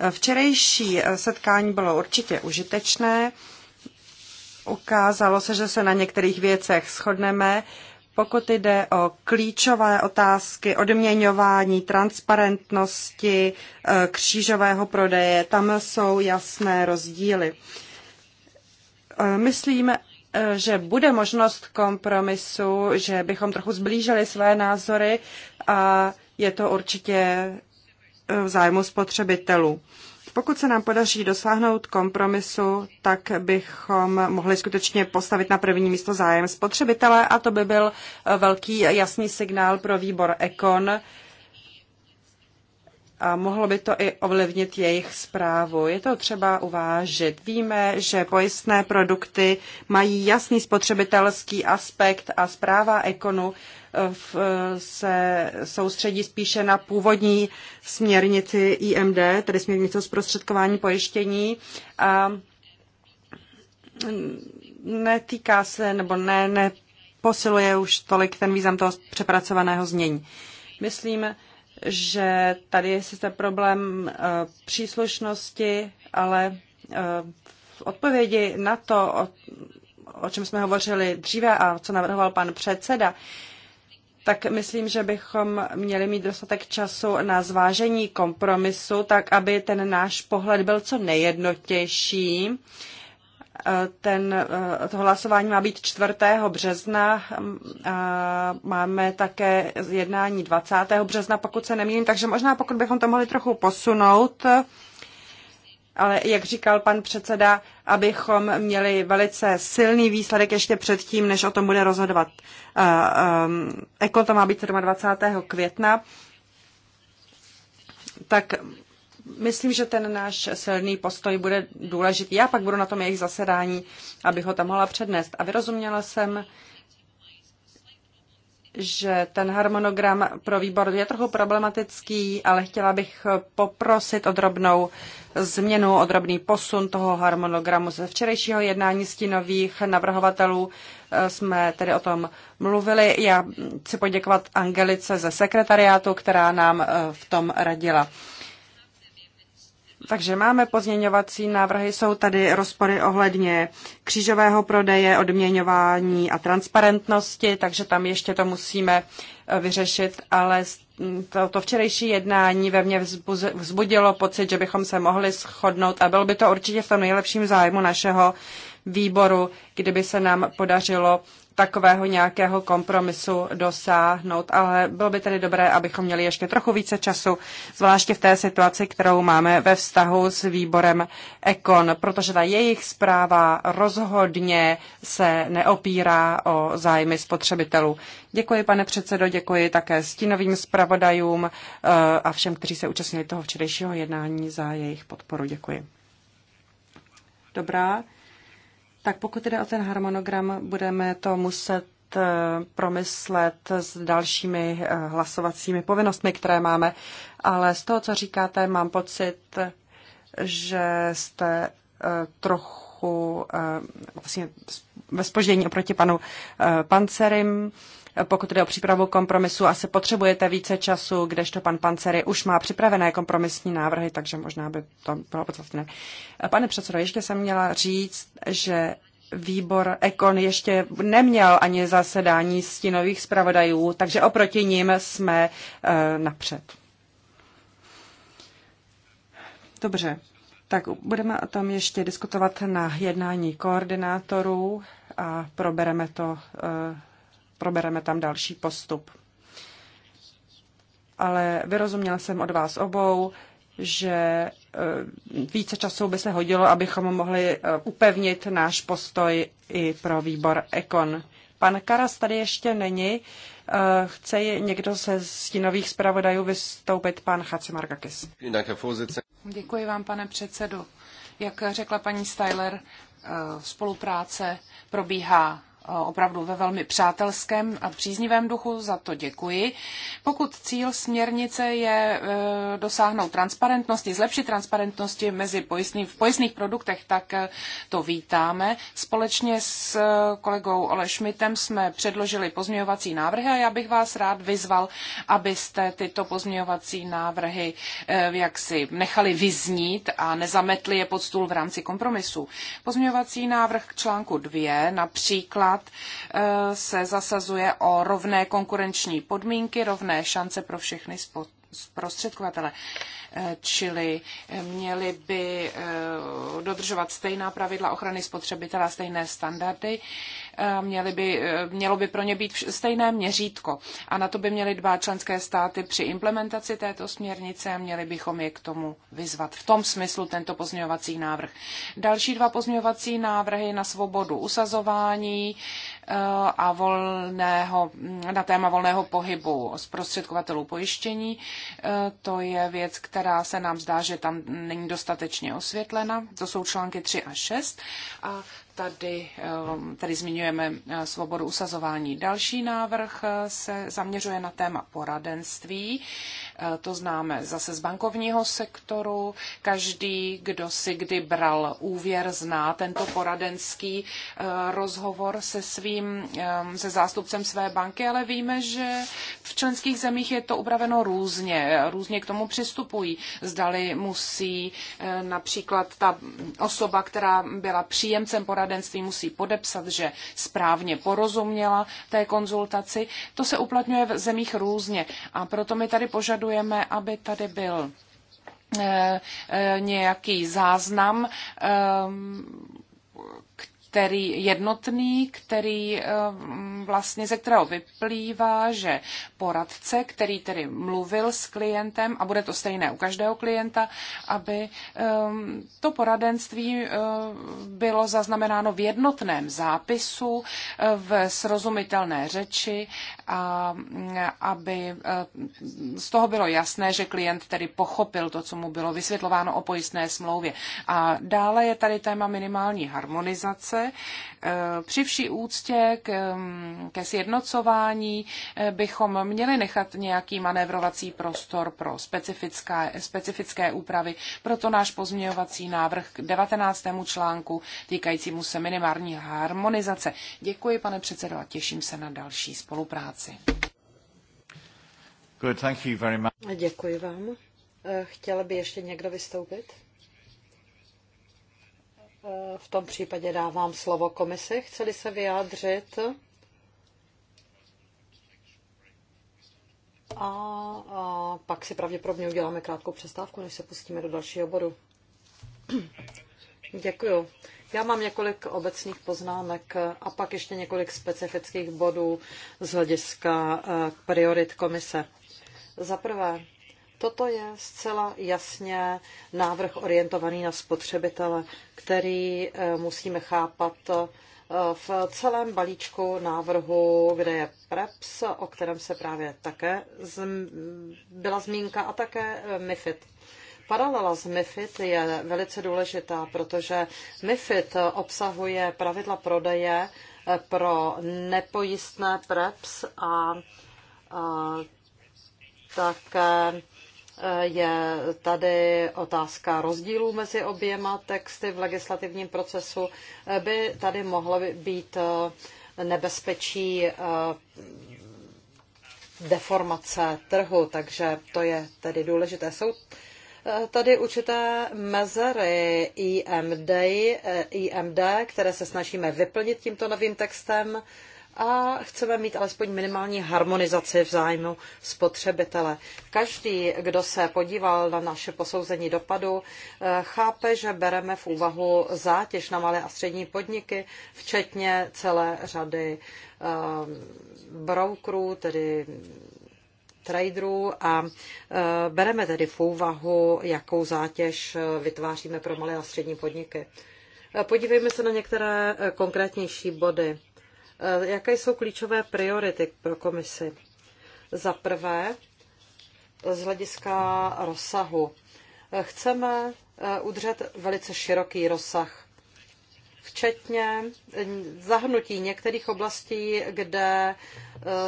Eh, včerejší setkání bylo určitě užitečné. Ukázalo se, že se na některých věcech shodneme pokud jde o klíčové otázky odměňování, transparentnosti, e, křížového prodeje, tam jsou jasné rozdíly. E, myslím, e, že bude možnost kompromisu, že bychom trochu zblížili své názory a je to určitě v zájmu spotřebitelů. Pokud se nám podaří dosáhnout kompromisu, tak bychom mohli skutečně postavit na první místo zájem spotřebitele a to by byl velký jasný signál pro výbor Econ, a mohlo by to i ovlivnit jejich zprávu. Je to třeba uvážit. Víme, že pojistné produkty mají jasný spotřebitelský aspekt a zpráva ekonu eh, v, se soustředí spíše na původní směrnici IMD, tedy směrnici o zprostředkování pojištění. A netýká se, nebo ne, neposiluje už tolik ten význam toho přepracovaného znění. Myslím, že tady je sice problém eh, příslušnosti, ale eh, v odpovědi na to, o, o čem jsme hovořili dříve a co navrhoval pan předseda, tak myslím, že bychom měli mít dostatek času na zvážení kompromisu, tak aby ten náš pohled byl co nejjednotější ten, eh, to hlasování má být 4. března. Hm, máme také jednání 20. března, pokud se nemýlím, takže možná pokud bychom to mohli trochu posunout, ale jak říkal pan předseda, abychom měli velice silný výsledek ještě předtím, než o tom bude rozhodovat. Eh, eh, Eko to má být 27. května. Tak myslím, že ten náš silný postoj bude důležitý. Já pak budu na tom jejich zasedání, abych ho tam mohla přednést. A vyrozuměla jsem, že ten harmonogram pro výbor je trochu problematický, ale chtěla bych poprosit o drobnou změnu, o drobný posun toho harmonogramu. Ze včerejšího jednání stínových navrhovatelů eh, jsme tedy o tom mluvili. Já chci poděkovat Angelice ze sekretariátu, která nám eh, v tom radila. Takže máme pozměňovací návrhy, jsou tady rozpory ohledně křížového prodeje, odměňování a transparentnosti, takže tam ještě to musíme eh, vyřešit, ale to, to včerejší jednání ve mně vzbudilo pocit, že bychom se mohli shodnout a bylo by to určitě v tom nejlepším zájmu našeho výboru, kdyby se nám podařilo takového nějakého kompromisu dosáhnout, ale bylo by tedy dobré, abychom měli ještě trochu více času, zvláště v té situaci, kterou máme ve vztahu s výborem Ekon, protože ta jejich zpráva rozhodně se neopírá o zájmy spotřebitelů. Děkuji, pane předsedo, děkuji také stínovým zpravodajům eh, a všem, kteří se účastnili toho včerejšího jednání za jejich podporu. Děkuji. Dobrá. Tak pokud jde o ten harmonogram, budeme to muset eh, promyslet s dalšími eh, hlasovacími povinnostmi, které máme, ale z toho, co říkáte, mám pocit, že jste eh, trochu vlastně ve spoždění oproti panu Pancerim pokud jde o přípravu kompromisu, asi potřebujete více času, kdežto pan Pancery už má připravené kompromisní návrhy, takže možná by to bylo podstatné. Pane předsedo, ještě jsem měla říct, že výbor Ekon ještě neměl ani zasedání stínových zpravodajů, takže oproti ním jsme eh, napřed. Dobře, tak budeme o tom ještě diskutovat na jednání koordinátorů a probereme to eh, probereme tam další postup. Ale vyrozuměla jsem od vás obou, že e, více času by se hodilo, abychom mohli e, upevnit náš postoj i pro výbor Ekon. Pan Karas tady ještě není. E, chce někdo ze stínových zpravodajů vystoupit? Pan Chacimarkakis. Děkuji vám, pane předsedo. Jak řekla paní Styler, spolupráce probíhá opravdu ve velmi přátelském a příznivém duchu, za to děkuji. Pokud cíl směrnice je e, dosáhnout transparentnosti, zlepšit transparentnosti mezi pojistný, v pojistných produktech, tak e, to vítáme. Společně s e, kolegou Ole Schmidtem jsme předložili pozměňovací návrhy a já bych vás rád vyzval, abyste tyto pozměňovací návrhy jaksi nechali vyznít a nezametli je pod stůl v rámci kompromisu. Pozměňovací návrh k článku 2 například stát eh, se zasazuje o rovné konkurenční podmínky, rovné šance pro všechny zprostředkovatele. Eh, čili eh, měli by eh, dodržovat stejná pravidla ochrany spotřebitela, stejné standardy, měli by, mělo by pro ně být stejné měřítko. A na to by měly dbát členské státy při implementaci této směrnice a měli bychom je k tomu vyzvat. V tom smyslu tento pozměňovací návrh. Další dva pozměňovací návrhy na svobodu usazování, a volného, na téma volného pohybu zprostředkovatelů pojištění. E, to je věc, která se nám zdá, že tam není dostatečně osvětlena. To jsou články 3 a 6. A tady, eh, tady zmiňujeme eh, svobodu usazování. Další návrh eh, se zaměřuje na téma poradenství. To známe zase z bankovního sektoru. Každý, kdo si kdy bral úvěr, zná tento poradenský rozhovor se svým, se zástupcem své banky, ale víme, že v členských zemích je to upraveno různě. Různě k tomu přistupují. Zdali musí například ta osoba, která byla příjemcem poradenství, poradenství musí podepsat, že správně porozuměla té konzultaci. To se uplatňuje v zemích různě a proto my tady požadujeme, aby tady byl eh, eh, nějaký záznam ehm, který jednotný, který eh, vlastně ze kterého vyplývá, že poradce, který tedy mluvil s klientem, a bude to stejné u každého klienta, aby eh, to poradenství eh, bylo zaznamenáno v jednotném zápisu, v srozumitelné řeči a aby eh, z toho bylo jasné, že klient tedy pochopil to, co mu bylo vysvětlováno o pojistné smlouvě. A dále je tady téma minimální harmonizace. Eh, při vší úctě k, mm, ke sjednocování eh, bychom měli nechat nějaký manévrovací prostor pro specifická, specifické úpravy. Proto náš pozměňovací návrh k 19. článku týkajícímu se minimální harmonizace. Děkuji, pane předsedo, a těším se na další spolupráci práci. Good, thank you very much. Děkuji vám. Eh, chtěl by ještě někdo vystoupit? Eh, v tom případě dávám slovo komisi. Chceli se vyjádřit? A, a pak si pravděpodobně uděláme krátkou přestávku, než se pustíme do dalšího bodu. Děkuji. Já mám několik obecných poznámek a pak ještě několik specifických bodů z hlediska eh, priorit komise. Za prvé, toto je zcela jasně návrh orientovaný na spotřebitele, který eh, musíme chápat eh, v celém balíčku návrhu, kde je PREPS, o kterém se právě také byla zmínka, a také MIFID. Paralela s MIFID je velice důležitá, protože MIFID obsahuje pravidla prodeje eh, pro nepojistné PREPS a, a také eh, je tady otázka rozdílů mezi oběma texty v legislativním procesu, eh, by tady mohlo být nebezpečí deformace trhu, takže to je tedy důležité. Jsou tady určité mezery IMD, IMD, které se snažíme vyplnit tímto novým textem a chceme mít alespoň minimální harmonizaci v zájmu spotřebitele. Každý, kdo se podíval na naše posouzení dopadu, eh, chápe, že bereme v úvahu zátěž na malé a střední podniky, včetně celé řady eh, brokerů, tedy traderů a e, bereme tedy v úvahu, jakou zátěž vytváříme pro malé a střední podniky. E, podívejme se na některé e, konkrétnější body. Jaké jsou klíčové priority pro komisi? Za prvé, z hlediska rozsahu. Chceme udržet velice široký rozsah včetně zahrnutí některých oblastí, kde e,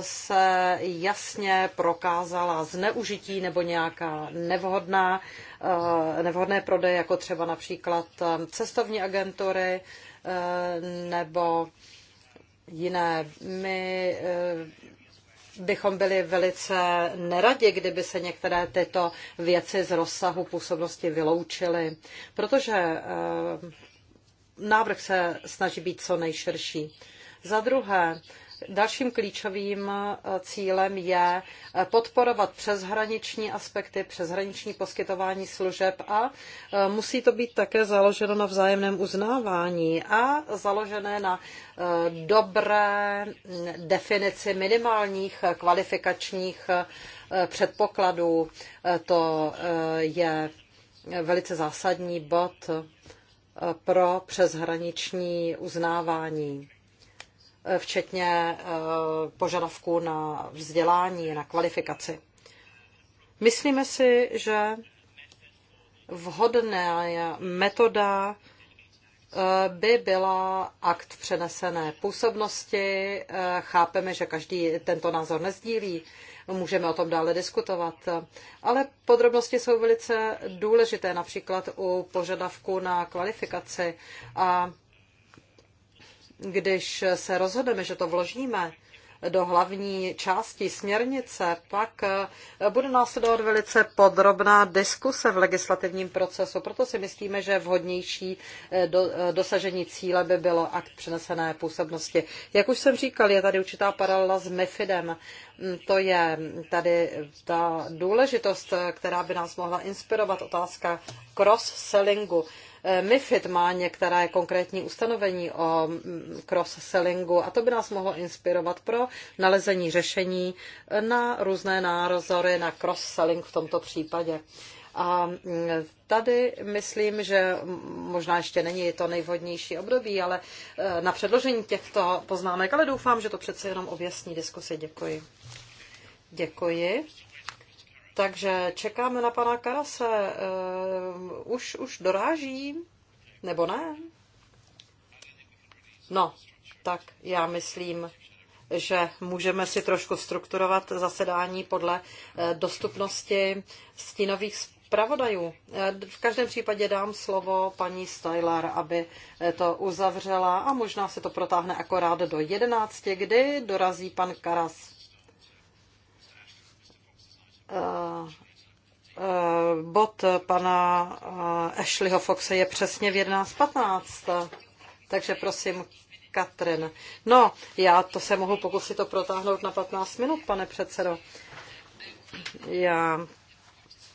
se jasně prokázala zneužití nebo nějaká nevhodná, e, nevhodné prodeje, jako třeba například e, cestovní agentury nebo jiné. My bychom byli velice neradi, kdyby se některé tyto věci z rozsahu působnosti vyloučily, protože návrh se snaží být co nejširší. Za druhé, Dalším klíčovým eh, cílem je eh, podporovat přeshraniční aspekty, přeshraniční poskytování služeb a eh, musí to být také založeno na vzájemném uznávání a založené na dobré mm, definici minimálních kvalifikačních předpokladů. To je velice zásadní bod pro přeshraniční uznávání, eh, včetně eh, požadavků na vzdělání, na kvalifikaci. Myslíme si, že vhodná metoda eh, by byla akt přenesené působnosti. Chápeme, že každý tento názor nezdílí. Můžeme o tom dále diskutovat. Ale podrobnosti jsou velice důležité, například u požadavku na kvalifikaci. A když se rozhodneme, že to vložíme do hlavní části směrnice, pak eh, bude následovat velice podrobná diskuse v legislativním procesu. Proto si myslíme, že vhodnější eh, do, eh, dosažení cíle by bylo akt přenesené působnosti. Jak už jsem říkal, je tady určitá paralela s MIFIDem. Mm, to je tady ta důležitost, která by nás mohla inspirovat otázka cross-sellingu. Eh, MIFID má některé konkrétní ustanovení o mm, cross-sellingu a to by nás mohlo inspirovat pro nalezení řešení na různé názory na cross-selling v tomto případě. A mm, tady myslím, že možná ještě není to nejvhodnější období, ale eh, na předložení těchto poznámek, ale doufám, že to přece jenom objasní diskusi. Děkuji. Děkuji. Takže čekáme na pana Karase. Eh, už, už doráží? Nebo ne? No, tak já myslím, že můžeme si trošku strukturovat zasedání podle eh, dostupnosti stínových zpravodajů. Eh, v každém případě dám slovo paní Styler, aby to uzavřela a možná se to protáhne akorát do 11, kdy dorazí pan Karas. Eh, eh, bod pana eh, Ashleyho Foxe je přesně v 11.15. Takže prosím, Katrin. No, já to se mohu pokusit to protáhnout na 15 minut, pane předsedo. Já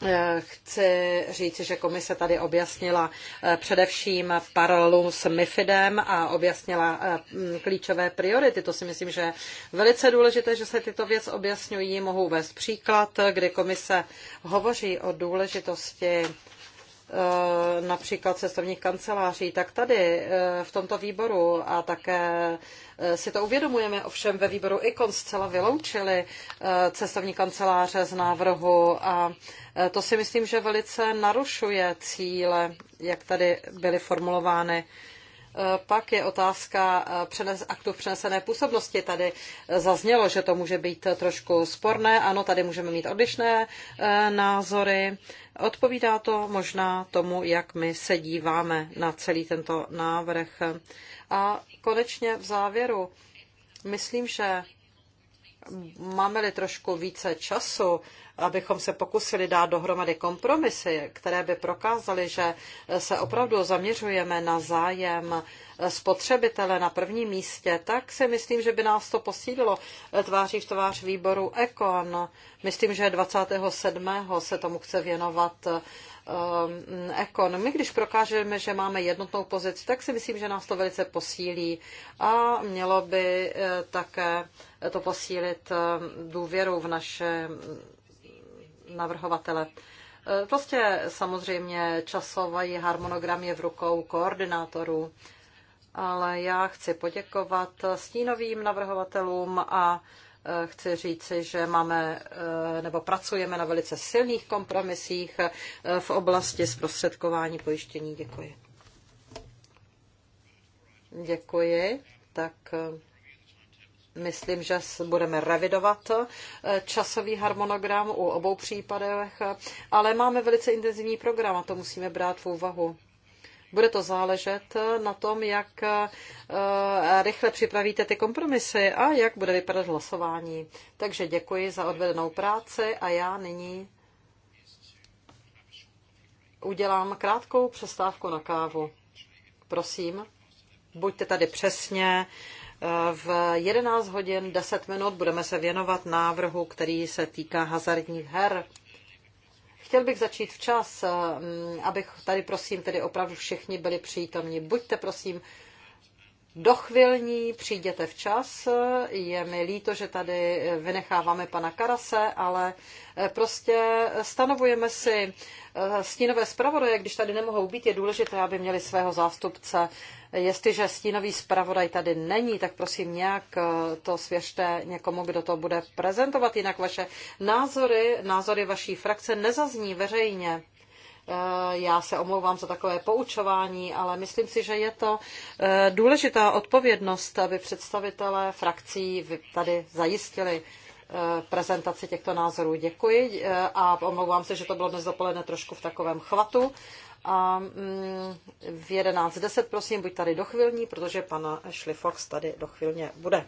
Eh, chci říct, že komise tady objasnila eh, především paralelu s MIFIDem a objasnila eh, mm, klíčové priority. To si myslím, že je velice důležité, že se tyto věci objasňují. Mohu vést příklad, kdy komise hovoří o důležitosti Eh, například cestovních kanceláří, tak tady eh, v tomto výboru a také eh, si to uvědomujeme, ovšem ve výboru ICON zcela vyloučili cestovní kanceláře z návrhu a to si myslím, že velice narušuje cíle, jak tady byly formulovány. Pak je otázka eh, přenes, aktu přenesené působnosti. Tady eh, zaznělo, že to může být trošku sporné. Ano, tady můžeme mít odlišné eh, názory. Odpovídá to možná tomu, jak my se díváme na celý tento návrh. A konečně v závěru myslím, že máme-li trošku více času, abychom se pokusili dát dohromady kompromisy, které by prokázaly, že se opravdu zaměřujeme na zájem spotřebitele na prvním místě, tak si myslím, že by nás to posílilo tváří v tvář výboru Ekon. Myslím, že 27. se tomu chce věnovat Eh, ekon. My, když prokážeme, že máme jednotnou pozici, tak si myslím, že nás to velice posílí a mělo by eh, také to posílit eh, důvěru v naše navrhovatele. Prostě samozřejmě časový harmonogram je v rukou koordinátorů, ale já chci poděkovat stínovým navrhovatelům a Eh, chci říci, že máme eh, nebo pracujeme na velice silných kompromisích eh, v oblasti zprostředkování pojištění. Děkuji. Děkuji. Tak myslím, že budeme revidovat časový harmonogram u obou případech, ale máme velice intenzivní program a to musíme brát v úvahu. Bude to záležet na tom, jak eh, rychle připravíte ty kompromisy a jak bude vypadat hlasování. Takže děkuji za odvedenou práci a já nyní udělám krátkou přestávku na kávu. Prosím, buďte tady přesně. Eh, v 11 hodin 10 minut budeme se věnovat návrhu, který se týká hazardních her. Chtěl bych začít včas, eh, abych tady prosím tedy opravdu všichni byli přítomní. Buďte prosím dochvilní, přijděte včas. Je mi líto, že tady vynecháváme pana Karase, ale eh, prostě stanovujeme si eh, stínové zpravodaje, když tady nemohou být, je důležité, aby měli svého zástupce. Jestliže stínový zpravodaj tady není, tak prosím nějak eh, to svěřte někomu, kdo to bude prezentovat, jinak vaše názory, názory vaší frakce nezazní veřejně. Eh, já se omlouvám za takové poučování, ale myslím si, že je to eh, důležitá odpovědnost, aby představitelé frakcí tady zajistili eh, prezentaci těchto názorů. Děkuji a omlouvám se, že to bylo dnes dopoledne trošku v takovém chvatu. A mm, v 11.10 prosím, buď tady dochvilní, protože pan Ashley Fox tady dochvilně bude.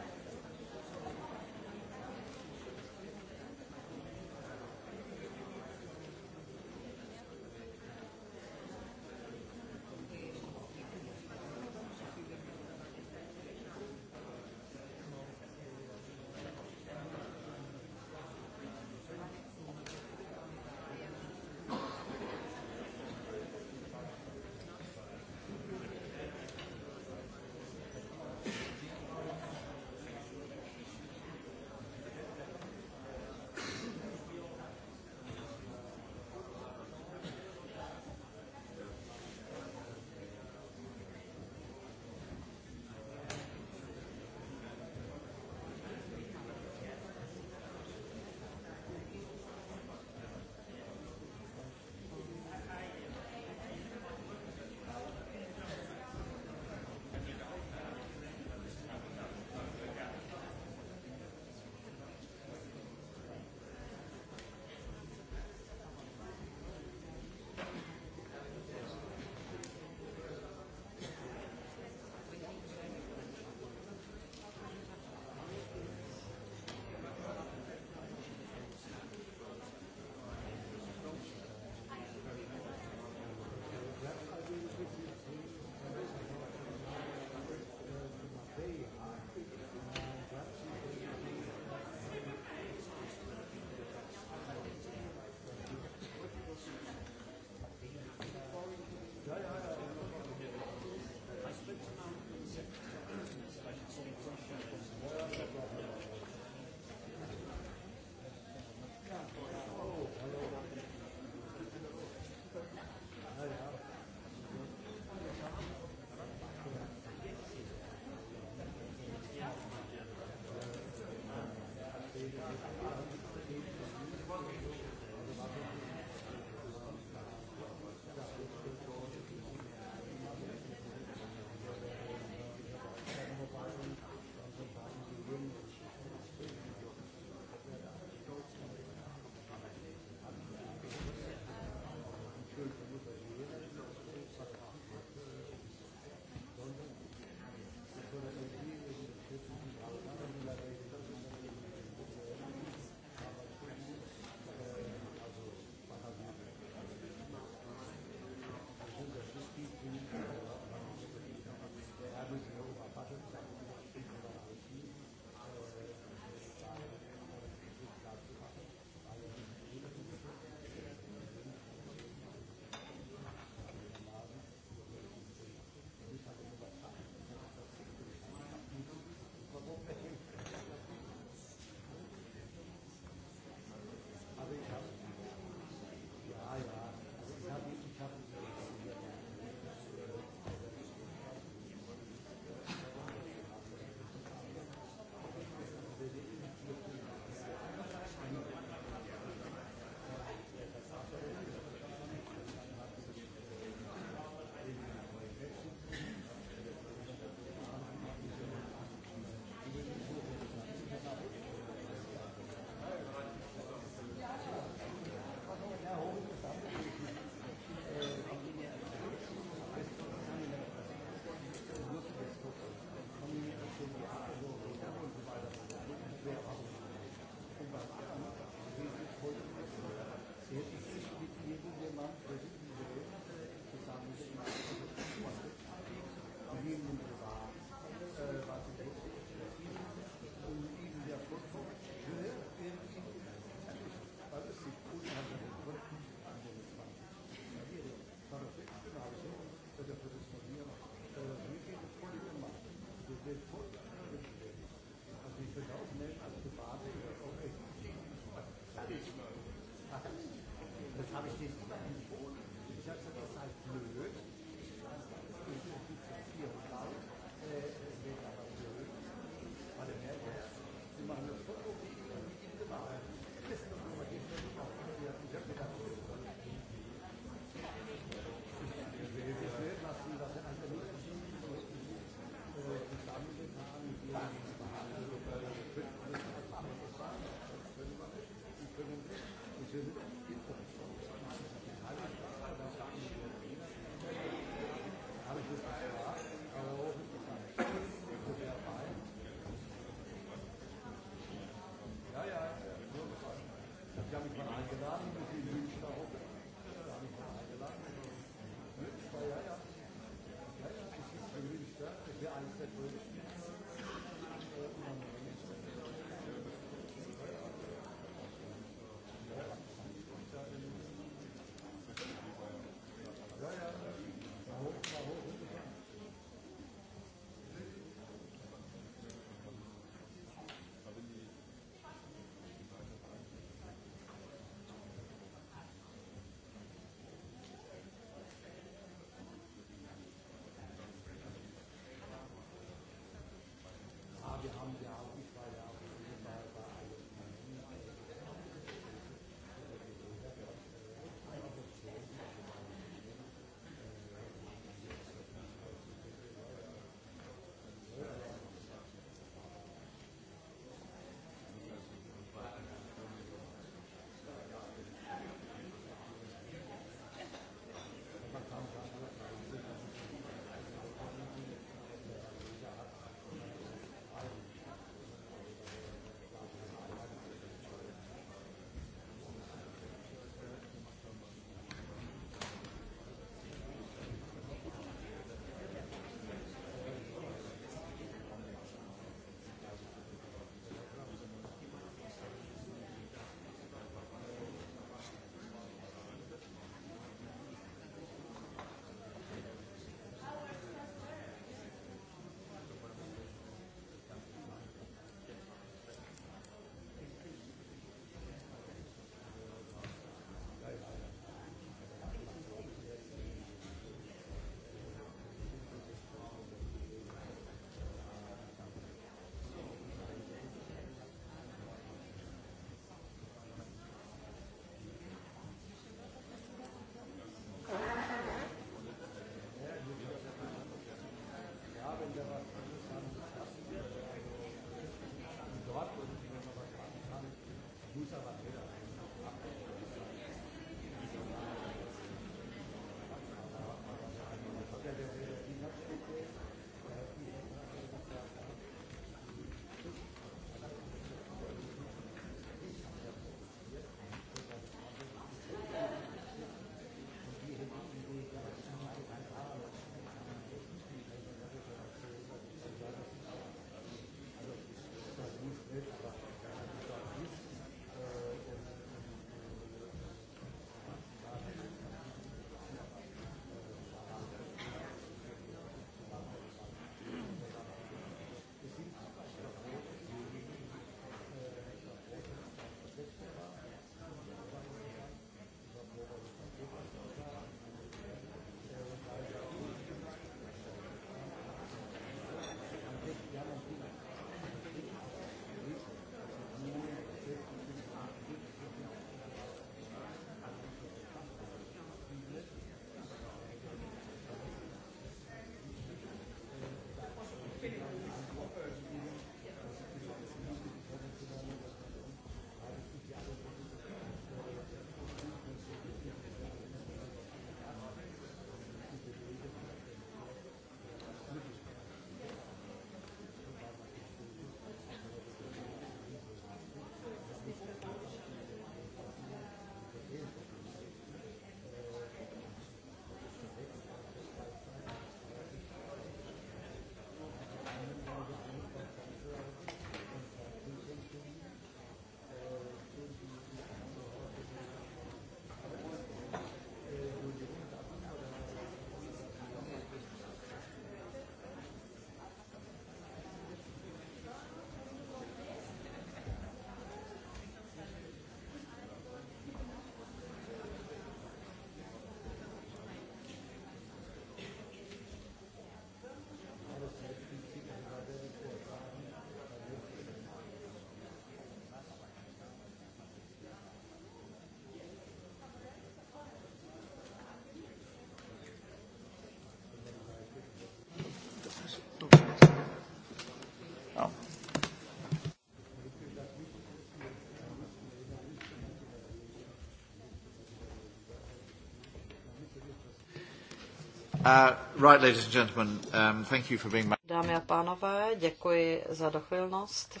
Dámy a pánové, děkuji za dochvilnost.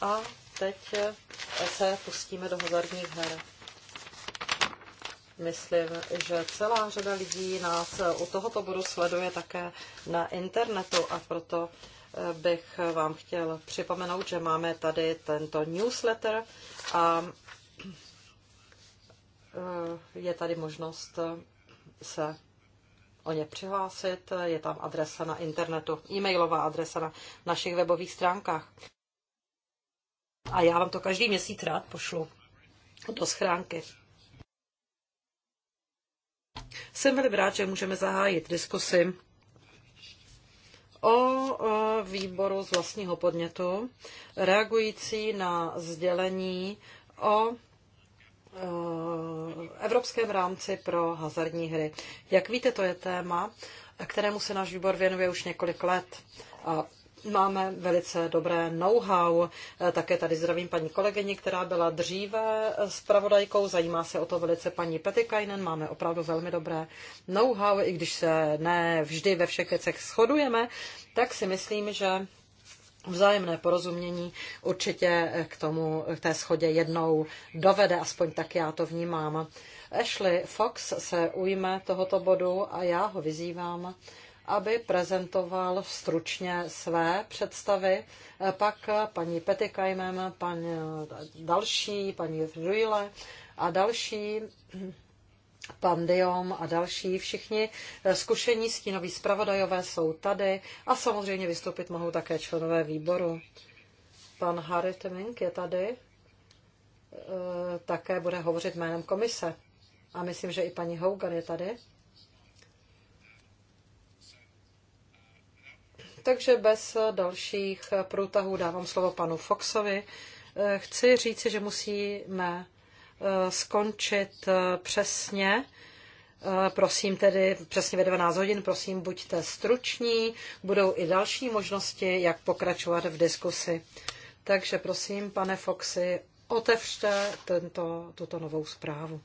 A teď eh, se pustíme do hazardních her. Myslím, že celá řada lidí nás eh, u tohoto bodu sleduje také na internetu a proto eh, bych vám chtěl připomenout, že máme tady tento newsletter a je tady možnost se o ně přihlásit. Je tam adresa na internetu, e-mailová adresa na našich webových stránkách. A já vám to každý měsíc rád pošlu do schránky. Jsem velmi rád, že můžeme zahájit diskusi o výboru z vlastního podnětu, reagující na sdělení o Eh, evropském rámci pro hazardní hry. Jak víte, to je téma, kterému se náš výbor věnuje už několik let. A máme velice dobré know-how. Eh, také tady zdravím paní kolegyni, která byla dříve zpravodajkou. Zajímá se o to velice paní Petikainen. Máme opravdu velmi dobré know-how, i když se ne vždy ve všech věcech shodujeme, tak si myslím, že Vzájemné porozumění určitě k tomu, k té schodě jednou dovede, aspoň tak já to vnímám. Ashley Fox se ujme tohoto bodu a já ho vyzývám, aby prezentoval stručně své představy. Pak paní Petikajmem, pan další, paní Ruile a další Pandiom a další, všichni eh, zkušení stínoví zpravodajové jsou tady a samozřejmě vystoupit mohou také členové výboru. Pan Harry Temink je tady, eh, také bude hovořit jménem komise. A myslím, že i paní Hougan je tady. Takže bez dalších průtahů dávám slovo panu Foxovi. Eh, chci říci, že musíme Eh, skončit eh, přesně. Eh, prosím tedy přesně ve 12 hodin, prosím buďte struční, budou i další možnosti, jak pokračovat v diskusi. Takže prosím, pane Foxy, otevřte tento, tuto novou zprávu.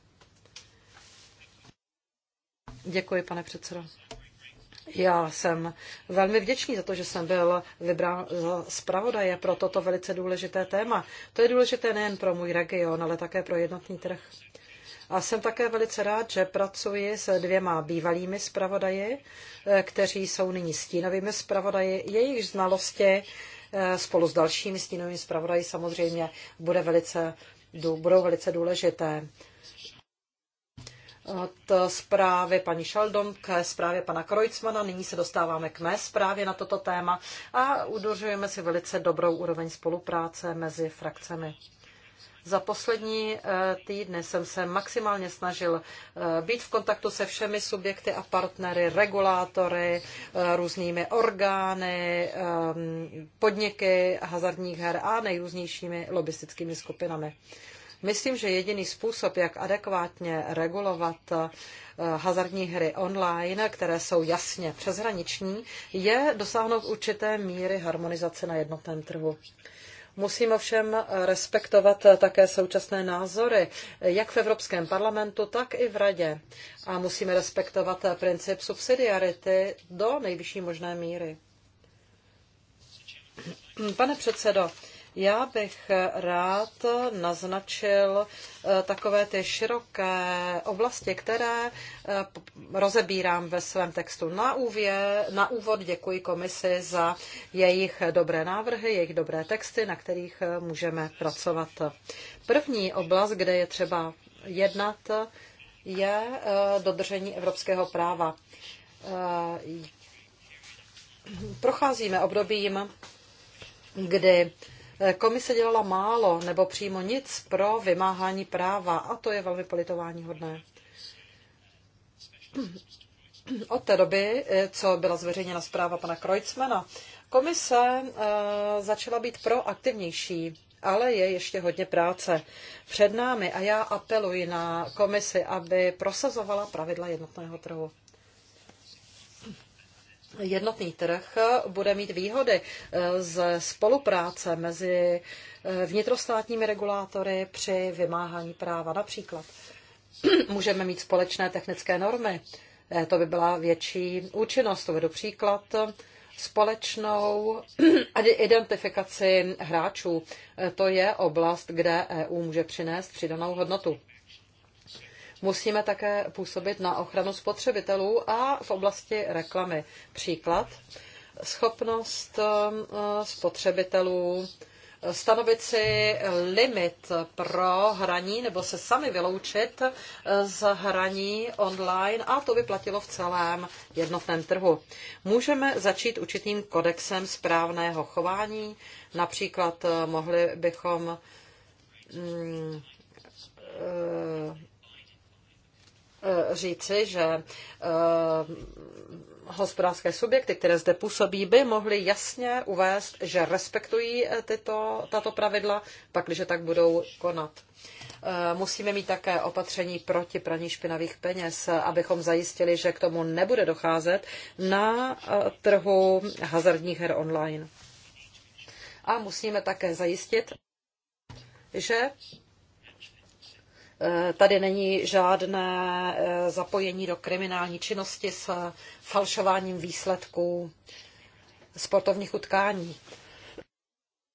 Děkuji, pane předsedo. Já jsem velmi vděčný za to, že jsem byl vybrán za zpravodaje pro toto velice důležité téma. To je důležité nejen pro můj region, ale také pro jednotný trh. A jsem také velice rád, že pracuji s dvěma bývalými zpravodaji, eh, kteří jsou nyní stínovými zpravodaji. Jejich znalosti eh, spolu s dalšími stínovými zpravodaji samozřejmě bude velice, budou velice důležité od zprávy paní Šaldom k zprávě pana Krojcmana. Nyní se dostáváme k mé zprávě na toto téma a udržujeme si velice dobrou úroveň spolupráce mezi frakcemi. Za poslední eh, týdny jsem se maximálně snažil eh, být v kontaktu se všemi subjekty a partnery, regulátory, eh, různými orgány, podniky hazardních her a nejrůznějšími lobistickými skupinami. Myslím, že jediný způsob, jak adekvátně regulovat eh, hazardní hry online, které jsou jasně přeshraniční, je dosáhnout určité míry harmonizace na jednotném trhu. Musím ovšem respektovat také současné názory, jak v Evropském parlamentu, tak i v Radě. A musíme respektovat princip subsidiarity do nejvyšší možné míry. Pane předsedo, já bych rád naznačil eh, takové ty široké oblasti, které eh, rozebírám ve svém textu. Na, úvě, na úvod děkuji komisi za jejich dobré návrhy, jejich dobré texty, na kterých eh, můžeme pracovat. První oblast, kde je třeba jednat, je dodržení evropského práva. Procházíme obdobím, kdy Eh, komise dělala málo nebo přímo nic pro vymáhání práva a to je velmi politování hodné. Od té doby, eh, co byla zveřejněna zpráva pana Kreutzmana, komise eh, začala být proaktivnější ale je ještě hodně práce před námi a já apeluji na komisi, aby prosazovala pravidla jednotného trhu jednotný trh bude mít výhody eh, z spolupráce mezi eh, vnitrostátními regulátory při vymáhání práva. Například můžeme mít společné technické normy. Eh, to by byla větší účinnost. To příklad společnou identifikaci hráčů. To je oblast, kde EU může přinést přidanou hodnotu. Musíme také působit na ochranu spotřebitelů a v oblasti reklamy. Příklad, schopnost eh, spotřebitelů eh, stanovit si limit pro hraní nebo se sami vyloučit eh, z hraní online a to by platilo v celém jednotném trhu. Můžeme začít určitým kodexem správného chování, například mohli bychom mm, Eh, říci, že eh, hospodářské subjekty, které zde působí, by mohly jasně uvést, že respektují eh, tyto, tato pravidla, pakliže tak budou konat. Musíme mít také opatření proti praní špinavých peněz, abychom zajistili, že k tomu nebude docházet na trhu hazardních her online. A musíme také zajistit, že Tady není žádné eh, zapojení do kriminální činnosti s falšováním výsledků sportovních utkání.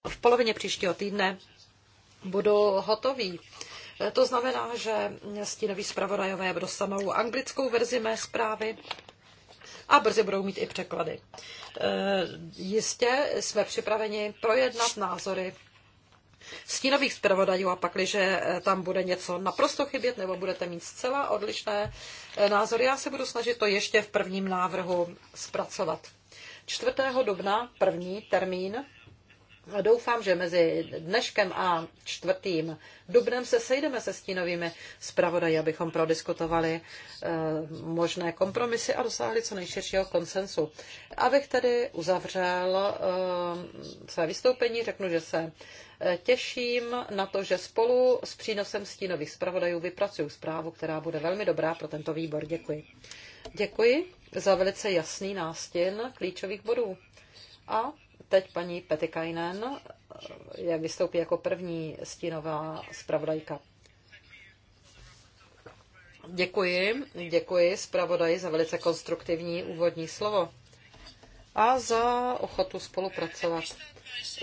V polovině příštího týdne budu hotový. Eh, to znamená, že stínoví zpravodajové dostanou anglickou verzi mé zprávy a brzy budou mít i překlady. Eh, jistě jsme připraveni projednat názory stínových zpravodajů a pakliže eh, tam bude něco naprosto chybět nebo budete mít zcela odlišné eh, názory, já se budu snažit to ještě v prvním návrhu zpracovat. 4. dubna, první termín a doufám, že mezi dneškem a čtvrtým dubnem se sejdeme se stínovými zpravodaji, abychom prodiskutovali eh, možné kompromisy a dosáhli co nejširšího konsensu. Abych tedy uzavřel eh, své vystoupení, řeknu, že se eh, těším na to, že spolu s přínosem stínových zpravodajů vypracuju zprávu, která bude velmi dobrá pro tento výbor. Děkuji. Děkuji za velice jasný nástin klíčových bodů. A Teď paní Petikainen jak vystoupí jako první stínová zpravodajka. Děkuji, děkuji zpravodaji za velice konstruktivní úvodní slovo a za ochotu spolupracovat.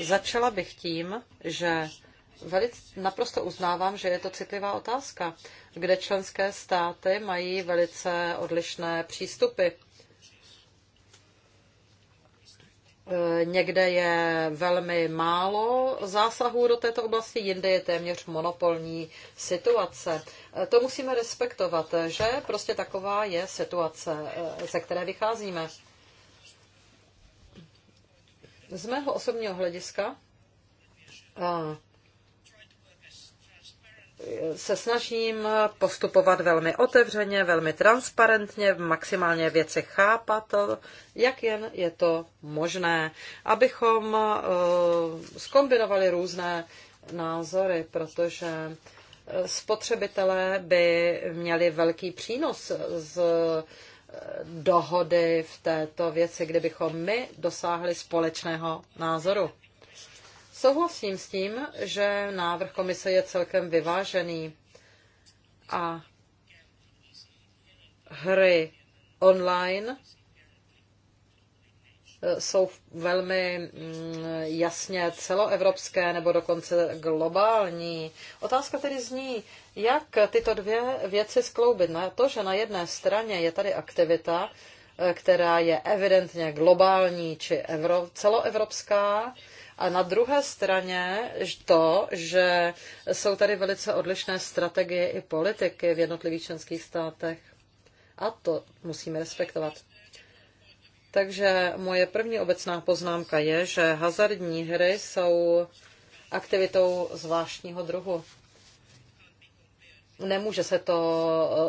Začala bych tím, že velice, naprosto uznávám, že je to citlivá otázka, kde členské státy mají velice odlišné přístupy Eh, někde je velmi málo zásahů do této oblasti, jinde je téměř monopolní situace. Eh, to musíme respektovat, že prostě taková je situace, eh, ze které vycházíme. Z mého osobního hlediska se snažím postupovat velmi otevřeně, velmi transparentně, maximálně věci chápat, jak jen je to možné, abychom skombinovali eh, různé názory, protože eh, spotřebitelé by měli velký přínos z eh, dohody v této věci, kdybychom my dosáhli společného názoru. Souhlasím s tím, že návrh komise je celkem vyvážený a hry online eh, jsou velmi mm, jasně celoevropské nebo dokonce globální. Otázka tedy zní, jak tyto dvě věci skloubit. Na to, že na jedné straně je tady aktivita, eh, která je evidentně globální či evro, celoevropská, a na druhé straně to, že jsou tady velice odlišné strategie i politiky v jednotlivých členských státech. A to musíme respektovat. Takže moje první obecná poznámka je, že hazardní hry jsou aktivitou zvláštního druhu. Nemůže se to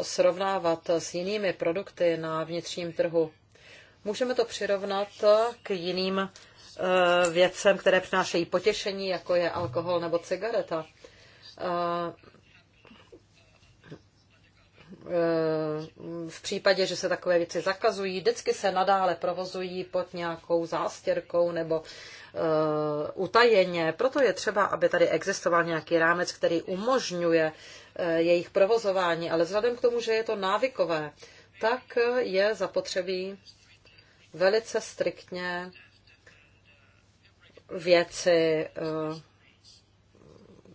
eh, srovnávat s jinými produkty na vnitřním trhu. Můžeme to přirovnat k jiným Eh, věcem, které přinášejí potěšení, jako je alkohol nebo cigareta. Eh, v případě, že se takové věci zakazují, vždycky se nadále provozují pod nějakou zástěrkou nebo eh, utajeně. Proto je třeba, aby tady existoval nějaký rámec, který umožňuje jejich provozování, ale vzhledem k tomu, že je to návykové, tak je zapotřebí velice striktně věci eh,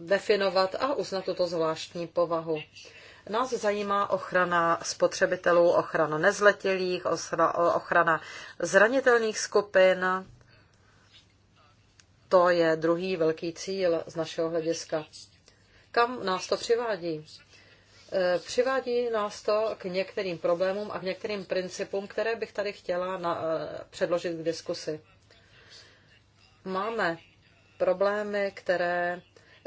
definovat a uznat tuto zvláštní povahu. Nás zajímá ochrana spotřebitelů, ochrana nezletilých, ochrana zranitelných skupin. To je druhý velký cíl z našeho hlediska. Kam nás to přivádí? Eh, přivádí nás to k některým problémům a k některým principům, které bych tady chtěla na, eh, předložit k diskusi máme problémy, které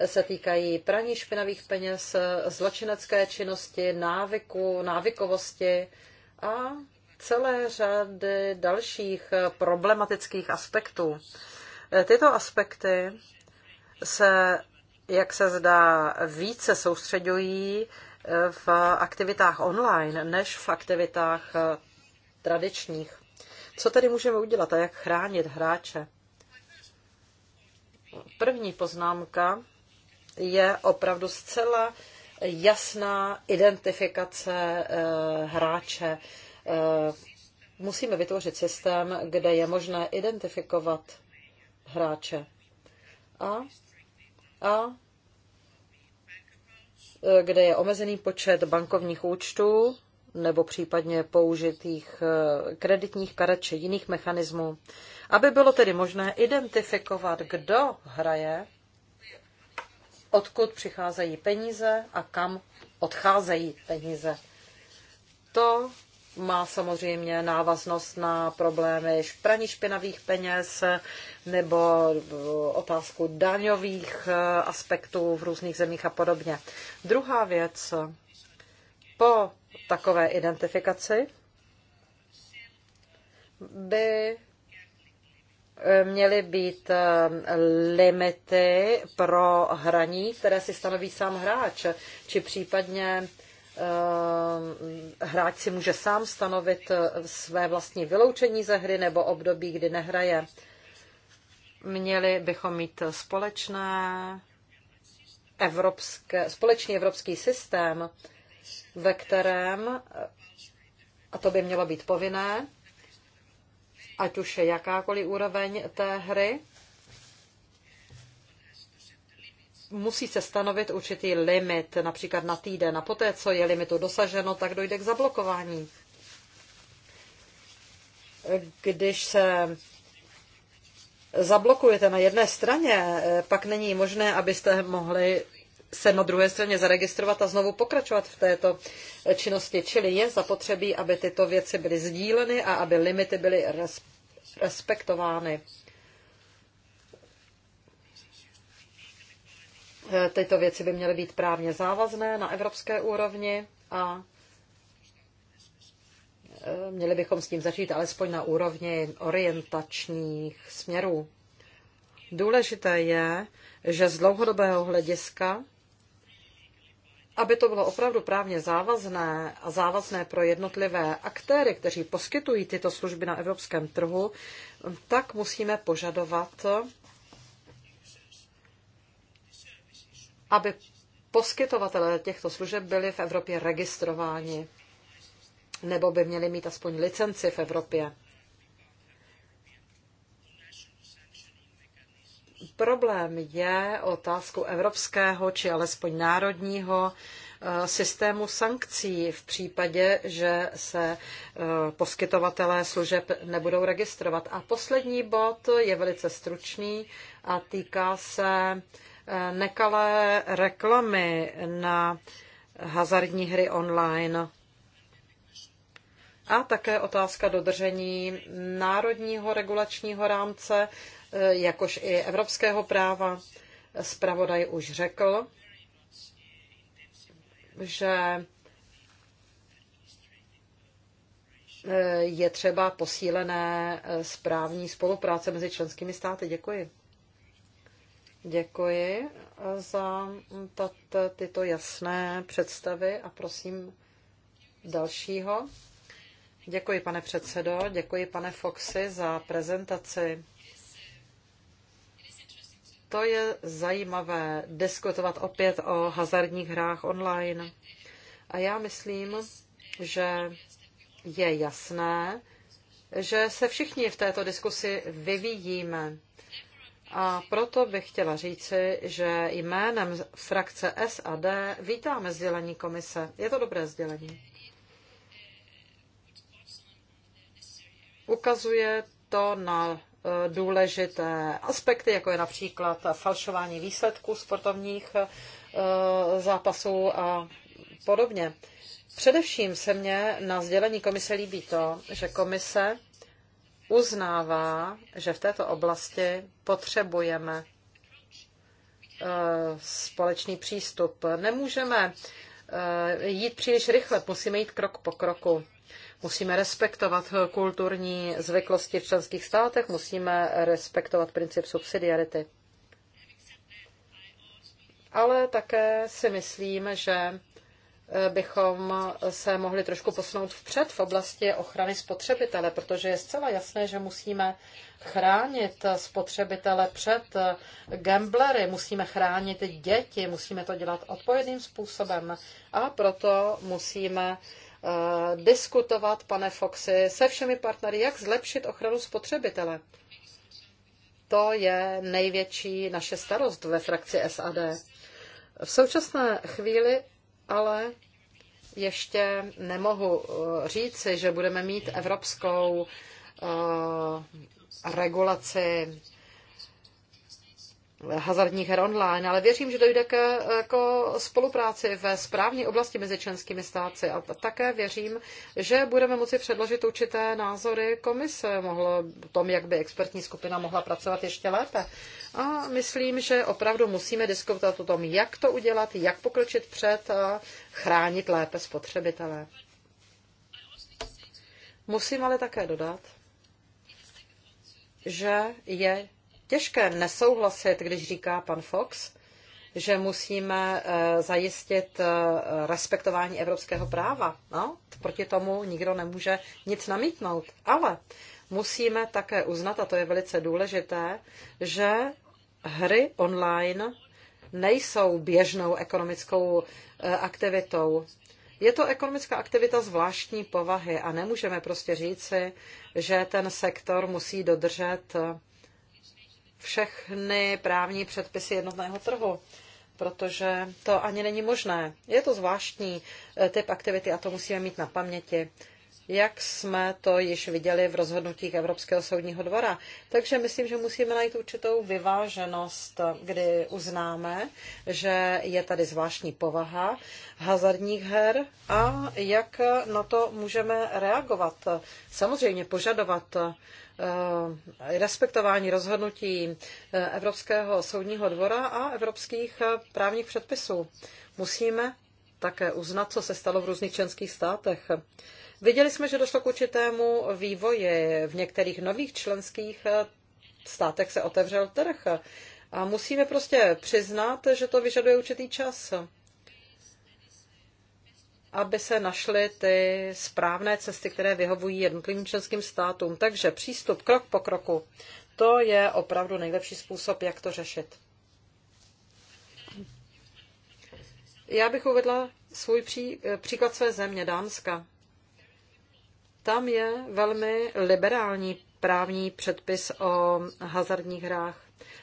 se týkají praní špinavých peněz, zločinecké činnosti, návyku, návykovosti a celé řady dalších problematických aspektů. Tyto aspekty se, jak se zdá, více soustředují v aktivitách online než v aktivitách tradičních. Co tedy můžeme udělat a jak chránit hráče? První poznámka je opravdu zcela jasná identifikace eh, hráče. Eh, musíme vytvořit systém, kde je možné identifikovat hráče. A, a eh, kde je omezený počet bankovních účtů nebo případně použitých kreditních karet či jiných mechanismů aby bylo tedy možné identifikovat, kdo hraje, odkud přicházejí peníze a kam odcházejí peníze. To má samozřejmě návaznost na problémy praní špinavých peněz nebo otázku daňových eh, aspektů v různých zemích a podobně. Druhá věc, po takové identifikaci by měly být eh, limity pro hraní, které si stanoví sám hráč, či případně eh, hráč si může sám stanovit eh, své vlastní vyloučení ze hry nebo období, kdy nehraje. Měli bychom mít společné evropské, společný evropský systém, ve kterém, a to by mělo být povinné, ať už je jakákoliv úroveň té hry, musí se stanovit určitý limit, například na týden. A poté, co je limitu dosaženo, tak dojde k zablokování. Když se zablokujete na jedné straně, eh, pak není možné, abyste mohli se na druhé straně zaregistrovat a znovu pokračovat v této činnosti. Čili je zapotřebí, aby tyto věci byly sdíleny a aby limity byly respektovány. E, tyto věci by měly být právně závazné na evropské úrovni a e, měli bychom s tím začít alespoň na úrovni orientačních směrů. Důležité je, že z dlouhodobého hlediska aby to bylo opravdu právně závazné a závazné pro jednotlivé aktéry, kteří poskytují tyto služby na evropském trhu, tak musíme požadovat, aby poskytovatelé těchto služeb byli v Evropě registrováni nebo by měli mít aspoň licenci v Evropě. Problém je otázku evropského či alespoň národního eh, systému sankcí v případě, že se eh, poskytovatelé služeb nebudou registrovat. A poslední bod je velice stručný a týká se eh, nekalé reklamy na hazardní hry online. A také otázka dodržení národního regulačního rámce Eh, jakož i evropského práva. Spravodaj už řekl, že eh, je třeba posílené eh, správní spolupráce mezi členskými státy. Děkuji. Děkuji za tato, tyto jasné představy a prosím dalšího. Děkuji, pane předsedo, děkuji, pane Foxy, za prezentaci. To je zajímavé diskutovat opět o hazardních hrách online. A já myslím, že je jasné, že se všichni v této diskusi vyvíjíme. A proto bych chtěla říci, že jménem frakce SAD vítáme sdělení komise. Je to dobré sdělení. Ukazuje to na Eh, důležité aspekty, jako je například falšování výsledků sportovních eh, zápasů a podobně. Především se mně na sdělení komise líbí to, že komise uznává, že v této oblasti potřebujeme eh, společný přístup. Nemůžeme jít příliš rychle, musíme jít krok po kroku. Musíme respektovat kulturní zvyklosti v členských státech, musíme respektovat princip subsidiarity. Ale také si myslím, že eh, bychom se mohli trošku posunout vpřed v oblasti ochrany spotřebitele, protože je zcela jasné, že musíme chránit spotřebitele před eh, gamblery, musíme chránit děti, musíme to dělat odpovědným způsobem a proto musíme Eh, diskutovat, pane Foxy, se všemi partnery, jak zlepšit ochranu spotřebitele. To je největší naše starost ve frakci SAD. V současné chvíli ale ještě nemohu eh, říci, že budeme mít evropskou eh, regulaci hazardních her online, ale věřím, že dojde ke jako spolupráci ve správní oblasti mezi členskými státy a také věřím, že budeme moci předložit určité názory komise mohlo, tom, jak by expertní skupina mohla pracovat ještě lépe. A myslím, že opravdu musíme diskutovat o tom, jak to udělat, jak pokročit před a chránit lépe spotřebitele. Musím ale také dodat, že je těžké nesouhlasit, když říká pan Fox, že musíme eh, zajistit eh, respektování evropského práva. No, proti tomu nikdo nemůže nic namítnout. Ale musíme také uznat, a to je velice důležité, že hry online nejsou běžnou ekonomickou eh, aktivitou. Je to ekonomická aktivita zvláštní povahy a nemůžeme prostě říci, že ten sektor musí dodržet všechny právní předpisy jednotného trhu, protože to ani není možné. Je to zvláštní eh, typ aktivity a to musíme mít na paměti jak jsme to již viděli v rozhodnutích Evropského soudního dvora. Takže myslím, že musíme najít určitou vyváženost, kdy uznáme, že je tady zvláštní povaha hazardních her a jak na to můžeme reagovat. Samozřejmě požadovat Eh, respektování rozhodnutí eh, Evropského soudního dvora a evropských eh, právních předpisů. Musíme také uznat, co se stalo v různých členských státech. Viděli jsme, že došlo k určitému vývoji. V některých nových členských státech se otevřel trh. A musíme prostě přiznat, že to vyžaduje určitý čas aby se našly ty správné cesty, které vyhovují jednotlivým členským státům. Takže přístup krok po kroku, to je opravdu nejlepší způsob, jak to řešit. Já bych uvedla svůj pří, eh, příklad své země, Dánska. Tam je velmi liberální právní předpis o hazardních hrách.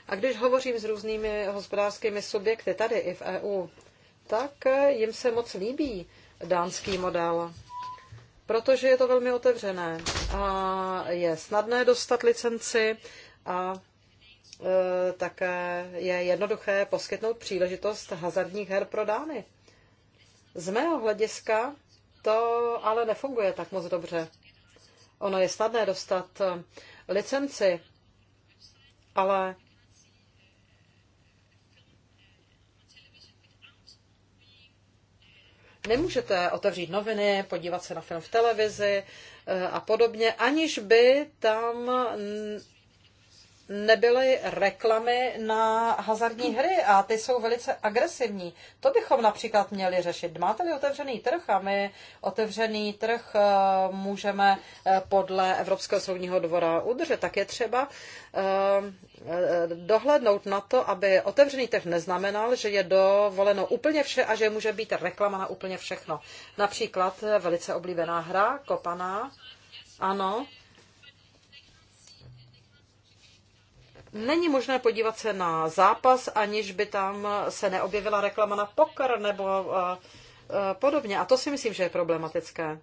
A když hovořím s různými hospodářskými subjekty tady i v EU, tak eh, jim se moc líbí dánský model, protože je to velmi otevřené a je snadné dostat licenci a e, také je jednoduché poskytnout příležitost hazardních her pro dány. Z mého hlediska to ale nefunguje tak moc dobře. Ono je snadné dostat licenci, ale Nemůžete otevřít noviny, podívat se na film v televizi eh, a podobně, aniž by tam nebyly reklamy na hazardní hry a ty jsou velice agresivní. To bychom například měli řešit. Máte-li otevřený trh a my otevřený trh eh, můžeme eh, podle Evropského soudního dvora udržet, tak je třeba eh, dohlednout na to, aby otevřený trh neznamenal, že je dovoleno úplně vše a že může být reklama na úplně všechno. Například velice oblíbená hra, kopaná, ano, není možné podívat se na zápas, aniž by tam se neobjevila reklama na poker nebo eh, eh, podobně. A to si myslím, že je problematické.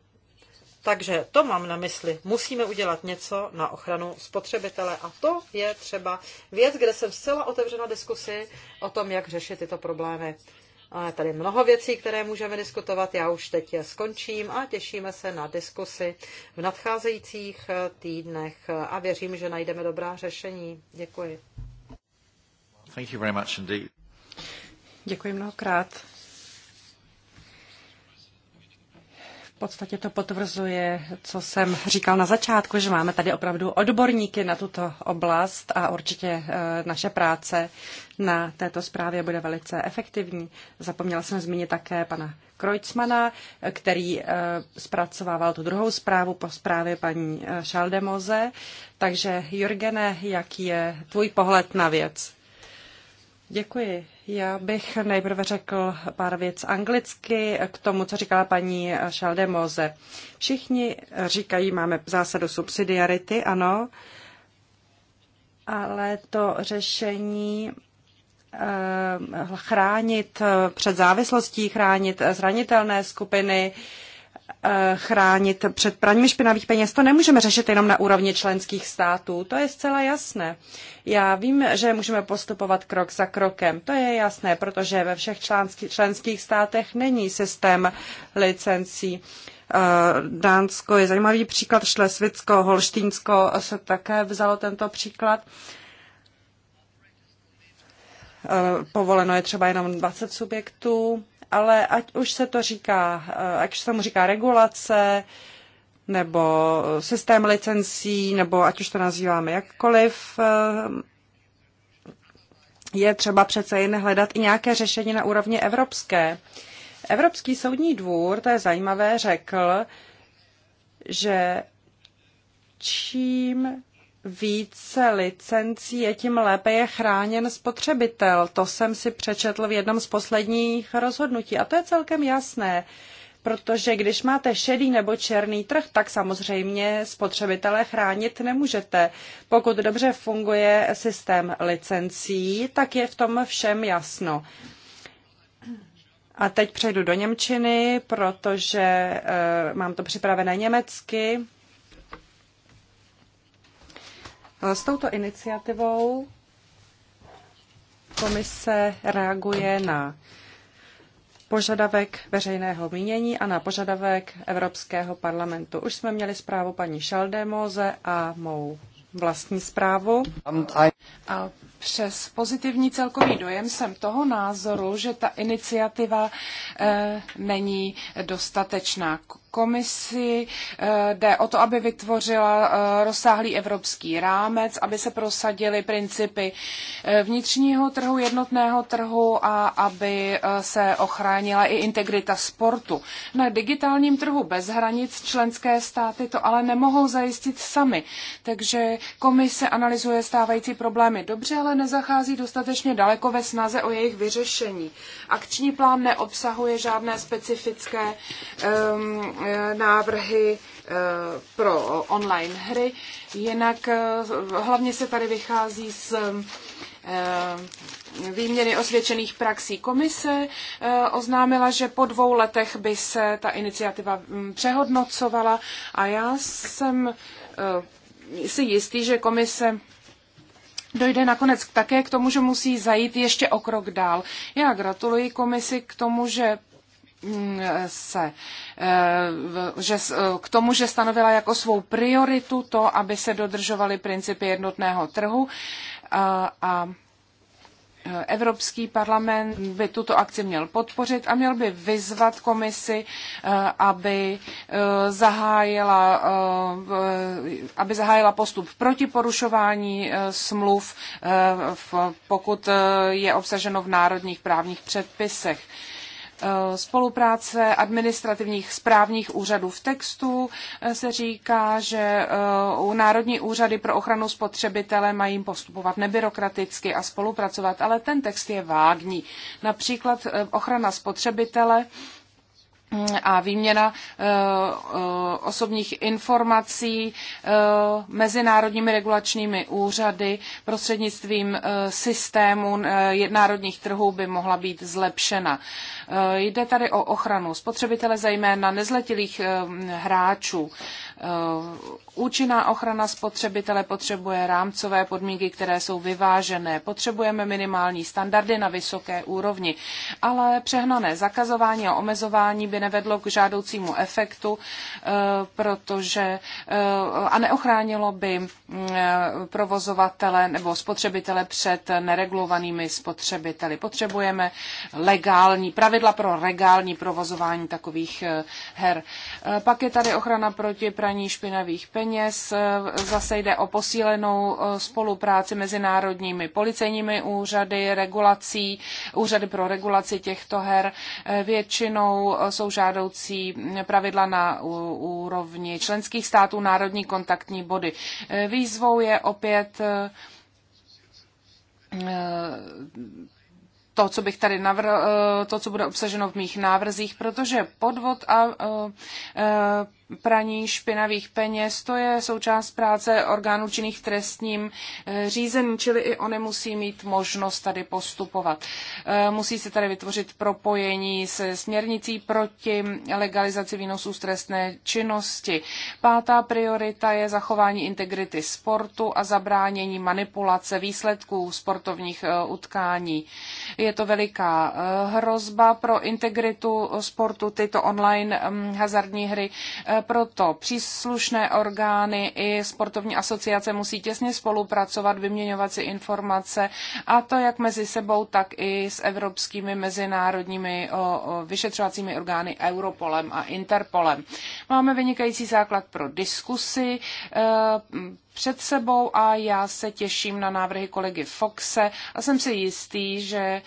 Takže to mám na mysli. Musíme udělat něco na ochranu spotřebitele a to je třeba věc, kde jsem zcela otevřena diskusi o tom, jak řešit tyto problémy. A je tady mnoho věcí, které můžeme diskutovat. Já už teď skončím a těšíme se na diskusy v nadcházejících eh, týdnech a věřím, že najdeme dobrá řešení. Děkuji. Thank you very much indeed. Děkuji mnohokrát. podstatě to potvrzuje, co jsem říkal na začátku, že máme tady opravdu odborníky na tuto oblast a určitě eh, naše práce na této zprávě bude velice efektivní. Zapomněla jsem zmínit také pana Kreutzmana, který eh, zpracovával tu druhou zprávu po zprávě paní Šaldemoze. Eh, Takže Jurgene, jaký je tvůj pohled na věc? Děkuji. Já bych nejprve řekl pár věc anglicky k tomu, co říkala paní Šaldemoze. Všichni říkají, máme zásadu subsidiarity, ano, ale to řešení eh, chránit před závislostí, chránit zranitelné skupiny, Eh, chránit před praním špinavých peněz. To nemůžeme řešit jenom na úrovni členských států, to je zcela jasné. Já vím, že můžeme postupovat krok za krokem, to je jasné, protože ve všech členských státech není systém licencí. Eh, Dánsko je zajímavý příklad, Šlesvicko, Holštínsko se také vzalo tento příklad. Eh, Povoleno je třeba jenom 20 subjektů ale ať už se to říká, eh, ať už se tomu říká regulace, nebo systém licencí, nebo ať už to nazýváme jakkoliv, eh, je třeba přece jen hledat i nějaké řešení na úrovni evropské. Evropský soudní dvůr, to je zajímavé, řekl, že čím více licencí je, tím lépe je chráněn spotřebitel. To jsem si přečetl v jednom z posledních rozhodnutí a to je celkem jasné. Protože když máte šedý nebo černý trh, tak samozřejmě spotřebitele chránit nemůžete. Pokud dobře funguje systém licencí, tak je v tom všem jasno. A teď přejdu do Němčiny, protože e, mám to připravené německy. Eh, s touto iniciativou komise reaguje na požadavek veřejného mínění a na požadavek Evropského parlamentu. Už jsme měli zprávu paní Schaldemose a mou vlastní zprávu. A přes pozitivní celkový dojem jsem toho názoru, že ta iniciativa e, není dostatečná komisi eh, jde o to, aby vytvořila eh, rozsáhlý evropský rámec, aby se prosadily principy eh, vnitřního trhu, jednotného trhu a aby se ochránila i integrita sportu. Na digitálním trhu bez hranic členské státy to ale nemohou zajistit sami, takže komise analyzuje stávající problémy dobře, ale nezachází dostatečně daleko ve snaze o jejich vyřešení. Akční plán neobsahuje žádné specifické um, Eh, návrhy eh, pro online hry. Jinak eh, hlavně se tady vychází z výměny osvědčených praxí komise oznámila, že po dvou letech by se ta iniciativa mm, přehodnocovala a já jsem si jistý, že komise dojde nakonec také k tomu, že musí zajít ještě o krok dál. Já gratuluji komisi k tomu, že Mm, se, eh, že k tomu, že stanovila jako svou prioritu to, aby se dodržovaly principy jednotného trhu a, a eh, Evropský parlament by tuto akci měl podpořit a měl by vyzvat komisi, eh, aby zahájila, aby zahájila postup proti porušování smluv, pokud je obsaženo v národních právních předpisech. Eh, spolupráce administrativních správních úřadů. V textu eh, se říká, že eh, národní úřady pro ochranu spotřebitele mají postupovat nebyrokraticky a spolupracovat, ale ten text je vágní. Například ochrana spotřebitele a výměna eh, eh, osobních informací eh, mezinárodními regulačními úřady prostřednictvím systému národních trhů by mohla být zlepšena. Jde tady o ochranu spotřebitele, zejména nezletilých hráčů. Eh, účinná ochrana spotřebitele potřebuje rámcové podmínky, které jsou vyvážené. Potřebujeme minimální standardy na vysoké úrovni, ale přehnané zakazování a omezování by nevedlo k žádoucímu efektu, eh, protože eh, a neochránilo by mm, provozovatele nebo spotřebitele před neregulovanými spotřebiteli. Potřebujeme legální pravidla pro legální provozování takových her. Pak je tady ochrana proti praní praní špinavých peněz. Zase jde o posílenou eh, spolupráci mezi národními policejními úřady, regulací, úřady pro regulaci těchto her. Eh, většinou eh, jsou žádoucí pravidla na úrovni členských států národní kontaktní body. Výzvou je opět to, co bych tady navr- to, co bude obsaženo v mých návrzích, protože podvod a praní špinavých peněz, to je součást práce orgánů činných trestním eh, řízení, čili i oni musí mít možnost tady postupovat. Eh, musí se tady vytvořit propojení se směrnicí proti legalizaci výnosů z trestné činnosti. Pátá priorita je zachování integrity sportu a zabránění manipulace výsledků sportovních eh, utkání. Je to veliká hrozba pro integritu sportu. Tyto online mm, hazardní hry proto příslušné orgány i sportovní asociace musí těsně spolupracovat, vyměňovat si informace a to jak mezi sebou, tak i s evropskými mezinárodními vyšetřovacími orgány Europolem a Interpolem. Máme vynikající základ pro diskusy e, před sebou a já se těším na návrhy kolegy Foxe a jsem si jistý, že e,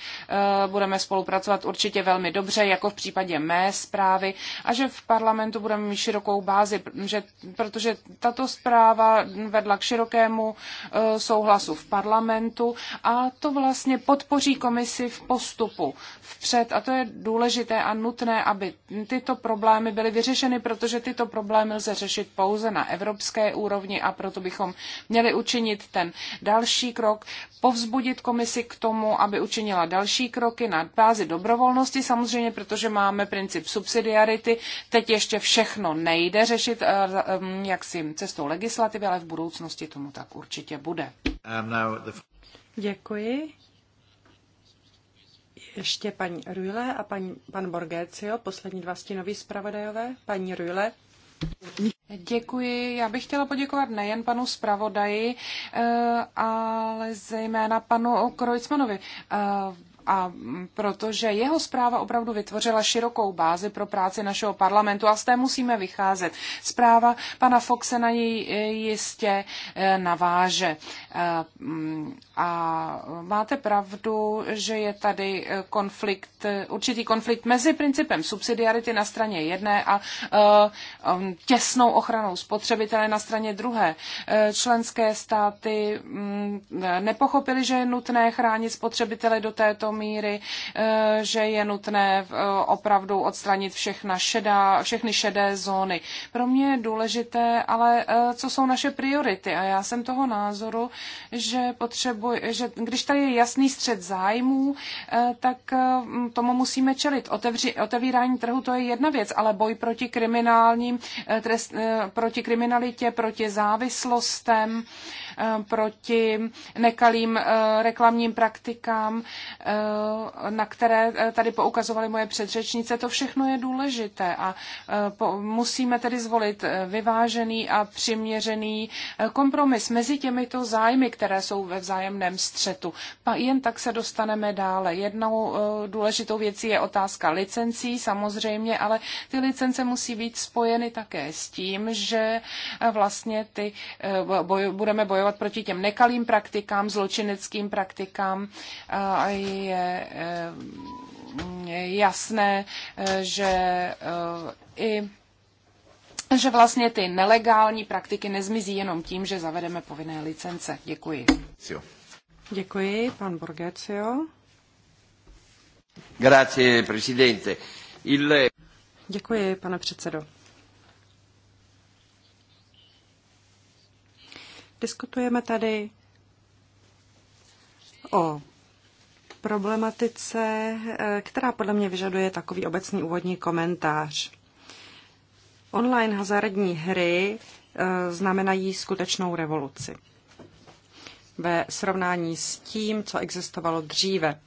budeme spolupracovat určitě velmi dobře, jako v případě mé zprávy a že v parlamentu budeme mít širokou širokou bázi, že, protože tato zpráva vedla k širokému e, souhlasu v parlamentu a to vlastně podpoří komisi v postupu vpřed a to je důležité a nutné, aby tyto problémy byly vyřešeny, protože tyto problémy lze řešit pouze na evropské úrovni a proto bychom měli učinit ten další krok, povzbudit komisi k tomu, aby učinila další kroky na bázi dobrovolnosti samozřejmě, protože máme princip subsidiarity, teď ještě všechno nejde řešit eh, eh, mm, jaksi cestou legislativy, ale v budoucnosti tomu tak určitě bude. Děkuji. Ještě paní Rujle a paní, pan Borgécio, poslední dva stínoví zpravodajové. Paní Rujle. Děkuji. Já bych chtěla poděkovat nejen panu zpravodaji, eh, ale zejména panu Krojcmanovi a protože jeho zpráva opravdu vytvořila širokou bázi pro práci našeho parlamentu a z té musíme vycházet. Zpráva pana Foxe na ní e, jistě e, naváže. E, mm, a máte pravdu, že je tady konflikt, určitý konflikt mezi principem subsidiarity na straně jedné a mm, těsnou ochranou spotřebitele na straně druhé. Členské státy mm, nepochopili, že je nutné chránit spotřebitele do této míry, eh, že je nutné eh, opravdu odstranit všechna šedá, všechny šedé zóny. Pro mě je důležité, ale eh, co jsou naše priority a já jsem toho názoru, že potřebuji, že když tady je jasný střed zájmů, tak tomu musíme čelit. Otevři, otevírání trhu to je jedna věc, ale boj proti kriminálním, trest, proti kriminalitě, proti závislostem, Eh, proti nekalým eh, reklamním praktikám, eh, na které tady poukazovaly moje předřečnice. To všechno je důležité a musíme tedy zvolit vyvážený a přiměřený kompromis mezi těmito zájmy, které jsou ve vzájemném střetu. A Jen tak se dostaneme dále. Jednou důležitou věcí je otázka licencí samozřejmě, ale ty licence musí být spojeny také s tím, že vlastně ty boj, budeme bojovat bojovat proti těm nekalým praktikám, zločineckým praktikám. A je eh, jasné, eh, že eh, i že vlastně ty nelegální praktiky nezmizí jenom tím, že zavedeme povinné licence. Děkuji. Děkuji, pan Borgecio. Grazie, presidente. Il... Děkuji, pane předsedo. Diskutujeme tady o problematice, eh, která podle mě vyžaduje takový obecný úvodní komentář. Online hazardní hry eh, znamenají skutečnou revoluci ve srovnání s tím, co existovalo dříve.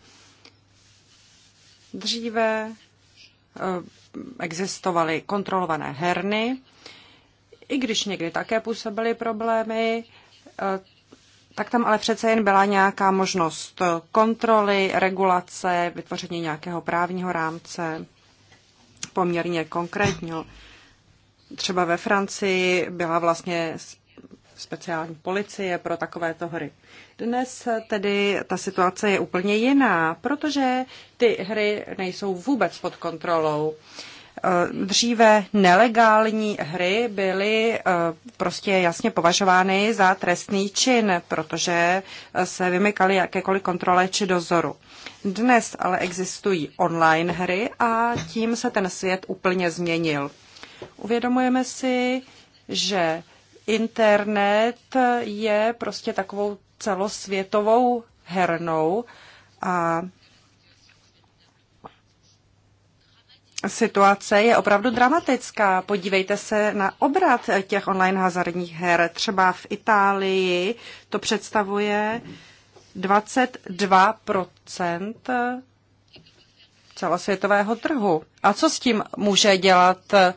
Dříve eh, existovaly kontrolované herny, i když někdy také působily problémy, tak tam ale přece jen byla nějaká možnost kontroly, regulace, vytvoření nějakého právního rámce, poměrně konkrétního. Třeba ve Francii byla vlastně speciální policie pro takovéto hry. Dnes tedy ta situace je úplně jiná, protože ty hry nejsou vůbec pod kontrolou. Uh, Eh, dříve nelegální hry byly eh, prostě jasně považovány za trestný čin, protože eh, se vymykaly jakékoliv kontrole či dozoru. Dnes ale existují online hry a tím se ten svět úplně změnil. Uvědomujeme si, že internet je prostě takovou celosvětovou hernou a situace je opravdu dramatická. Podívejte se na obrat těch online hazardních her. Třeba v Itálii to představuje 22 celosvětového trhu. A co s tím může dělat eh,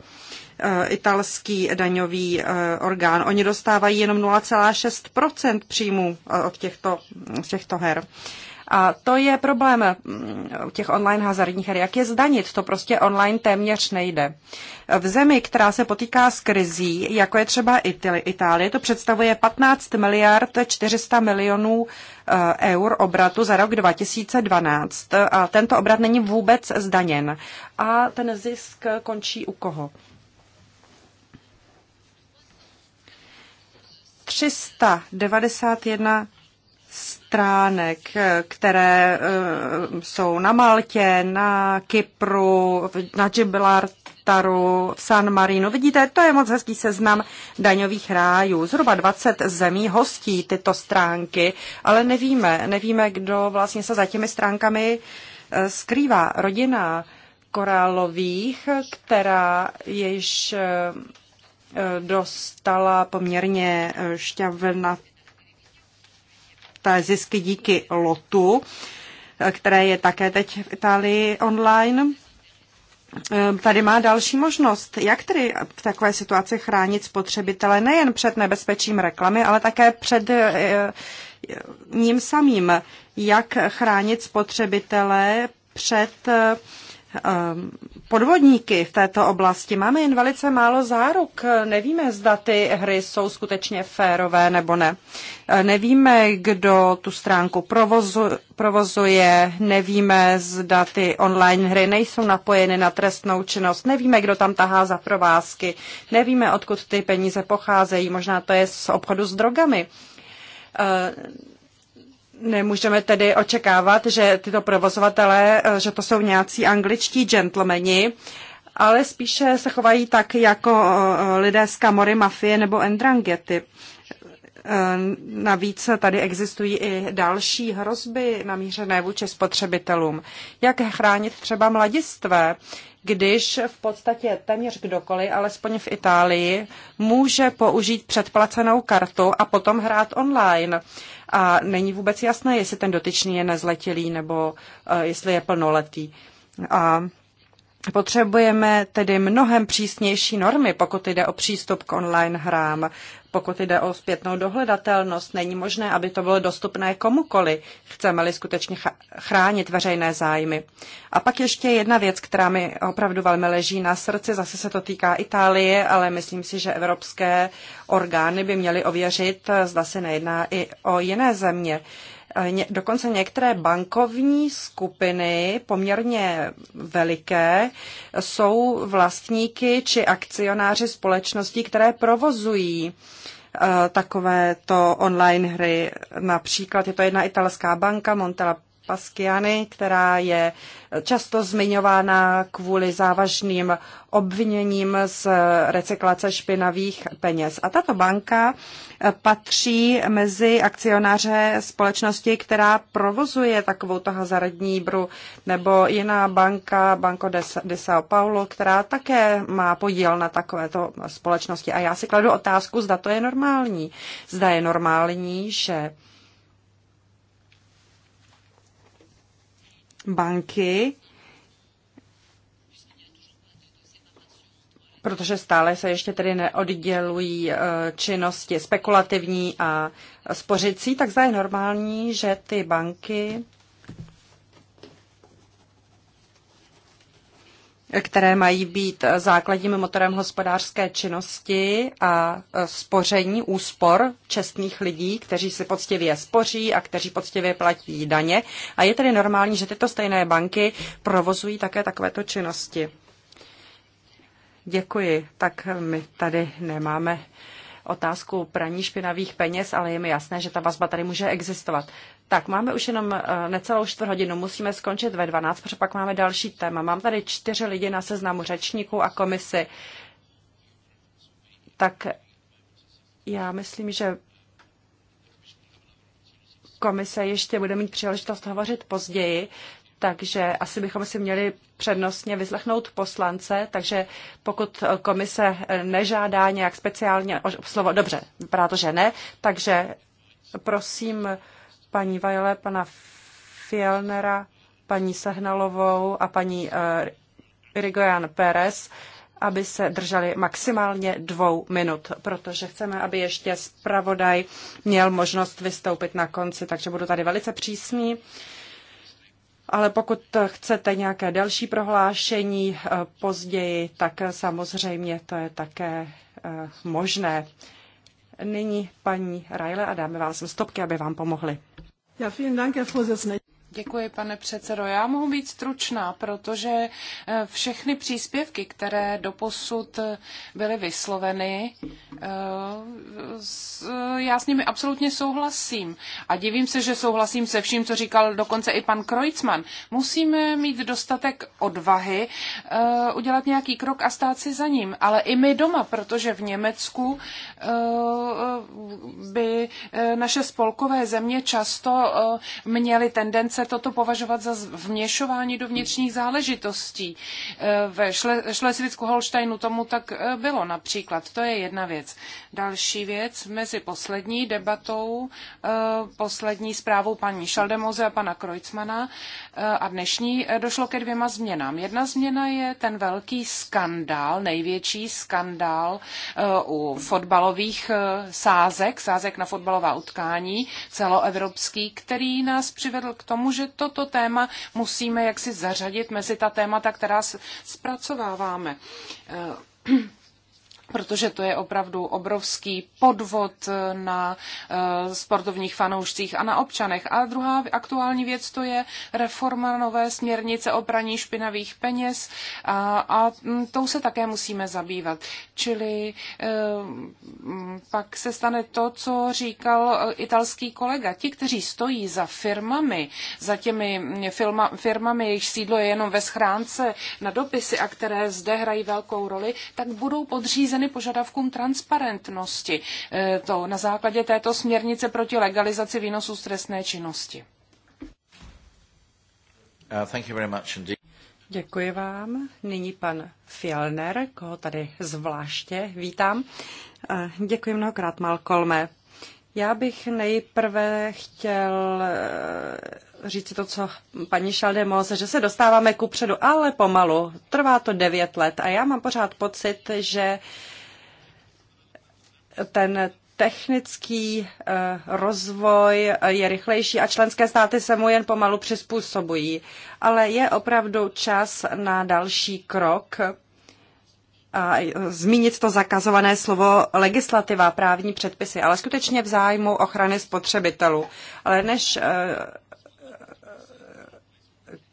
italský daňový eh, orgán? Oni dostávají jenom 0,6 příjmů eh, od těchto, z těchto her. A to je problém mm, těch online hazardních her. Jak je zdanit? To prostě online téměř nejde. V zemi, která se potýká s krizí, jako je třeba Itálie, to představuje 15 miliard 400 milionů eh, eur obratu za rok 2012 a tento obrat není vůbec zdaněn. A ten zisk končí u koho? 391 stránek, které eh, jsou na Maltě, na Kypru, na Gibraltaru, v San Marino. Vidíte, to je moc hezký seznam daňových rájů. Zhruba 20 zemí hostí tyto stránky, ale nevíme, nevíme, kdo vlastně se za těmi stránkami eh, skrývá. Rodina korálových, která již eh, dostala poměrně šťavnat zisky díky lotu, které je také teď v Itálii online. Eh, tady má další možnost, jak tedy v takové situaci chránit spotřebitele nejen před nebezpečím reklamy, ale také před eh, eh, ním samým. Jak chránit spotřebitele před Ehm, podvodníky v této oblasti. Máme jen velice málo záruk. Nevíme, zda ty hry jsou skutečně férové nebo ne. Ehm, nevíme, kdo tu stránku provozu, provozuje, nevíme, zda ty online hry nejsou napojeny na trestnou činnost, nevíme, kdo tam tahá za provázky, nevíme, odkud ty peníze pocházejí, možná to je z obchodu s drogami ehm, Nemůžeme tedy očekávat, že tyto provozovatelé, eh, že to jsou nějací angličtí gentlemani, ale spíše se chovají tak jako eh, lidé z Kamory, mafie nebo Endrangety. Eh, navíc tady existují i další hrozby namířené vůči spotřebitelům. Jak chránit třeba mladistvé, když v podstatě téměř kdokoliv, alespoň v Itálii, může použít předplacenou kartu a potom hrát online a není vůbec jasné, jestli ten dotyčný je nezletilý nebo e, jestli je plnoletý. A Potřebujeme tedy mnohem přísnější normy, pokud jde o přístup k online hrám. Pokud jde o zpětnou dohledatelnost, není možné, aby to bylo dostupné komukoli, chceme-li skutečně chránit veřejné zájmy. A pak ještě jedna věc, která mi opravdu velmi leží na srdci, zase se to týká Itálie, ale myslím si, že evropské orgány by měly ověřit, zda se nejedná i o jiné země. Uh, dokonce některé bankovní skupiny poměrně veliké jsou vlastníky či akcionáři společností, které provozují e, takovéto online hry. Například je to jedna italská banka Montella Paskiany, která je často zmiňována kvůli závažným obviněním z recyklace špinavých peněz. A tato banka patří mezi akcionáře společnosti, která provozuje takovou hazardní bru, nebo jiná banka, Banco de São Paulo, která také má podíl na takovéto společnosti. A já si kladu otázku, zda to je normální. Zda je normální, že banky, protože stále se ještě tedy neoddělují eh, činnosti spekulativní a spořicí, tak zda je normální, že ty banky které mají být základním motorem hospodářské činnosti a spoření úspor čestných lidí, kteří si poctivě spoří a kteří poctivě platí daně. A je tedy normální, že tyto stejné banky provozují také takovéto činnosti. Děkuji. Tak my tady nemáme otázku praní špinavých peněz, ale je mi jasné, že ta vazba tady může existovat. Tak, máme už jenom eh, necelou čtvrt hodinu, musíme skončit ve 12, protože pak máme další téma. Mám tady čtyři lidi na seznamu řečníků a komisy. Tak já myslím, že komise ještě bude mít příležitost hovořit později, takže asi bychom si měli přednostně vyslechnout poslance, takže pokud komise nežádá nějak speciálně o slovo, dobře, vypadá to, že ne, takže prosím paní Vajle, pana Fielnera, paní Sehnalovou a paní eh, Rigojan Pérez, aby se drželi maximálně dvou minut, protože chceme, aby ještě zpravodaj měl možnost vystoupit na konci, takže budu tady velice přísný ale pokud chcete nějaké další prohlášení eh, později, tak samozřejmě to je také eh, možné. Nyní paní Rajle a dáme vám stopky, aby vám pomohli. Ja, vielen Dank, Herr Děkuji, pane předsedo. Já mohu být stručná, protože eh, všechny příspěvky, které doposud eh, byly vysloveny, eh, já s nimi absolutně souhlasím. A divím se, že souhlasím se vším, co říkal dokonce i pan Kreutzmann. Musíme mít dostatek odvahy udělat nějaký krok a stát si za ním. Ale i my doma, protože v Německu by naše spolkové země často měly tendence lze toto považovat za vměšování do vnitřních záležitostí. E, ve Šlesvicku Holštajnu tomu tak e, bylo například. To je jedna věc. Další věc mezi poslední debatou, e, poslední zprávou paní Šaldemoze a pana Krojcmana a dnešní došlo ke dvěma změnám. Jedna změna je ten velký skandál, největší skandál u fotbalových sázek, sázek na fotbalová utkání celoevropský, který nás přivedl k tomu, že toto téma musíme jaksi zařadit mezi ta témata, která zpracováváme. Eh, protože to je opravdu obrovský podvod na eh, sportovních fanoušcích a na občanech. A druhá aktuální věc to je reforma nové směrnice o praní špinavých peněz a, a mm, tou se také musíme zabývat. Čili eh, mm, pak se stane to, co říkal eh, italský kolega. Ti, kteří stojí za firmami, za těmi mm, firma, firmami, jejich sídlo je jenom ve schránce na dopisy a které zde hrají velkou roli, tak budou podřízeny podřízeny požadavkům transparentnosti. Eh, to na základě této směrnice proti legalizaci výnosů z trestné činnosti. Uh, Děkuji vám. Nyní pan Fielner, koho tady zvláště vítám. Eh, děkuji mnohokrát, Malcolme. Já bych nejprve chtěl eh, říct to, co paní Šaldemose, že se dostáváme ku předu, ale pomalu. Trvá to devět let a já mám pořád pocit, že ten technický eh, rozvoj je rychlejší a členské státy se mu jen pomalu přizpůsobují. Ale je opravdu čas na další krok. A zmínit to zakazované slovo legislativa, právní předpisy, ale skutečně v zájmu ochrany spotřebitelů. Ale než eh,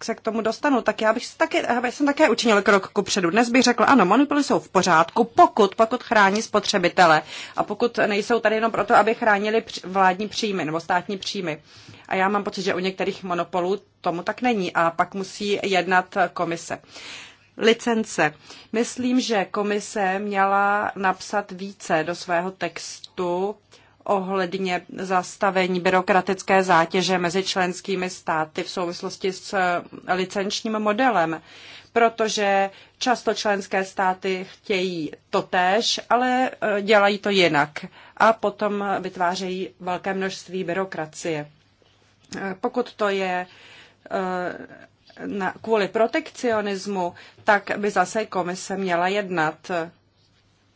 se k tomu dostanu, tak já bych se taky, já jsem také učinil krok ku předu. Dnes bych řekl, ano, monopoly jsou v pořádku, pokud, pokud chrání spotřebitele a pokud nejsou tady jenom proto, aby chránili vládní příjmy nebo státní příjmy. A já mám pocit, že u některých monopolů tomu tak není a pak musí jednat komise. Licence. Myslím, že komise měla napsat více do svého textu ohledně zastavení byrokratické zátěže mezi členskými státy v souvislosti s eh, licenčním modelem, protože často členské státy chtějí též, ale eh, dělají to jinak a potom vytvářejí velké množství byrokracie. Eh, pokud to je na, kvůli protekcionismu, tak by zase komise měla jednat.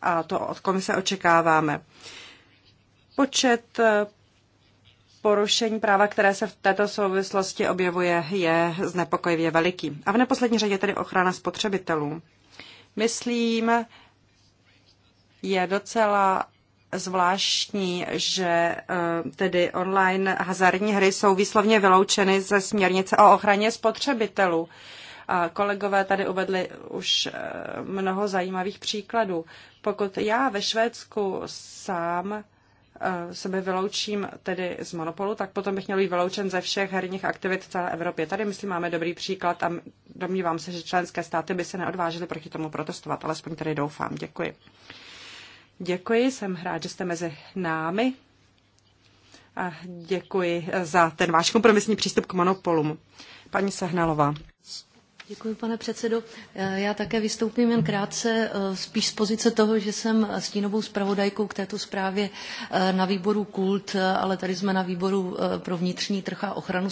A to od komise očekáváme. Uh, Počet eh, porušení práva, které se v této souvislosti objevuje, je znepokojivě veliký. A v neposlední řadě tedy ochrana spotřebitelů. Myslím, je docela zvláštní, že eh, tedy online hazardní hry jsou výslovně vyloučeny ze směrnice o ochraně spotřebitelů. A kolegové tady uvedli už eh, mnoho zajímavých příkladů. Pokud já ve Švédsku sám Eh, sebe vyloučím tedy z monopolu, tak potom bych měl být vyloučen ze všech herních aktivit v celé Evropě. Tady, myslím, máme dobrý příklad a domnívám se, že členské státy by se neodvážily proti tomu protestovat, alespoň tady doufám. Děkuji. Děkuji, jsem rád, že jste mezi námi. A děkuji za ten váš kompromisní přístup k monopolům. Paní Sehnalová. Děkuji, pane předsedo. Eh, já také vystoupím jen krátce, eh, spíš z pozice toho, že jsem stínovou zpravodajkou k této zprávě eh, na výboru KULT, ale tady jsme na výboru pro vnitřní trh a ochranu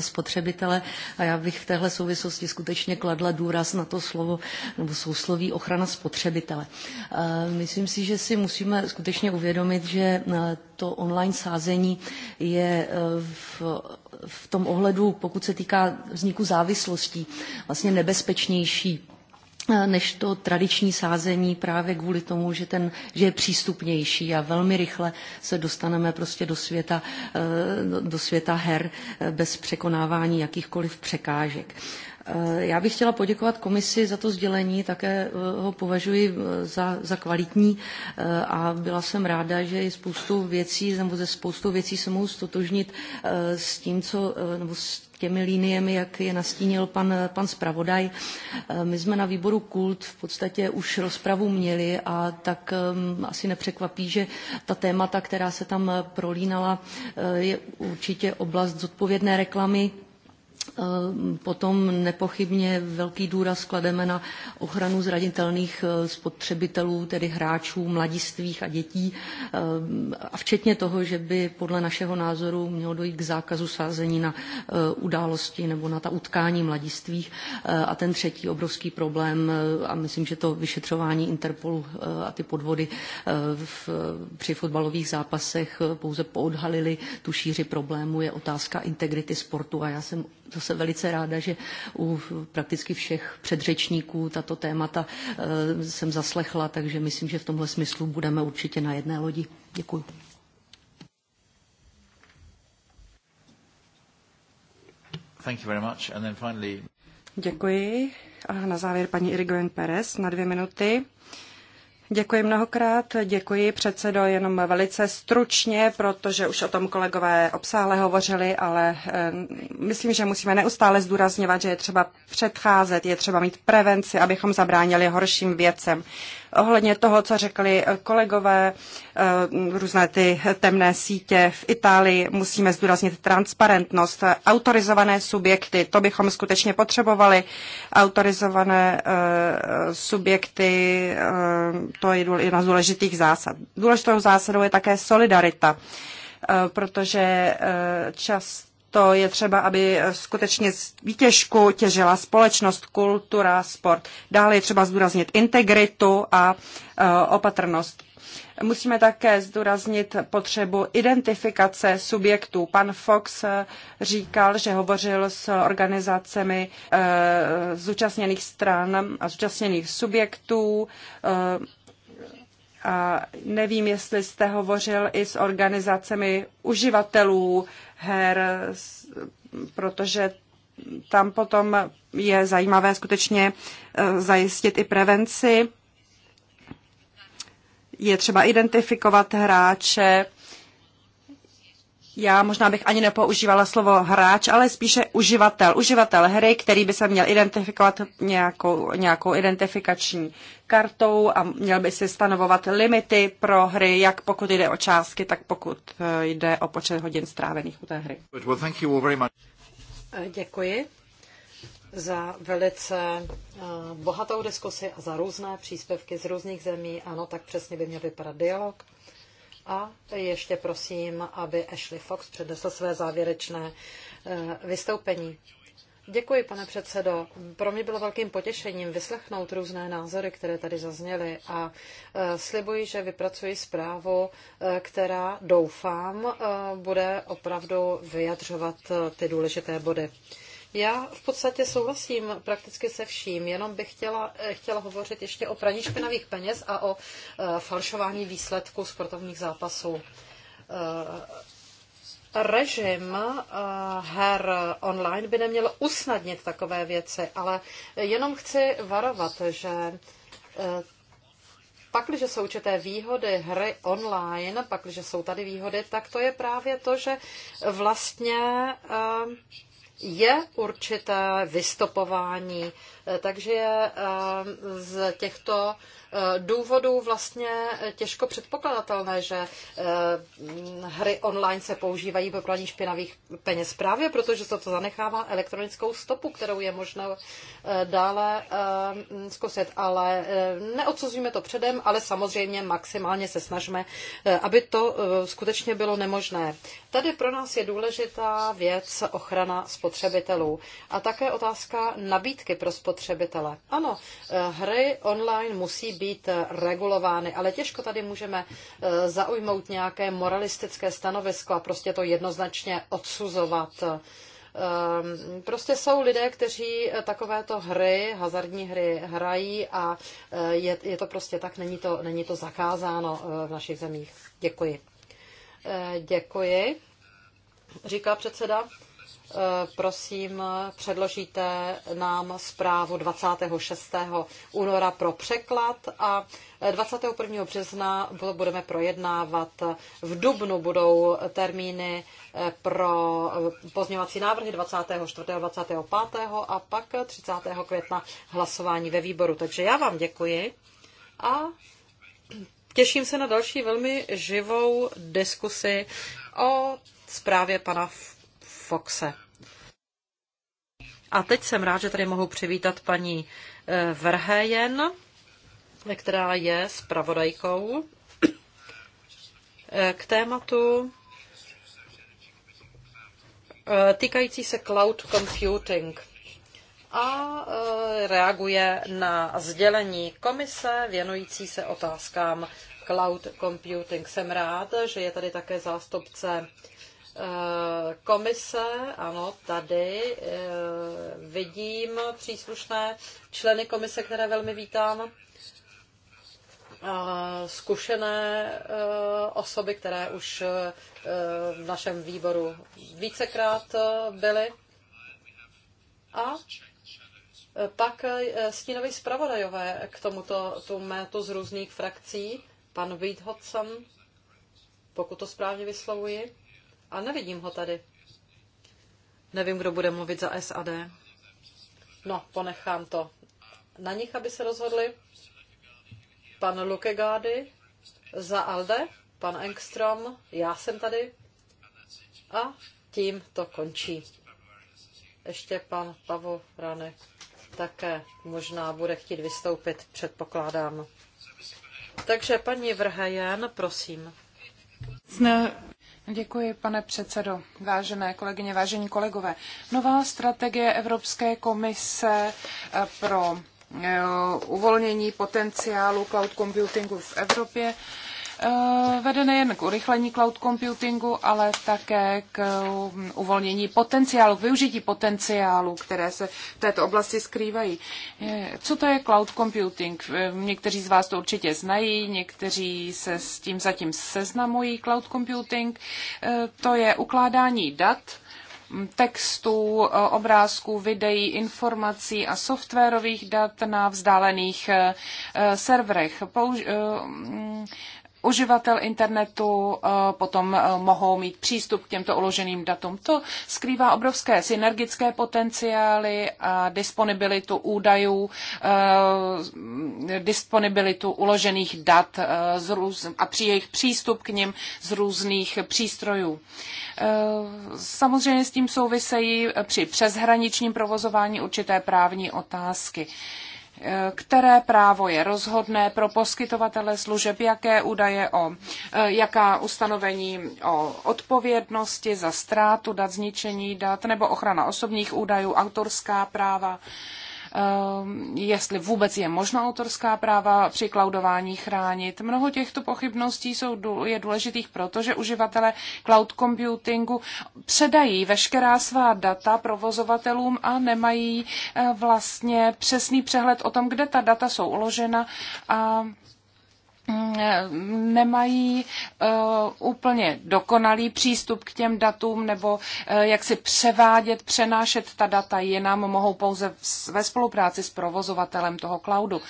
spotřebitele a já bych v téhle souvislosti skutečně kladla důraz na to slovo nebo sousloví ochrana spotřebitele. Myslím si, že si musíme skutečně uvědomit, že to online sázení je v v tom ohledu, pokud se týká vzniku závislostí, vlastně nebezpečnější eh, než to tradiční sázení právě kvůli tomu, že, ten, že je přístupnější a velmi rychle se dostaneme prostě do světa, eh, do světa her eh, bez překonávání jakýchkoliv překážek. Eh, já bych chtěla poděkovat komisi za to sdělení, také eh, ho považuji eh, za, za kvalitní a byla jsem ráda, že je spoustu věcí, nebo ze spoustu věcí se mohu stotožnit s tím, co, nebo s těmi liniemi, jak je nastínil pan, pan zpravodaj. My jsme na výboru Kult v podstatě už rozpravu měli a tak asi nepřekvapí, že ta témata, která se tam prolínala, je určitě oblast zodpovědné reklamy, Ehm, potom nepochybně velký důraz klademe na ochranu zranitelných eh, spotřebitelů, tedy hráčů, mladistvých a dětí, ehm, a včetně toho, že by podle našeho názoru mělo dojít k zákazu sázení na eh, události nebo na ta utkání mladistvých. Eh, a ten třetí obrovský problém, a myslím, že to vyšetřování Interpolu a ty podvody v, při fotbalových zápasech pouze poodhalili tu šíři problému, je otázka integrity sportu. A já jsem to jsem velice ráda, že u prakticky všech předřečníků tato témata eh, jsem zaslechla, takže myslím, že v tomhle smyslu budeme určitě na jedné lodi. Děkuji. Thank you very much. And then finally... Děkuji. A na závěr paní Irigoyen Perez na dvě minuty. Děkuji mnohokrát, děkuji předsedo, jenom velice stručně, protože už o tom kolegové obsáhle hovořili, ale eh, myslím, že musíme neustále zdůrazňovat, že je třeba předcházet, je třeba mít prevenci, abychom zabránili horším věcem ohledně toho, co řekli eh, kolegové, eh, různé ty temné sítě v Itálii. Musíme zdůraznit transparentnost. Autorizované subjekty, to bychom skutečně potřebovali. Autorizované eh, subjekty, to je jedna z důležitých zásad. Důležitou zásadou je také solidarita, protože čas to je třeba, aby skutečně z výtěžku těžila společnost, kultura, sport. Dále je třeba zdůraznit integritu a e, opatrnost. Musíme také zdůraznit potřebu identifikace subjektů. Pan Fox e, říkal, že hovořil s organizacemi e, zúčastněných stran a zúčastněných subjektů nevím, jestli jste hovořil i s organizacemi uživatelů her, protože tam potom je zajímavé skutečně e, zajistit i prevenci. Je třeba identifikovat hráče, já možná bych ani nepoužívala slovo hráč, ale spíše uživatel. Uživatel hry, který by se měl identifikovat nějakou, nějakou identifikační kartou a měl by si stanovovat limity pro hry, jak pokud jde o částky, tak pokud eh, jde o počet hodin strávených u té hry. Eh, děkuji za velice eh, bohatou diskusi a za různé příspěvky z různých zemí. Ano, tak přesně by měl vypadat dialog. A ještě prosím, aby Ashley Fox přednesl své závěrečné eh, vystoupení. Děkuji, pane předsedo. Pro mě bylo velkým potěšením vyslechnout různé názory, které tady zazněly a eh, slibuji, že vypracuji zprávu, eh, která doufám bude opravdu vyjadřovat ty důležité body. Já v podstatě souhlasím prakticky se vším, jenom bych chtěla, eh, chtěla hovořit ještě o praní špinavých peněz a o eh, falšování výsledků sportovních zápasů. Eh, režim her online by neměl usnadnit takové věci, ale jenom chci varovat, že pakliže jsou určité výhody hry online, pakliže jsou tady výhody, tak to je právě to, že vlastně je určité vystopování. Eh, takže eh, z těchto eh, důvodů vlastně těžko předpokladatelné, že hry online se používají pro praní špinavých peněz právě, protože se to zanechává elektronickou stopu, kterou je možno dále zkusit. Ale neodsuzujeme to předem, ale samozřejmě maximálně se snažíme, aby to skutečně bylo nemožné. Tady pro nás je důležitá věc ochrana spotřebitelů spotřebitelů. A také otázka nabídky pro spotřebitele. Ano, eh, hry online musí být eh, regulovány, ale těžko tady můžeme eh, zaujmout nějaké moralistické stanovisko a prostě to jednoznačně odsuzovat prostě jsou lidé, kteří takovéto hry, hazardní hry hrají a je, je to prostě tak, není to, není to zakázáno v našich zemích. Děkuji. Děkuji, říká předseda. Eh, prosím předložíte nám zprávu 26. února pro překlad a 21. Eh, března budeme projednávat. Eh, v Dubnu budou termíny pro pozněvací návrhy 24. 25. a pak 30. května hlasování ve výboru. Takže já vám děkuji a těším se na další velmi živou diskusi o zprávě pana Foxe. A teď jsem rád, že tady mohu přivítat paní eh, Verhejen, která je zpravodajkou eh, k tématu eh, týkající se cloud computing a reaguje na sdělení komise věnující se otázkám cloud computing. Jsem rád, že je tady také zástupce Eh, komise, ano, tady eh, vidím příslušné členy komise, které velmi vítám, zkušené eh, osoby, které už v našem výboru vícekrát byly. A pak stínoví zpravodajové k tomuto tu métu z různých frakcí, pan Wiedhodson, pokud to správně vyslovuji, a nevidím ho tady. Nevím, kdo bude mluvit za SAD. No, ponechám to. Na nich, aby se rozhodli. Pan Lukegády za Alde, pan Engstrom, já jsem tady. A tím to končí. Ještě pan Pavo Rane také možná bude chtít vystoupit, předpokládám. Takže paní Vrhejen, prosím. Děkuji, pane předsedo. Vážené kolegyně, vážení kolegové. Nová strategie Evropské komise eh, pro eh, uvolnění potenciálu cloud computingu v Evropě Eh, vede nejen k urychlení cloud computingu, ale také k mm, uvolnění potenciálu, k využití potenciálu, které se v této oblasti skrývají. Eh, co to je cloud computing? Eh, někteří z vás to určitě znají, někteří se s tím zatím seznamují. Cloud computing to je ukládání dat mm, textů, obrázků, videí, informací a softwarových dat na vzdálených serverech. Mm, uživatel internetu eh, potom eh, mohou mít přístup k těmto uloženým datům. To skrývá obrovské synergické potenciály a disponibilitu údajů, eh, disponibilitu uložených dat a při jejich přístup k nim z různých přístrojů. Samozřejmě s tím souvisejí při přeshraničním provozování určité právní otázky které právo je rozhodné pro poskytovatele služeb, jaké údaje o, eh, jaká ustanovení o odpovědnosti za ztrátu dat, zničení dat nebo ochrana osobních údajů, autorská práva, Eh, jestli vůbec je možno autorská práva při cloudování chránit. Mnoho těchto pochybností jsou, je důležitých proto, že uživatelé cloud computingu předají veškerá svá data provozovatelům a nemají eh, vlastně přesný přehled o tom, kde ta data jsou uložena a Mm, eh, nemají uh, úplně dokonalý přístup k těm datům nebo uh, jak si převádět, přenášet ta data jinam, mohou pouze v, ve spolupráci s provozovatelem toho cloudu.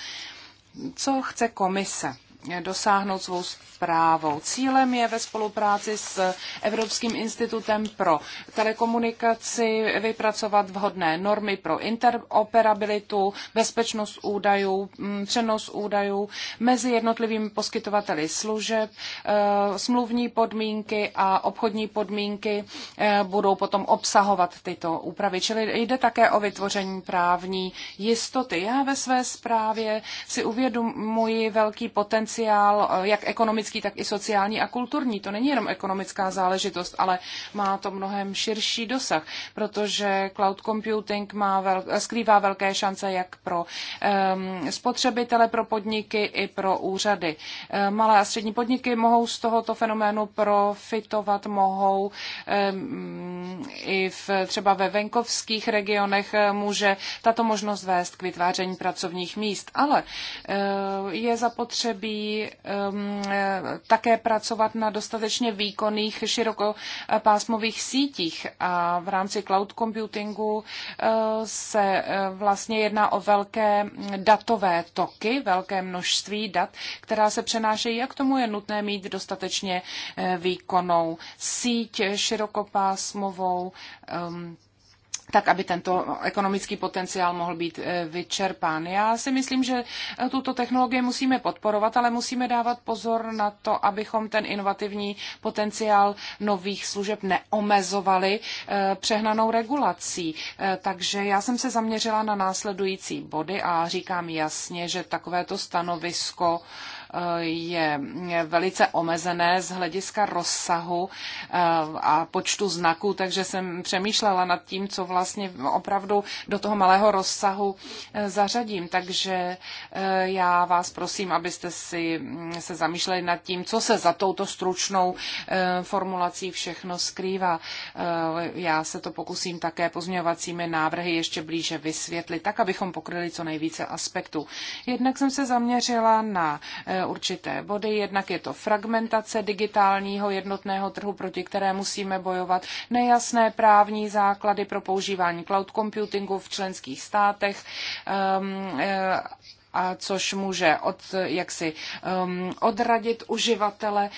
Co chce komise? dosáhnout svou zprávou. Cílem je ve spolupráci s Evropským institutem pro telekomunikaci vypracovat vhodné normy pro interoperabilitu, bezpečnost údajů, mm, přenos údajů mezi jednotlivými poskytovateli služeb, eh, smluvní podmínky a obchodní podmínky eh, budou potom obsahovat tyto úpravy. Čili jde také o vytvoření právní jistoty. Já ve své zprávě si uvědomuji velký potenciál potenciál, eh, jak ekonomický, tak i sociální a kulturní. To není jenom ekonomická záležitost, ale má to mnohem širší dosah, protože cloud computing má vel, skrývá velké šance jak pro um, spotřebitele, pro podniky i pro úřady. Ehm, malé a střední podniky mohou z tohoto fenoménu profitovat, mohou um, i v, třeba ve venkovských regionech eh, může tato možnost vést k vytváření pracovních míst, ale eh, je zapotřebí um, eh, také pracovat na dostatečně výkonných širokopásmových sítích. A v rámci cloud computingu eh, se eh, vlastně jedná o velké datové toky, velké množství dat, která se přenášejí a k tomu je nutné mít dostatečně výkonnou síť širokopásmovou. Um, tak aby tento ekonomický potenciál mohl být eh, vyčerpán. Já si myslím, že eh, tuto technologii musíme podporovat, ale musíme dávat pozor na to, abychom ten inovativní potenciál nových služeb neomezovali eh, přehnanou regulací. Takže já jsem se zaměřila na následující body a říkám jasně, že takovéto stanovisko je velice omezené z hlediska rozsahu eh, a počtu znaků, takže jsem přemýšlela nad tím, co vlastně opravdu do toho malého rozsahu eh, zařadím. Takže eh, já vás prosím, abyste si mm, se zamýšleli nad tím, co se za touto stručnou formulací všechno skrývá. Já se to pokusím také pozměňovacími návrhy ještě blíže vysvětlit, tak abychom pokryli co nejvíce aspektů. Jednak jsem se zaměřila na určité body. Jednak je to fragmentace digitálního jednotného trhu, proti které musíme bojovat, nejasné právní základy pro používání cloud computingu v členských státech, um, eh, a což může od, jaksi um, odradit uživatele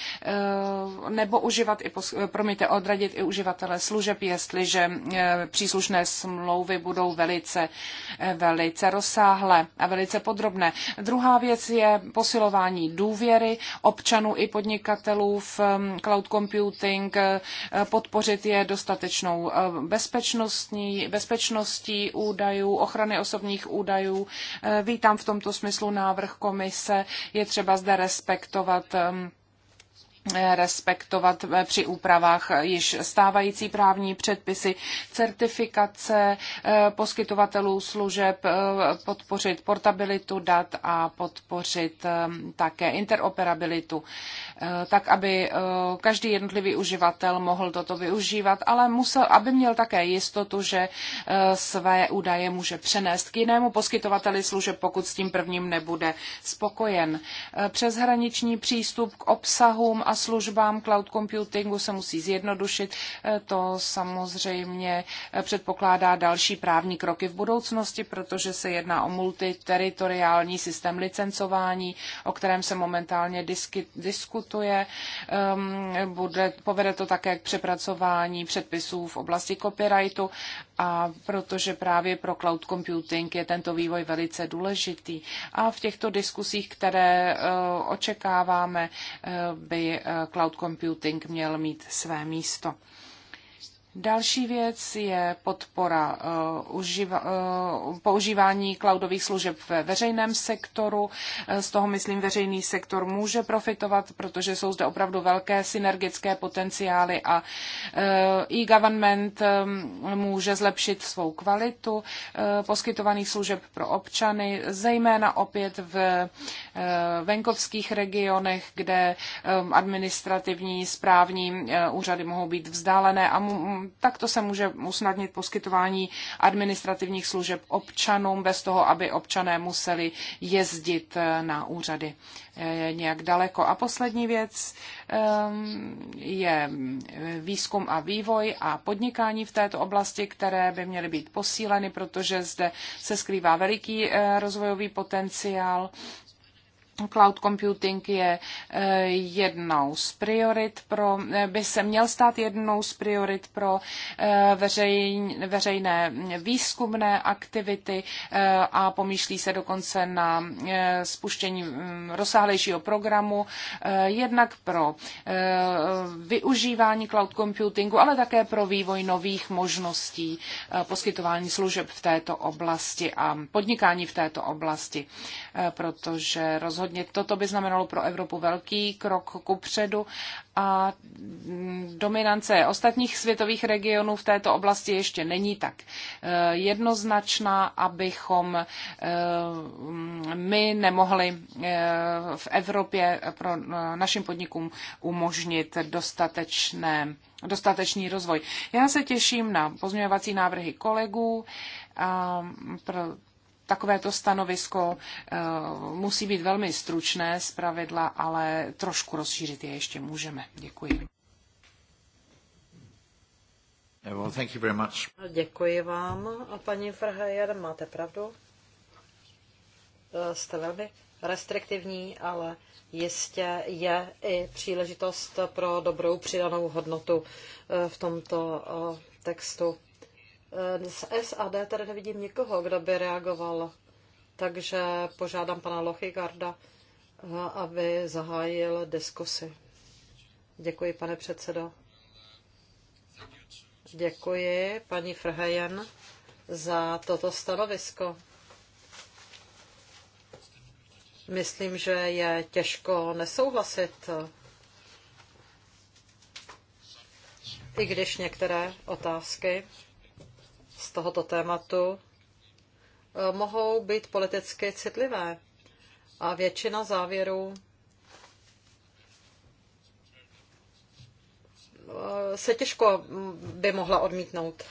uh, nebo uživat i, promiňte, odradit i uživatele služeb, jestliže uh, příslušné smlouvy budou velice, uh, velice rozsáhlé a velice podrobné. Druhá věc je posilování důvěry občanů i podnikatelů v um, cloud computing, uh, podpořit je dostatečnou uh, bezpečnostní, bezpečností údajů, ochrany osobních údajů. Uh, vítám v tomto tomto smyslu návrh komise. Je třeba zde respektovat respektovat eh, při úpravách již stávající právní předpisy, certifikace eh, poskytovatelů služeb, eh, podpořit portabilitu dat a podpořit také interoperabilitu. Eh, tak aby eh, každý jednotlivý uživatel mohl toto využívat, ale musel, aby měl také jistotu, že eh, své údaje může přenést k jinému poskytovateli služeb, pokud s tím prvním nebude spokojen. Přeshraniční přístup k obsahům a službám cloud computingu se musí zjednodušit. To samozřejmě předpokládá další právní kroky v budoucnosti, protože se jedná o multiteritoriální systém licencování, o kterém se momentálně diskutuje Um, Bude, povede to také k přepracování předpisů v oblasti copyrightu a protože právě pro cloud computing je tento vývoj velice důležitý. A v těchto diskusích, které eh, očekáváme, eh, by eh, cloud computing měl mít své místo. Další věc je podpora eh, uživa, eh, používání cloudových služeb ve veřejném sektoru. Eh, z toho, myslím, veřejný sektor může profitovat, protože jsou zde opravdu velké synergické potenciály a e-government může zlepšit svou kvalitu poskytovaných služeb pro občany, zejména opět v venkovských regionech, kde administrativní správní úřady mohou být vzdálené a tak to se může usnadnit poskytování administrativních služeb občanům bez toho, aby občané museli jezdit eh, na úřady eh, nějak daleko. A poslední věc ehm, je eh, výzkum a vývoj a podnikání v této oblasti, které by měly být posíleny, protože zde se skrývá veliký rozvojový potenciál Cloud computing je eh, jednou z priorit pro, eh, by se měl stát jednou z priorit pro eh, veřej, veřejné výzkumné aktivity a pomýšlí se dokonce na spuštění mm, rozsáhlejšího programu, jednak pro využívání cloud computingu, ale také pro vývoj nových možností poskytování služeb v této oblasti a podnikání v této oblasti, protože rozhodně rozhodně toto by znamenalo pro Evropu velký krok ku předu a dominance ostatních světových regionů v této oblasti ještě není tak eh, jednoznačná, abychom eh, my nemohli eh, v Evropě pro našim podnikům umožnit dostatečné dostatečný rozvoj. Já se těším na pozměňovací návrhy kolegů, a pro, takovéto stanovisko eh, musí být velmi stručné z pravidla, ale trošku rozšířit je ještě můžeme. Děkuji. Well, thank you very much. Děkuji vám. A paní Frhajer, máte pravdu. Eh, jste velmi restriktivní, ale jistě je i příležitost pro dobrou přidanou hodnotu eh, v tomto textu. Eh, z SAD tady nevidím nikoho, kdo by reagoval. Takže požádám pana Lochigarda, eh, aby zahájil diskusy. Děkuji, pane předsedo. Děkuji, paní Frhejen, za toto stanovisko. Myslím, že je těžko nesouhlasit, i když některé otázky z tohoto tématu eh, mohou být politicky citlivé. A většina závěrů eh, se těžko mm, by mohla odmítnout.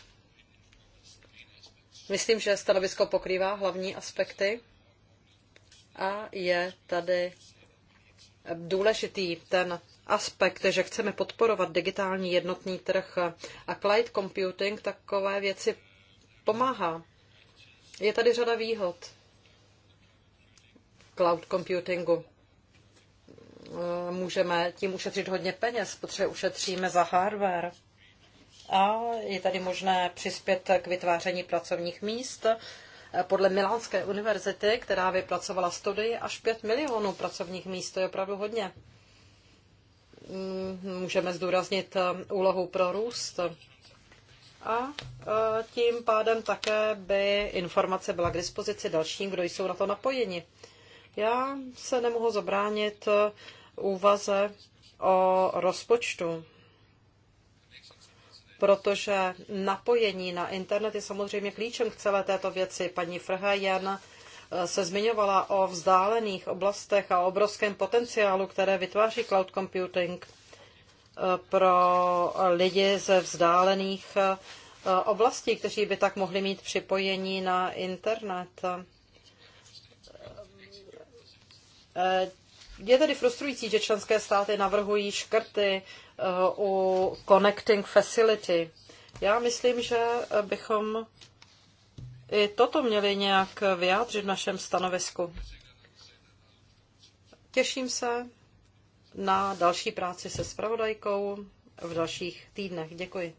Myslím, že stanovisko pokrývá hlavní aspekty a je tady důležitý ten aspekt, že chceme podporovat digitální jednotný trh a cloud computing takové věci pomáhá. Je tady řada výhod cloud computingu. Můžeme tím ušetřit hodně peněz, protože ušetříme za hardware. A je tady možné přispět k vytváření pracovních míst. Podle Milánské univerzity, která vypracovala studii, až 5 milionů pracovních míst, to je opravdu hodně. Můžeme zdůraznit úlohu pro růst a e, tím pádem také by informace byla k dispozici dalším, kdo jsou na to napojeni. Já se nemohu zabránit e, úvaze o rozpočtu, protože napojení na internet je samozřejmě klíčem k celé této věci. Paní Frhajen e, se zmiňovala o vzdálených oblastech a obrovském potenciálu, které vytváří cloud computing pro lidi ze vzdálených eh, oblastí, kteří by tak mohli mít připojení na internet. Eh, je tedy frustrující, že členské státy navrhují škrty eh, u Connecting Facility. Já myslím, že bychom i toto měli nějak vyjádřit v našem stanovisku. Těším se na další práci se spravodajkou v dalších týdnech. Děkuji.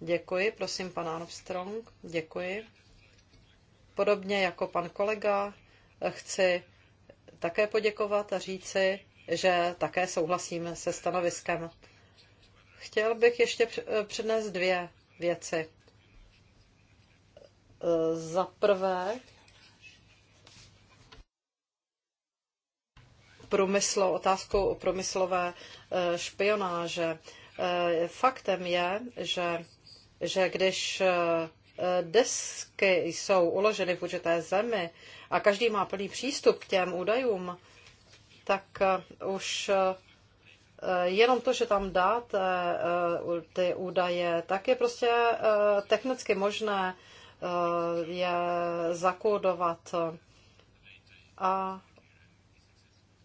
Děkuji, prosím, pan Armstrong. Děkuji. Podobně jako pan kolega chci také poděkovat a říci, že také souhlasím se stanoviskem. Chtěl bych ještě přednést dvě věci. Za prvé, průmyslu, otázkou průmyslové e, špionáže. E, faktem je, že, že když e, desky jsou uloženy v určité zemi a každý má plný přístup k těm údajům, tak už jenom to, že tam dáte ty údaje, tak je prostě technicky možné je zakódovat. A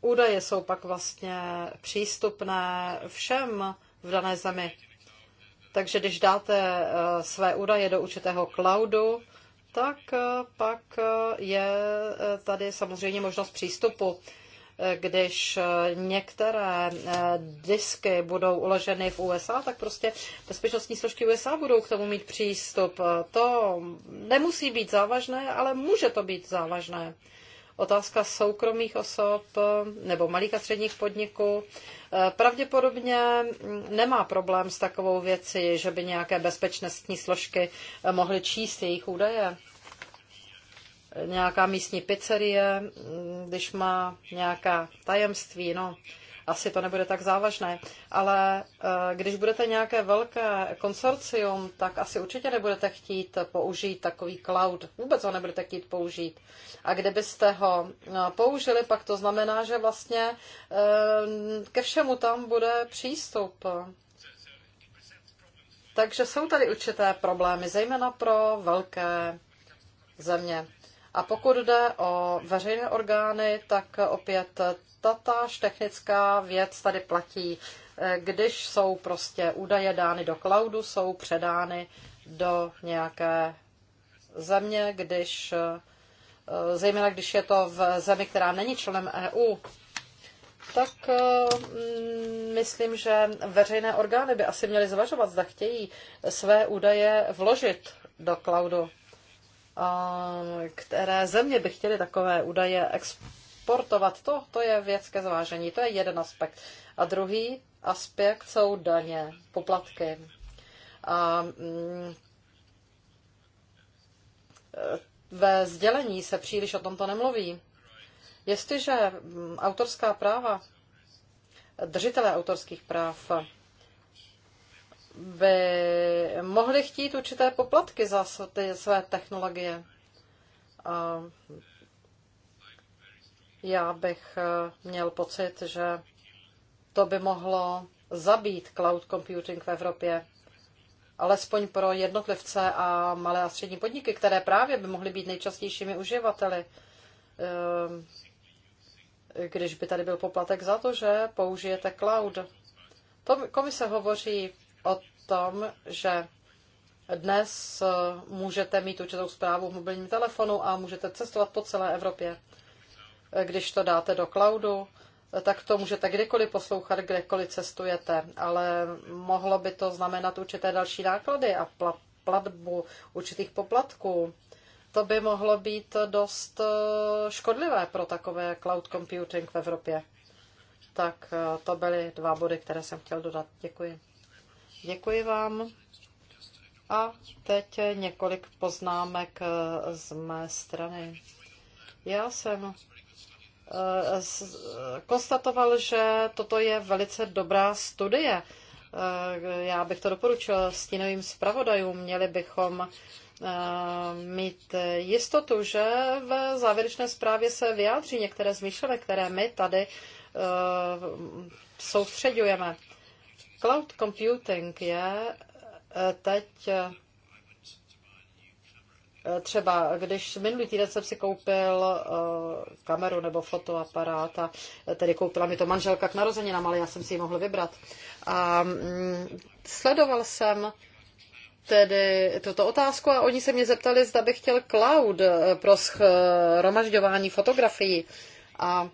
Údaje jsou pak vlastně přístupné všem v dané zemi. Takže když dáte eh, své údaje do určitého cloudu, tak eh, pak eh, je tady samozřejmě možnost přístupu. Když některé disky budou uloženy v USA, tak prostě bezpečnostní složky USA budou k tomu mít přístup. To nemusí být závažné, ale může to být závažné otázka soukromých osob eh, nebo malých a středních podniků eh, pravděpodobně mm, nemá problém s takovou věcí, že by nějaké bezpečnostní složky eh, mohly číst jejich údaje. Nějaká místní pizzerie, mm, když má nějaká tajemství, no, asi to nebude tak závažné, ale eh, když budete nějaké velké konsorcium, tak asi určitě nebudete chtít použít takový cloud, vůbec ho nebudete chtít použít. A kdybyste ho eh, použili, pak to znamená, že vlastně eh, ke všemu tam bude přístup. Takže jsou tady určité problémy, zejména pro velké země. A pokud jde o veřejné orgány, tak opět tatáž technická věc tady platí. Eh, když jsou prostě údaje dány do cloudu, jsou předány do nějaké země, když, eh, zejména když je to v zemi, která není členem EU, tak eh, mm, myslím, že veřejné orgány by asi měly zvažovat, zda chtějí své údaje vložit do cloudu které země by chtěly takové údaje exportovat. To, to je věc ke zvážení, to je jeden aspekt. A druhý aspekt jsou daně, poplatky. A mm, ve sdělení se příliš o tomto nemluví. Jestliže mm, autorská práva, držitelé autorských práv by mohli chtít určité poplatky za ty své technologie. A já bych eh, měl pocit, že to by mohlo zabít cloud computing v Evropě, alespoň pro jednotlivce a malé a střední podniky, které právě by mohly být nejčastějšími uživateli, eh, když by tady byl poplatek za to, že použijete cloud. To komise hovoří o tom, že dnes eh, můžete mít určitou zprávu v mobilním telefonu a můžete cestovat po celé Evropě. Eh, když to dáte do cloudu, eh, tak to můžete kdykoliv poslouchat, kdekoliv cestujete, ale mohlo by to znamenat určité další náklady a platbu určitých poplatků. To by mohlo být dost škodlivé pro takové cloud computing v Evropě. Tak to byly dva body, které jsem chtěl dodat. Děkuji. Děkuji vám. A teď několik poznámek eh, z mé strany. Já jsem eh, konstatoval, že toto je velice dobrá studie. Eh, já bych to doporučil stínovým zpravodajům. Měli bychom mít jistotu, že v závěrečné zprávě se vyjádří některé zmyšlené, které my tady soustředujeme. Cloud computing je eh, teď eh, Třeba když minulý týden jsem si koupil eh, kameru nebo fotoaparát a tedy koupila mi to manželka k narozeninám, ale já jsem si ji mohl vybrat. A mm, sledoval jsem tedy tuto otázku a oni se mě zeptali, zda bych chtěl cloud pro schromažďování fotografií. A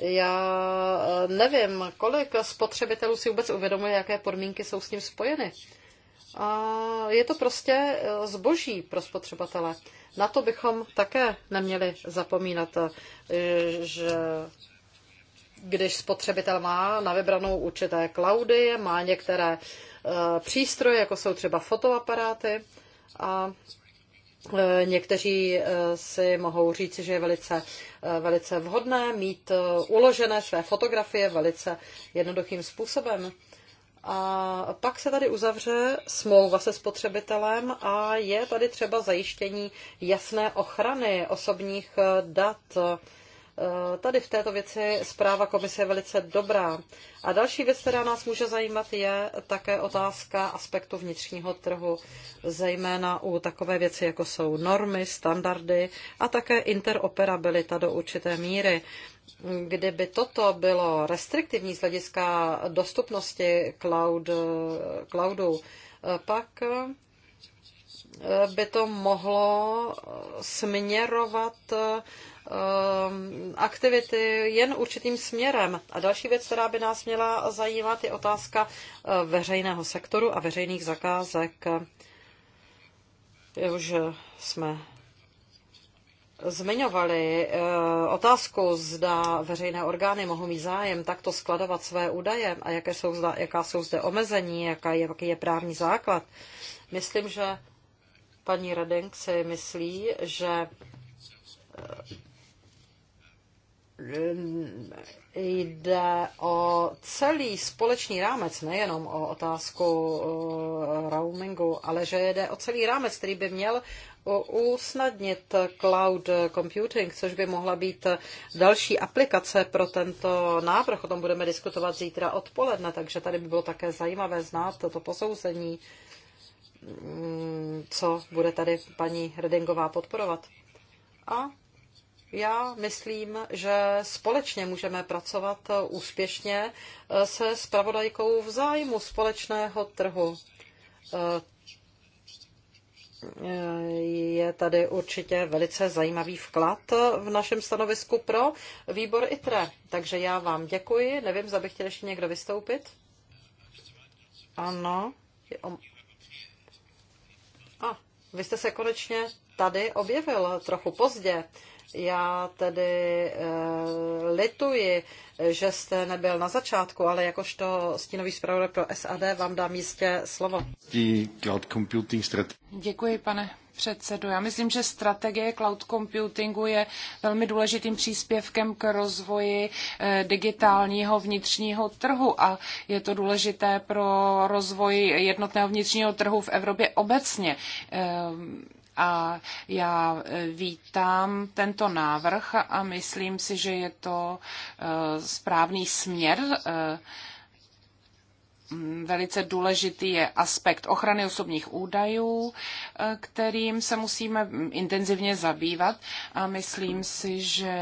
já eh, nevím, kolik spotřebitelů si vůbec uvědomuje, jaké podmínky jsou s ním spojeny. A je to prostě eh, zboží pro spotřebatele. Na to bychom také neměli zapomínat, eh, že když spotřebitel má na vybranou určité klaudy, má některé přístroje, jako jsou třeba fotoaparáty, a Eh, někteří eh, si mohou říct, že je velice, eh, velice vhodné mít uložené své fotografie velice jednoduchým způsobem. A pak se tady uzavře smlouva se spotřebitelem a je tady třeba zajištění jasné ochrany osobních dat Eh, tady v této věci zpráva komise je velice dobrá. A další věc, která nás může zajímat, je také otázka aspektu vnitřního trhu, zejména u takové věci, jako jsou normy, standardy a také interoperabilita do určité míry. Kdyby toto bylo restriktivní z hlediska dostupnosti cloud, cloudu, eh, pak eh, by to mohlo směrovat Um, aktivity jen určitým směrem. A další věc, která by nás měla zajímat, je otázka uh, veřejného sektoru a veřejných zakázek. Už eh, jsme zmiňovali eh, otázku, zda veřejné orgány mohou mít zájem takto skladovat své údaje a jaké jsou, zda, jaká jsou zde omezení, jaká je, jaký je právní základ. Myslím, že paní Redenk si myslí, že eh, jde o celý společný rámec, nejenom o otázku eh, roamingu, ale že jde o celý rámec, který by měl usnadnit cloud computing, což by mohla být další aplikace pro tento návrh. O tom budeme diskutovat zítra odpoledne, takže tady by bylo také zajímavé znát toto posouzení, mm, co bude tady paní Redingová podporovat. A já myslím, že společně můžeme pracovat úspěšně eh, se spravodajkou v zájmu společného trhu. Eh, je tady určitě velice zajímavý vklad v našem stanovisku pro výbor ITRE. Takže já vám děkuji. Nevím, zda by chtěl ještě někdo vystoupit. Ano. A, vy jste se konečně tady objevil trochu pozdě. Já tedy e, lituji, že jste nebyl na začátku, ale jakožto stínový zpravodaj pro SAD vám dám jistě slovo. Děkuji, pane předsedu. Já myslím, že strategie cloud computingu je velmi důležitým příspěvkem k rozvoji eh, digitálního vnitřního trhu a je to důležité pro rozvoj jednotného vnitřního trhu v Evropě obecně. Ehm a já e, vítám tento návrh a myslím si, že je to e, správný směr. E, velice důležitý je aspekt ochrany osobních údajů, kterým se musíme intenzivně zabývat a myslím si, že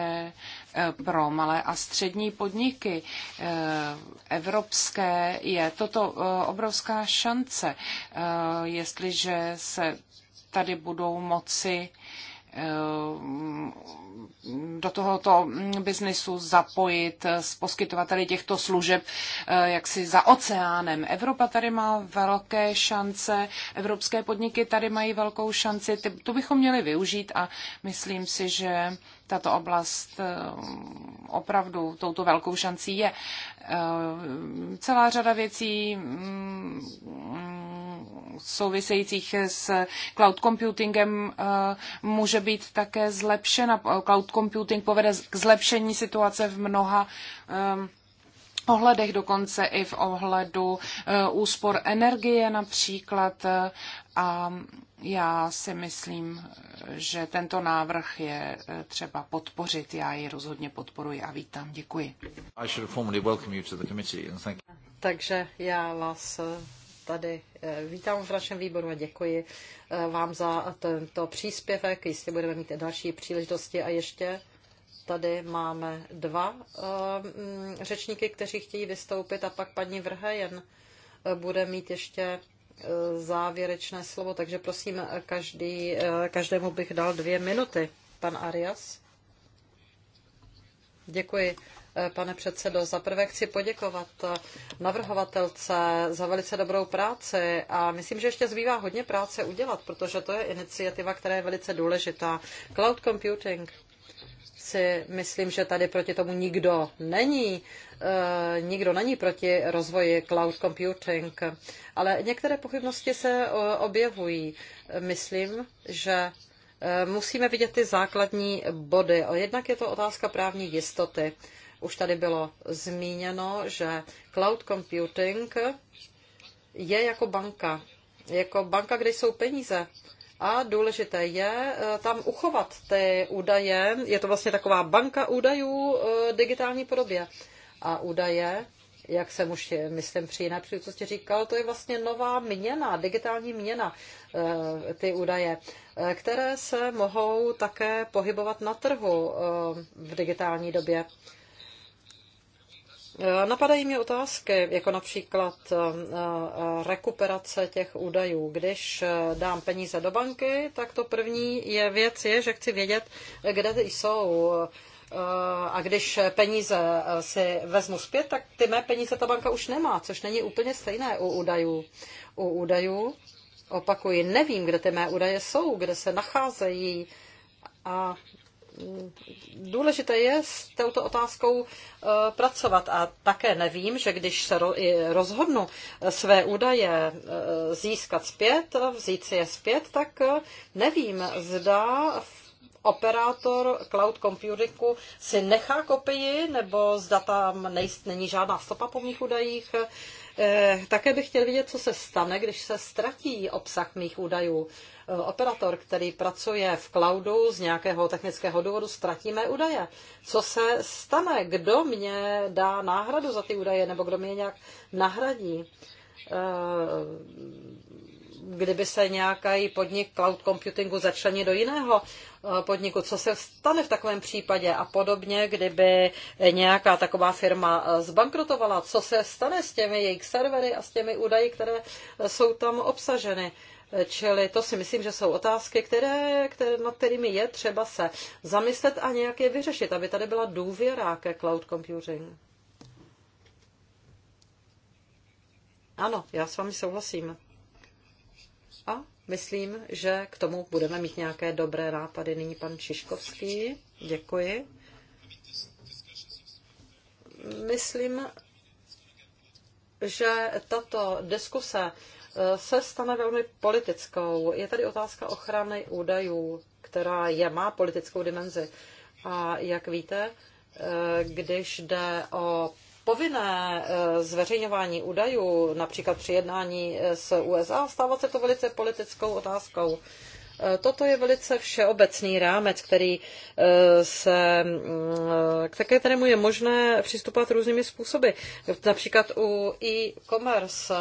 pro malé a střední podniky evropské je toto obrovská šance, jestliže se tady budou moci eh, do tohoto biznisu zapojit s poskytovateli těchto služeb eh, jaksi za oceánem. Evropa tady má velké šance, evropské podniky tady mají velkou šanci, to bychom měli využít a myslím si, že tato oblast eh, opravdu touto velkou šancí je. Eh, celá řada věcí mm, souvisejících s cloud computingem eh, může být také zlepšena. Cloud computing povede k zlepšení situace v mnoha ohledech, dokonce i v ohledu e, úspor energie například. E, a já si myslím, že tento návrh je e, třeba podpořit. Já ji rozhodně podporuji a vítám. Děkuji. Takže já vás tady vítám v našem výboru a děkuji vám za tento příspěvek. Jistě budeme mít další příležitosti a ještě Tady máme dva eh, řečníky, kteří chtějí vystoupit a pak paní Vrhejen eh, bude mít ještě eh, závěrečné slovo, takže prosím, každý, každému bych dal dvě minuty. Pan Arias. Děkuji, pane předsedo. Za prvé chci poděkovat navrhovatelce za velice dobrou práci a myslím, že ještě zbývá hodně práce udělat, protože to je iniciativa, která je velice důležitá. Cloud computing si myslím, že tady proti tomu nikdo není. Eh, nikdo není proti rozvoji cloud computing, ale některé pochybnosti se eh, objevují. Myslím, že eh, musíme vidět ty základní body. Jednak je to otázka právní jistoty. Už tady bylo zmíněno, že cloud computing je jako banka. Jako banka, kde jsou peníze a důležité je eh, tam uchovat ty údaje. Je to vlastně taková banka údajů v eh, digitální podobě. A údaje, jak jsem už, eh, myslím, při jiné příležitosti říkal, to je vlastně nová měna, digitální měna, ty údaje, které se mohou také pohybovat na trhu v digitální době. Napadají mi otázky, jako například eh, eh, rekuperace těch údajů. Když eh, dám peníze do banky, tak to první je věc je, že chci vědět, kde ty jsou. A když peníze si vezmu zpět, tak ty mé peníze ta banka už nemá, což není úplně stejné u údajů. U údajů, opakuji, nevím, kde ty mé údaje jsou, kde se nacházejí. A důležité je s touto otázkou eh, pracovat a také nevím, že když se rozhodnu eh, své údaje eh, získat zpět, vzít si je zpět, tak nevím, zda operátor cloud computingu si nechá kopii, nebo zda tam nejst, není žádná stopa po mých údajích. Také bych chtěl vidět, co se stane, když se ztratí obsah mých údajů operátor, který pracuje v cloudu z nějakého technického důvodu, ztratí mé údaje. Co se stane? Kdo mě dá náhradu za ty údaje, nebo kdo mě nějak nahradí? Eh, kdyby se nějaký podnik cloud computingu začlenil do jiného eh, podniku, co se stane v takovém případě a podobně, kdyby nějaká taková firma eh, zbankrotovala, co se stane s těmi jejich servery a s těmi údaji, které jsou tam obsaženy. Čili to si myslím, že jsou otázky, které, které, nad kterými je třeba se zamyslet a nějak je vyřešit, aby tady byla důvěra ke cloud computing. Ano, já s vámi souhlasím. A myslím, že k tomu budeme mít nějaké dobré nápady. Nyní pan Čiškovský. Děkuji. Myslím, že tato diskuse se stane velmi politickou. Je tady otázka ochrany údajů, která je, má politickou dimenzi. A jak víte, eh, když jde o povinné eh, zveřejňování údajů, například při jednání eh, s USA, stává se to velice politickou otázkou. Toto je velice všeobecný rámec, který se, mm, ke kterému je možné přistupovat různými způsoby. Například u e-commerce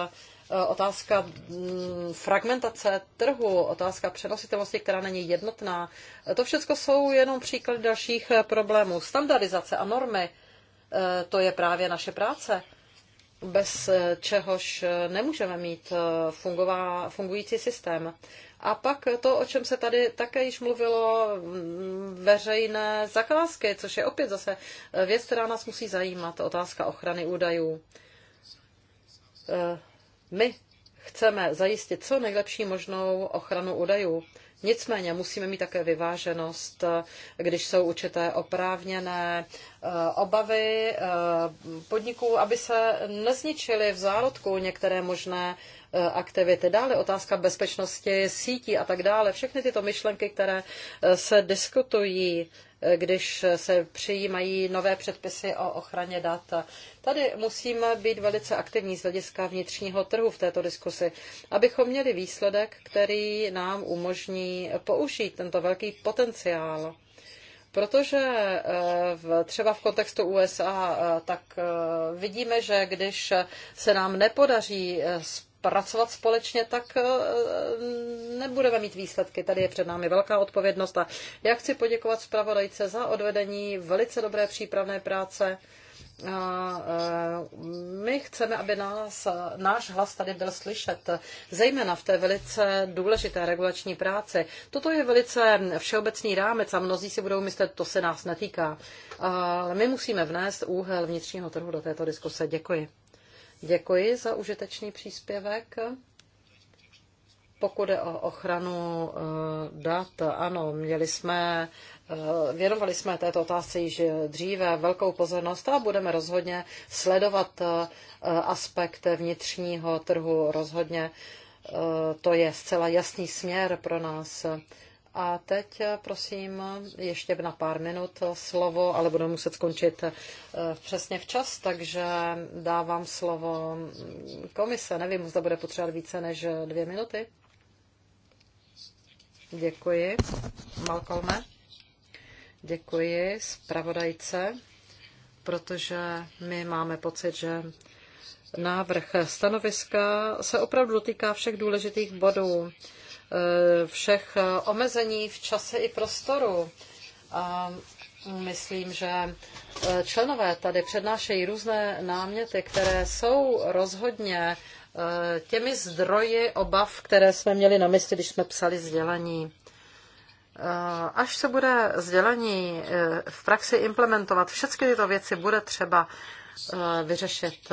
Eh, otázka mm, fragmentace trhu, otázka přenositelnosti, která není jednotná. Eh, to všechno jsou jenom příklady dalších eh, problémů. Standardizace a normy, to je právě naše práce, bez čehož nemůžeme mít fungová, fungující systém. A pak to, o čem se tady také již mluvilo, mm, veřejné zakázky, což je opět zase věc, která nás musí zajímat, otázka ochrany údajů my chceme zajistit co nejlepší možnou ochranu údajů. Nicméně musíme mít také vyváženost, když jsou určité oprávněné eh, obavy eh, podniků, aby se nezničily v zárodku některé možné E, aktivity. Dále otázka bezpečnosti sítí a tak dále. Všechny tyto myšlenky, které e, se diskutují, e, když se přijímají nové předpisy o ochraně dat. Tady musíme být velice aktivní z hlediska vnitřního trhu v této diskusi, abychom měli výsledek, který nám umožní použít tento velký potenciál. Protože třeba v kontextu USA tak vidíme, že když se nám nepodaří pracovat společně, tak eh, nebudeme mít výsledky. Tady je před námi velká odpovědnost a já chci poděkovat zpravodajce za odvedení velice dobré přípravné práce. A eh, my chceme, aby nás, náš hlas tady byl slyšet, zejména v té velice důležité regulační práci. Toto je velice všeobecný rámec a mnozí si budou myslet, to se nás netýká. Ale my musíme vnést úhel vnitřního trhu do této diskuse. Děkuji. Děkuji za užitečný příspěvek. Pokud je o ochranu eh, dat, ano, měli jsme, eh, věnovali jsme této otázce již dříve velkou pozornost a budeme rozhodně sledovat eh, aspekt vnitřního trhu. Rozhodně to je zcela jasný směr pro nás. A teď prosím ještě na pár minut slovo, ale budeme muset skončit eh, přesně včas, takže dávám slovo komise. Nevím, zda bude potřebovat více než dvě minuty. Děkuji. Malcolme. Děkuji zpravodajce, protože my máme pocit, že návrh stanoviska se opravdu dotýká všech důležitých bodů. Eh, všech eh, omezení v čase i prostoru. A myslím, že eh, členové tady přednášejí různé náměty, které jsou rozhodně těmi zdroji obav, které jsme měli na mysli, když jsme psali sdělení. Až se bude sdělení v praxi implementovat, všechny tyto věci bude třeba vyřešit.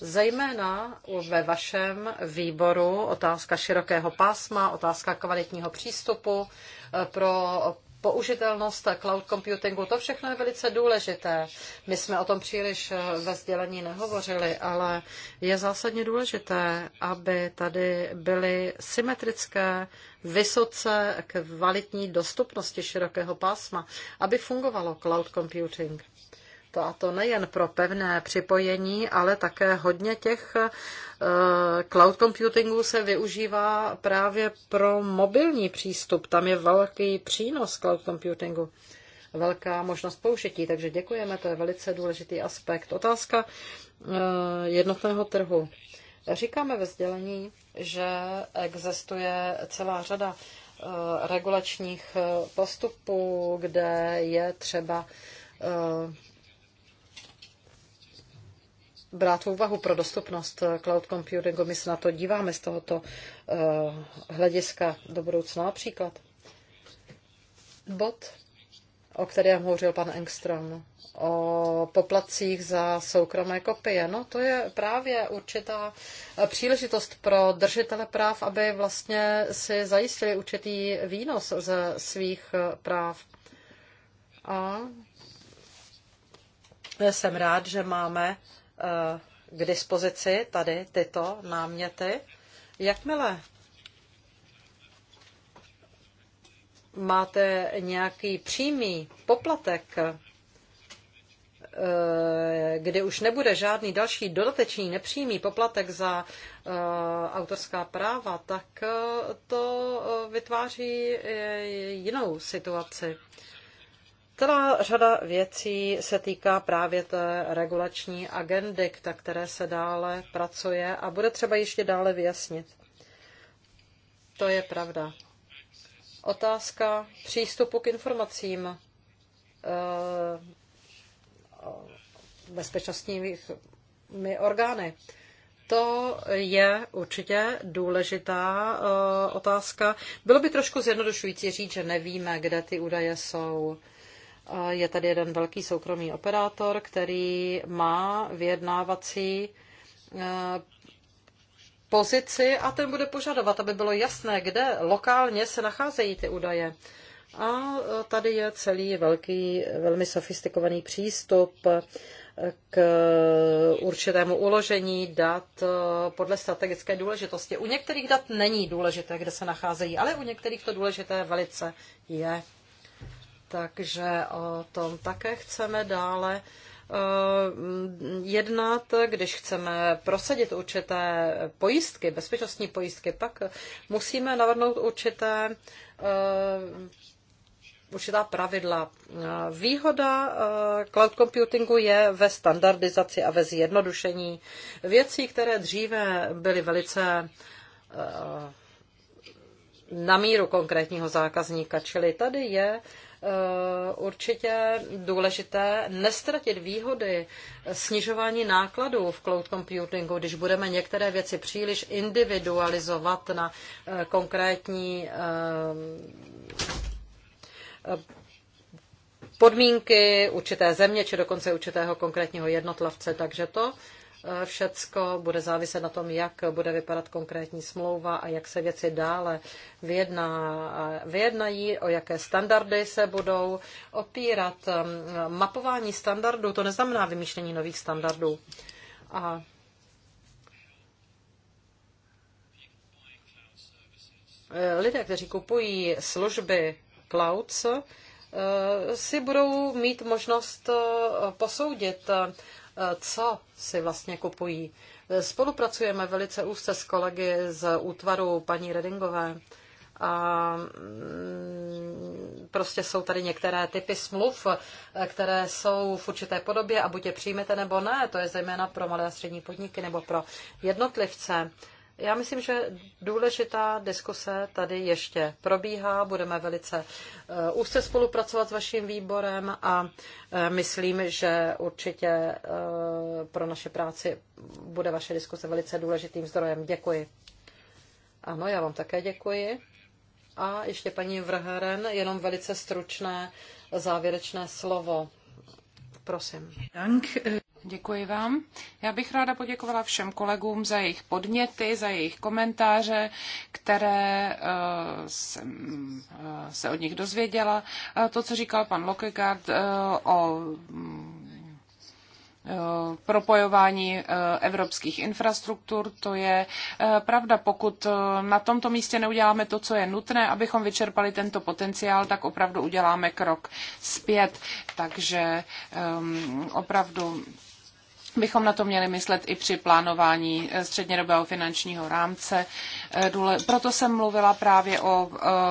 Zejména ve vašem výboru otázka širokého pásma, otázka kvalitního přístupu eh, pro použitelnost cloud computingu, to všechno je velice důležité. My jsme o tom příliš eh, ve sdělení nehovořili, ale je zásadně důležité, aby tady byly symetrické, vysoce kvalitní dostupnosti širokého pásma, aby fungovalo cloud computing. To a to nejen pro pevné připojení, ale také hodně těch eh, cloud computingu se využívá právě pro mobilní přístup. Tam je velký přínos cloud computingu, velká možnost použití, takže děkujeme, to je velice důležitý aspekt. Otázka eh, jednotného trhu. Říkáme ve sdělení, že existuje celá řada eh, regulačních postupů, kde je třeba brát v úvahu pro dostupnost eh, cloud computingu. My se na to díváme z tohoto eh, hlediska do budoucna například. Bod, o kterém hovořil pan Engström, o poplacích za soukromé kopie. No to je právě určitá eh, příležitost pro držitele práv, aby vlastně si zajistili určitý výnos ze svých práv. A jsem rád, že máme Eh, k dispozici tady tyto náměty. Jakmile máte nějaký přímý poplatek, eh, kde už nebude žádný další dodatečný nepřímý poplatek za eh, autorská práva, tak to vytváří jinou situaci. Celá řada věcí se týká právě té regulační agendy, na které se dále pracuje a bude třeba ještě dále vyjasnit. To je pravda. Otázka přístupu k informacím eh, bezpečnostními orgány. To je určitě důležitá eh, otázka. Bylo by trošku zjednodušující říct, že nevíme, kde ty údaje jsou. Je tady jeden velký soukromý operátor, který má vyjednávací eh, pozici a ten bude požadovat, aby bylo jasné, kde lokálně se nacházejí ty údaje. A eh, tady je celý velký, velmi sofistikovaný přístup eh, k určitému uložení dat podle strategické důležitosti. U některých dat není důležité, kde se nacházejí, ale u některých to důležité velice je. Takže o tom také chceme dále eh, jednat, když chceme prosadit určité pojistky, bezpečnostní pojistky, pak musíme navrhnout určité eh, určitá pravidla. Eh, výhoda cloud computingu je ve standardizaci a ve zjednodušení věcí, které dříve byly velice na míru konkrétního zákazníka, čili tady je Eh, určitě důležité nestratit výhody snižování nákladů v cloud computingu, když budeme některé věci příliš individualizovat na eh, konkrétní eh, podmínky určité země, či dokonce určitého konkrétního jednotlavce. Takže to Eh, všecko bude záviset na tom, jak bude vypadat konkrétní smlouva a jak se věci dále vyjedná, eh, vyjednají, o jaké standardy se budou opírat. Eh, mapování standardů, to neznamená vymýšlení nových standardů. A lidé, kteří kupují služby clouds, si budou mít možnost posoudit, co si vlastně kupují. Spolupracujeme velice úzce s kolegy z útvaru paní Redingové. A mm, prostě jsou tady některé typy smluv, které jsou v určité podobě a buď je přijmete nebo ne, to je zejména pro malé a střední podniky nebo pro jednotlivce. Já myslím, že důležitá diskuse tady ještě probíhá. Budeme velice eh, úzce spolupracovat s vaším výborem a eh, myslím, že určitě eh, pro naše práci bude vaše diskuse velice důležitým zdrojem. Děkuji. Ano, já vám také děkuji. A ještě paní Vrheren, jenom velice stručné závěrečné slovo. Prosím. Dank. Děkuji vám. Já bych ráda poděkovala všem kolegům za jejich podněty, za jejich komentáře, které eh, jsem eh, se od nich dozvěděla. Eh, to, co říkal pan Lockegaard o propojování evropských infrastruktur. To je pravda, pokud na tomto místě neuděláme to, co je nutné, abychom vyčerpali tento potenciál, tak opravdu uděláme krok zpět. Takže opravdu bychom na to měli myslet i při plánování eh, střednědobého finančního rámce, proto jsem mluvila právě o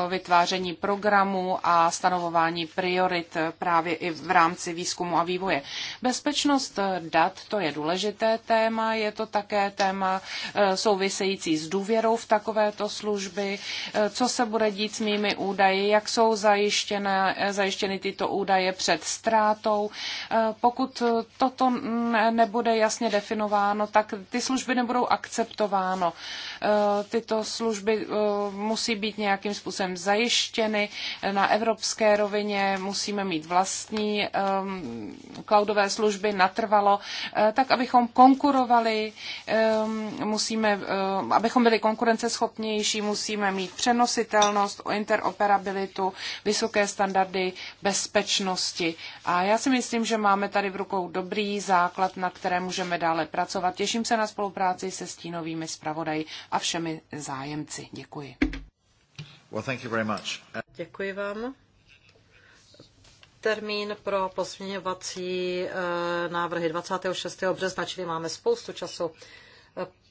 vytváření programu a stanovování priorit právě i v rámci výzkumu a vývoje. Bezpečnost dat, to je důležité téma, je to také téma e, související s důvěrou v takovéto služby, e, co se bude dít s mými údaji, jak jsou zajištěné, e, zajištěny tyto údaje před ztrátou. Pokud toto nebude jasně definováno, tak ty služby nebudou akceptováno. Tyto tyto služby eh, musí být nějakým způsobem zajištěny na evropské rovině, musíme mít vlastní ehm, cloudové služby natrvalo, eh, tak abychom konkurovali, ehm, musíme, eh, abychom byli konkurenceschopnější, musíme mít přenositelnost, interoperabilitu, vysoké standardy bezpečnosti. A já si myslím, že máme tady v rukou dobrý základ, na které můžeme dále pracovat. Těším se na spolupráci se stínovými zpravodaji a všemi zájemci. Děkuji. Well, thank you very much. Děkuji vám. Termín pro posměňovací eh, návrhy 26. března, čili máme spoustu času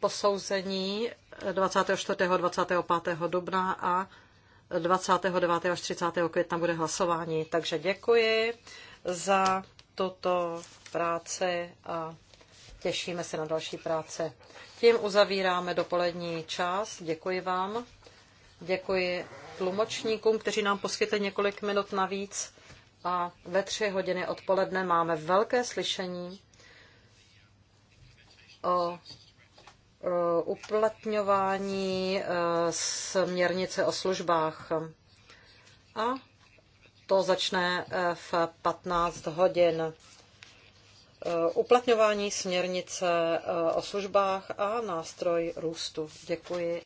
posouzení 24. 25. dubna a 29. až 30. května bude hlasování. Takže děkuji za tuto práci a Těšíme se na další práce. Tím uzavíráme dopolední část. Děkuji vám. Děkuji tlumočníkům, kteří nám poskytli několik minut navíc. A ve tři hodiny odpoledne máme velké slyšení o uplatňování e, směrnice o službách. A to začne e, v 15 hodin. Eh, uplatňování směrnice eh, o službách a nástroj růstu. Děkuji.